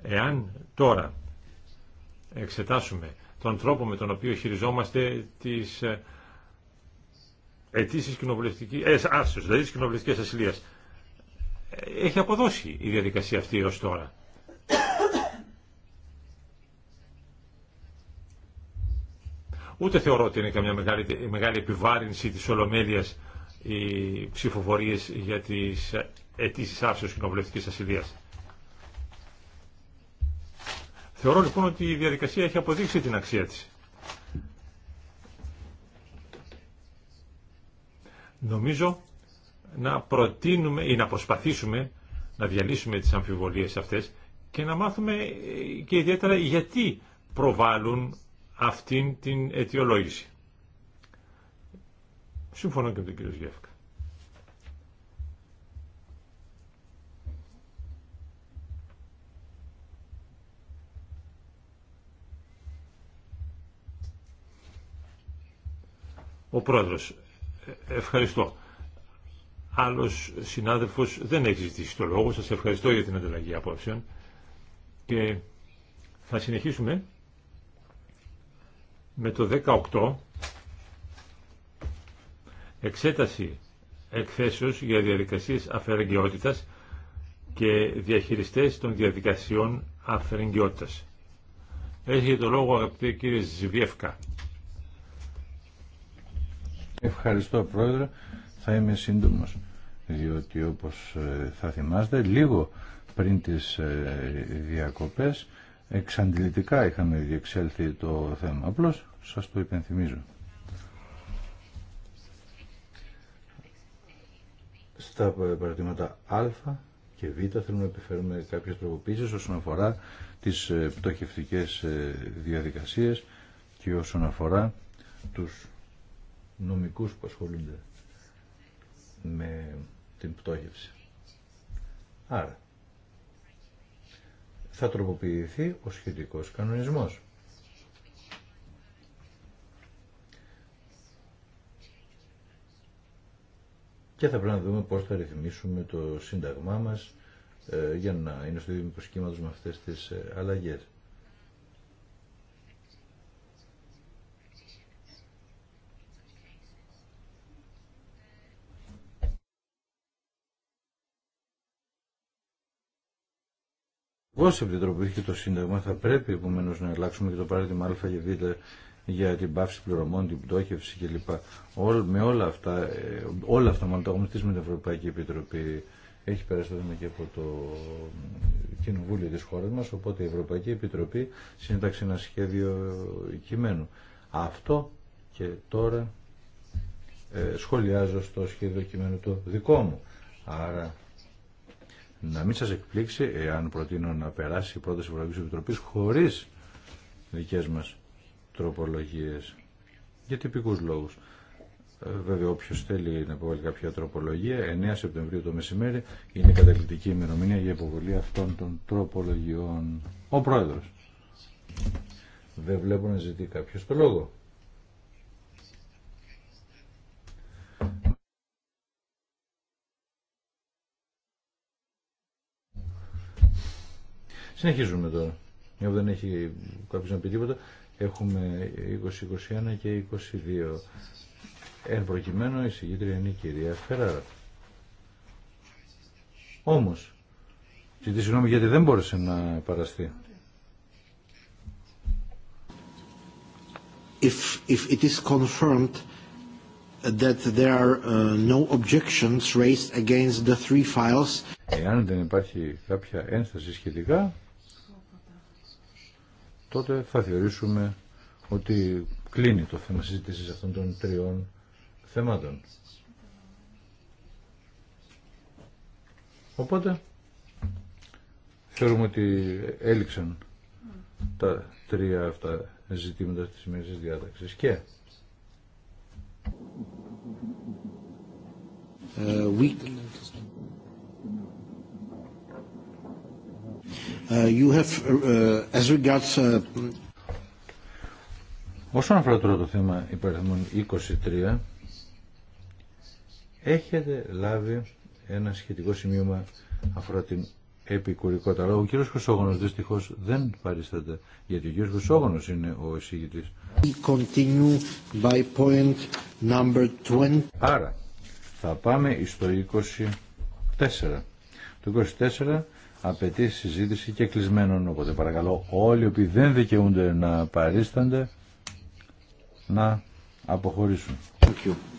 Εάν τώρα εξετάσουμε τον τρόπο με τον οποίο χειριζόμαστε τις ε, αιτήσεις κοινοβουλευτικής, ε, δηλαδή τις κοινοβουλευτικής ασυλίας, ε, έχει αποδώσει η διαδικασία αυτή ως τώρα. Ούτε θεωρώ ότι είναι καμιά μεγάλη, μεγάλη επιβάρυνση της Ολομέλειας οι ψηφοφορίες για τις αιτήσεις άψεως κοινοβουλευτικής ασυλίας. Θεωρώ λοιπόν ότι η διαδικασία έχει αποδείξει την αξία της. Νομίζω να προτείνουμε ή να προσπαθήσουμε να διαλύσουμε τις αμφιβολίες αυτές και να μάθουμε και ιδιαίτερα γιατί προβάλλουν αυτήν την αιτιολόγηση. Συμφωνώ και με τον κύριο Γεύκα. Ο πρόεδρος, ε, ευχαριστώ. Άλλος συνάδελφος δεν έχει ζητήσει το λόγο. Σας ευχαριστώ για την ανταλλαγή απόψεων και θα συνεχίσουμε με το 18 εξέταση εκθέσεως για διαδικασίες αφαιρεγγιότητας και διαχειριστές των διαδικασιών αφαιρεγγιότητας. Έχει το λόγο αγαπητέ κύριε Ζιβιεύκα. Ευχαριστώ πρόεδρε. Θα είμαι σύντομος διότι όπως ε, θα θυμάστε λίγο πριν τις ε, διακοπές εξαντλητικά είχαμε διεξέλθει το θέμα. Απλώς σας το υπενθυμίζω. Στα παρατήματα α και β θέλουμε να επιφέρουμε κάποιες τροποποίησεις όσον αφορά τις ε, πτωχευτικές ε, διαδικασίες και όσον αφορά τους νομικούς που ασχολούνται με την πτώχευση. Άρα, θα τροποποιηθεί ο σχετικός κανονισμός. Και θα πρέπει να δούμε πώς θα ρυθμίσουμε το σύνταγμά μας ε, για να είναι στο ίδιο τους με αυτές τις ε, αλλαγές. Ευρωπαϊκό Επιτροπή και το Σύνταγμα θα πρέπει επομένω να αλλάξουμε και το παράδειγμα Α και Β για την πάυση πληρωμών, την πτώχευση κλπ. Όλ, με όλα αυτά, ε, όλα αυτά μάλλον τα γνωστή με την Ευρωπαϊκή Επιτροπή. Έχει περάσει το και από το Κοινοβούλιο της χώρας μας, οπότε η Ευρωπαϊκή Επιτροπή σύνταξε ένα σχέδιο κειμένου. Αυτό και τώρα ε, σχολιάζω στο σχέδιο κειμένου το δικό μου. Άρα να μην σας εκπλήξει εάν προτείνω να περάσει η πρόταση Ευρωπαϊκής Επιτροπής χωρίς δικές μας τροπολογίες για τυπικούς λόγους. Ε, βέβαια, όποιο θέλει να υποβάλει κάποια τροπολογία, 9 Σεπτεμβρίου το μεσημέρι είναι η καταληκτική ημερομηνία για υποβολή αυτών των τροπολογιών. Ο πρόεδρο. Δεν βλέπω να ζητεί κάποιο το λόγο. Συνεχίζουμε τώρα. Εγώ δεν έχει κάποιο να πει τίποτα. Έχουμε 20, 21 και 22. Εν προκειμένου η συγκήτρια είναι η κυρία Φεράρα. Όμως, ζητή συγγνώμη γιατί δεν μπόρεσε να παραστεί. If, if it is confirmed that there are uh, no objections raised against the three files. Εάν δεν υπάρχει κάποια ένσταση σχετικά, τότε θα θεωρήσουμε ότι κλείνει το θέμα συζήτησης αυτών των τριών θεμάτων. Οπότε, θεωρούμε ότι έληξαν τα τρία αυτά ζητήματα της σημερινής διάταξης. Και... Ε, Uh, you uh, uh, Όσον αφορά τώρα το θέμα υπαριθμών 23, έχετε λάβει ένα σχετικό σημείωμα αφορά την επικουρικότητα. ο κύριος Χρυσόγονος δυστυχώς δεν παρίσταται, γιατί ο κύριος Χρυσόγονος είναι ο εισηγητής. by point 20. Άρα, θα πάμε στο 24. Το 24 απαιτεί συζήτηση και κλεισμένων. Οπότε παρακαλώ όλοι οι οποίοι δεν δικαιούνται να παρίστανται να αποχωρήσουν. Thank you.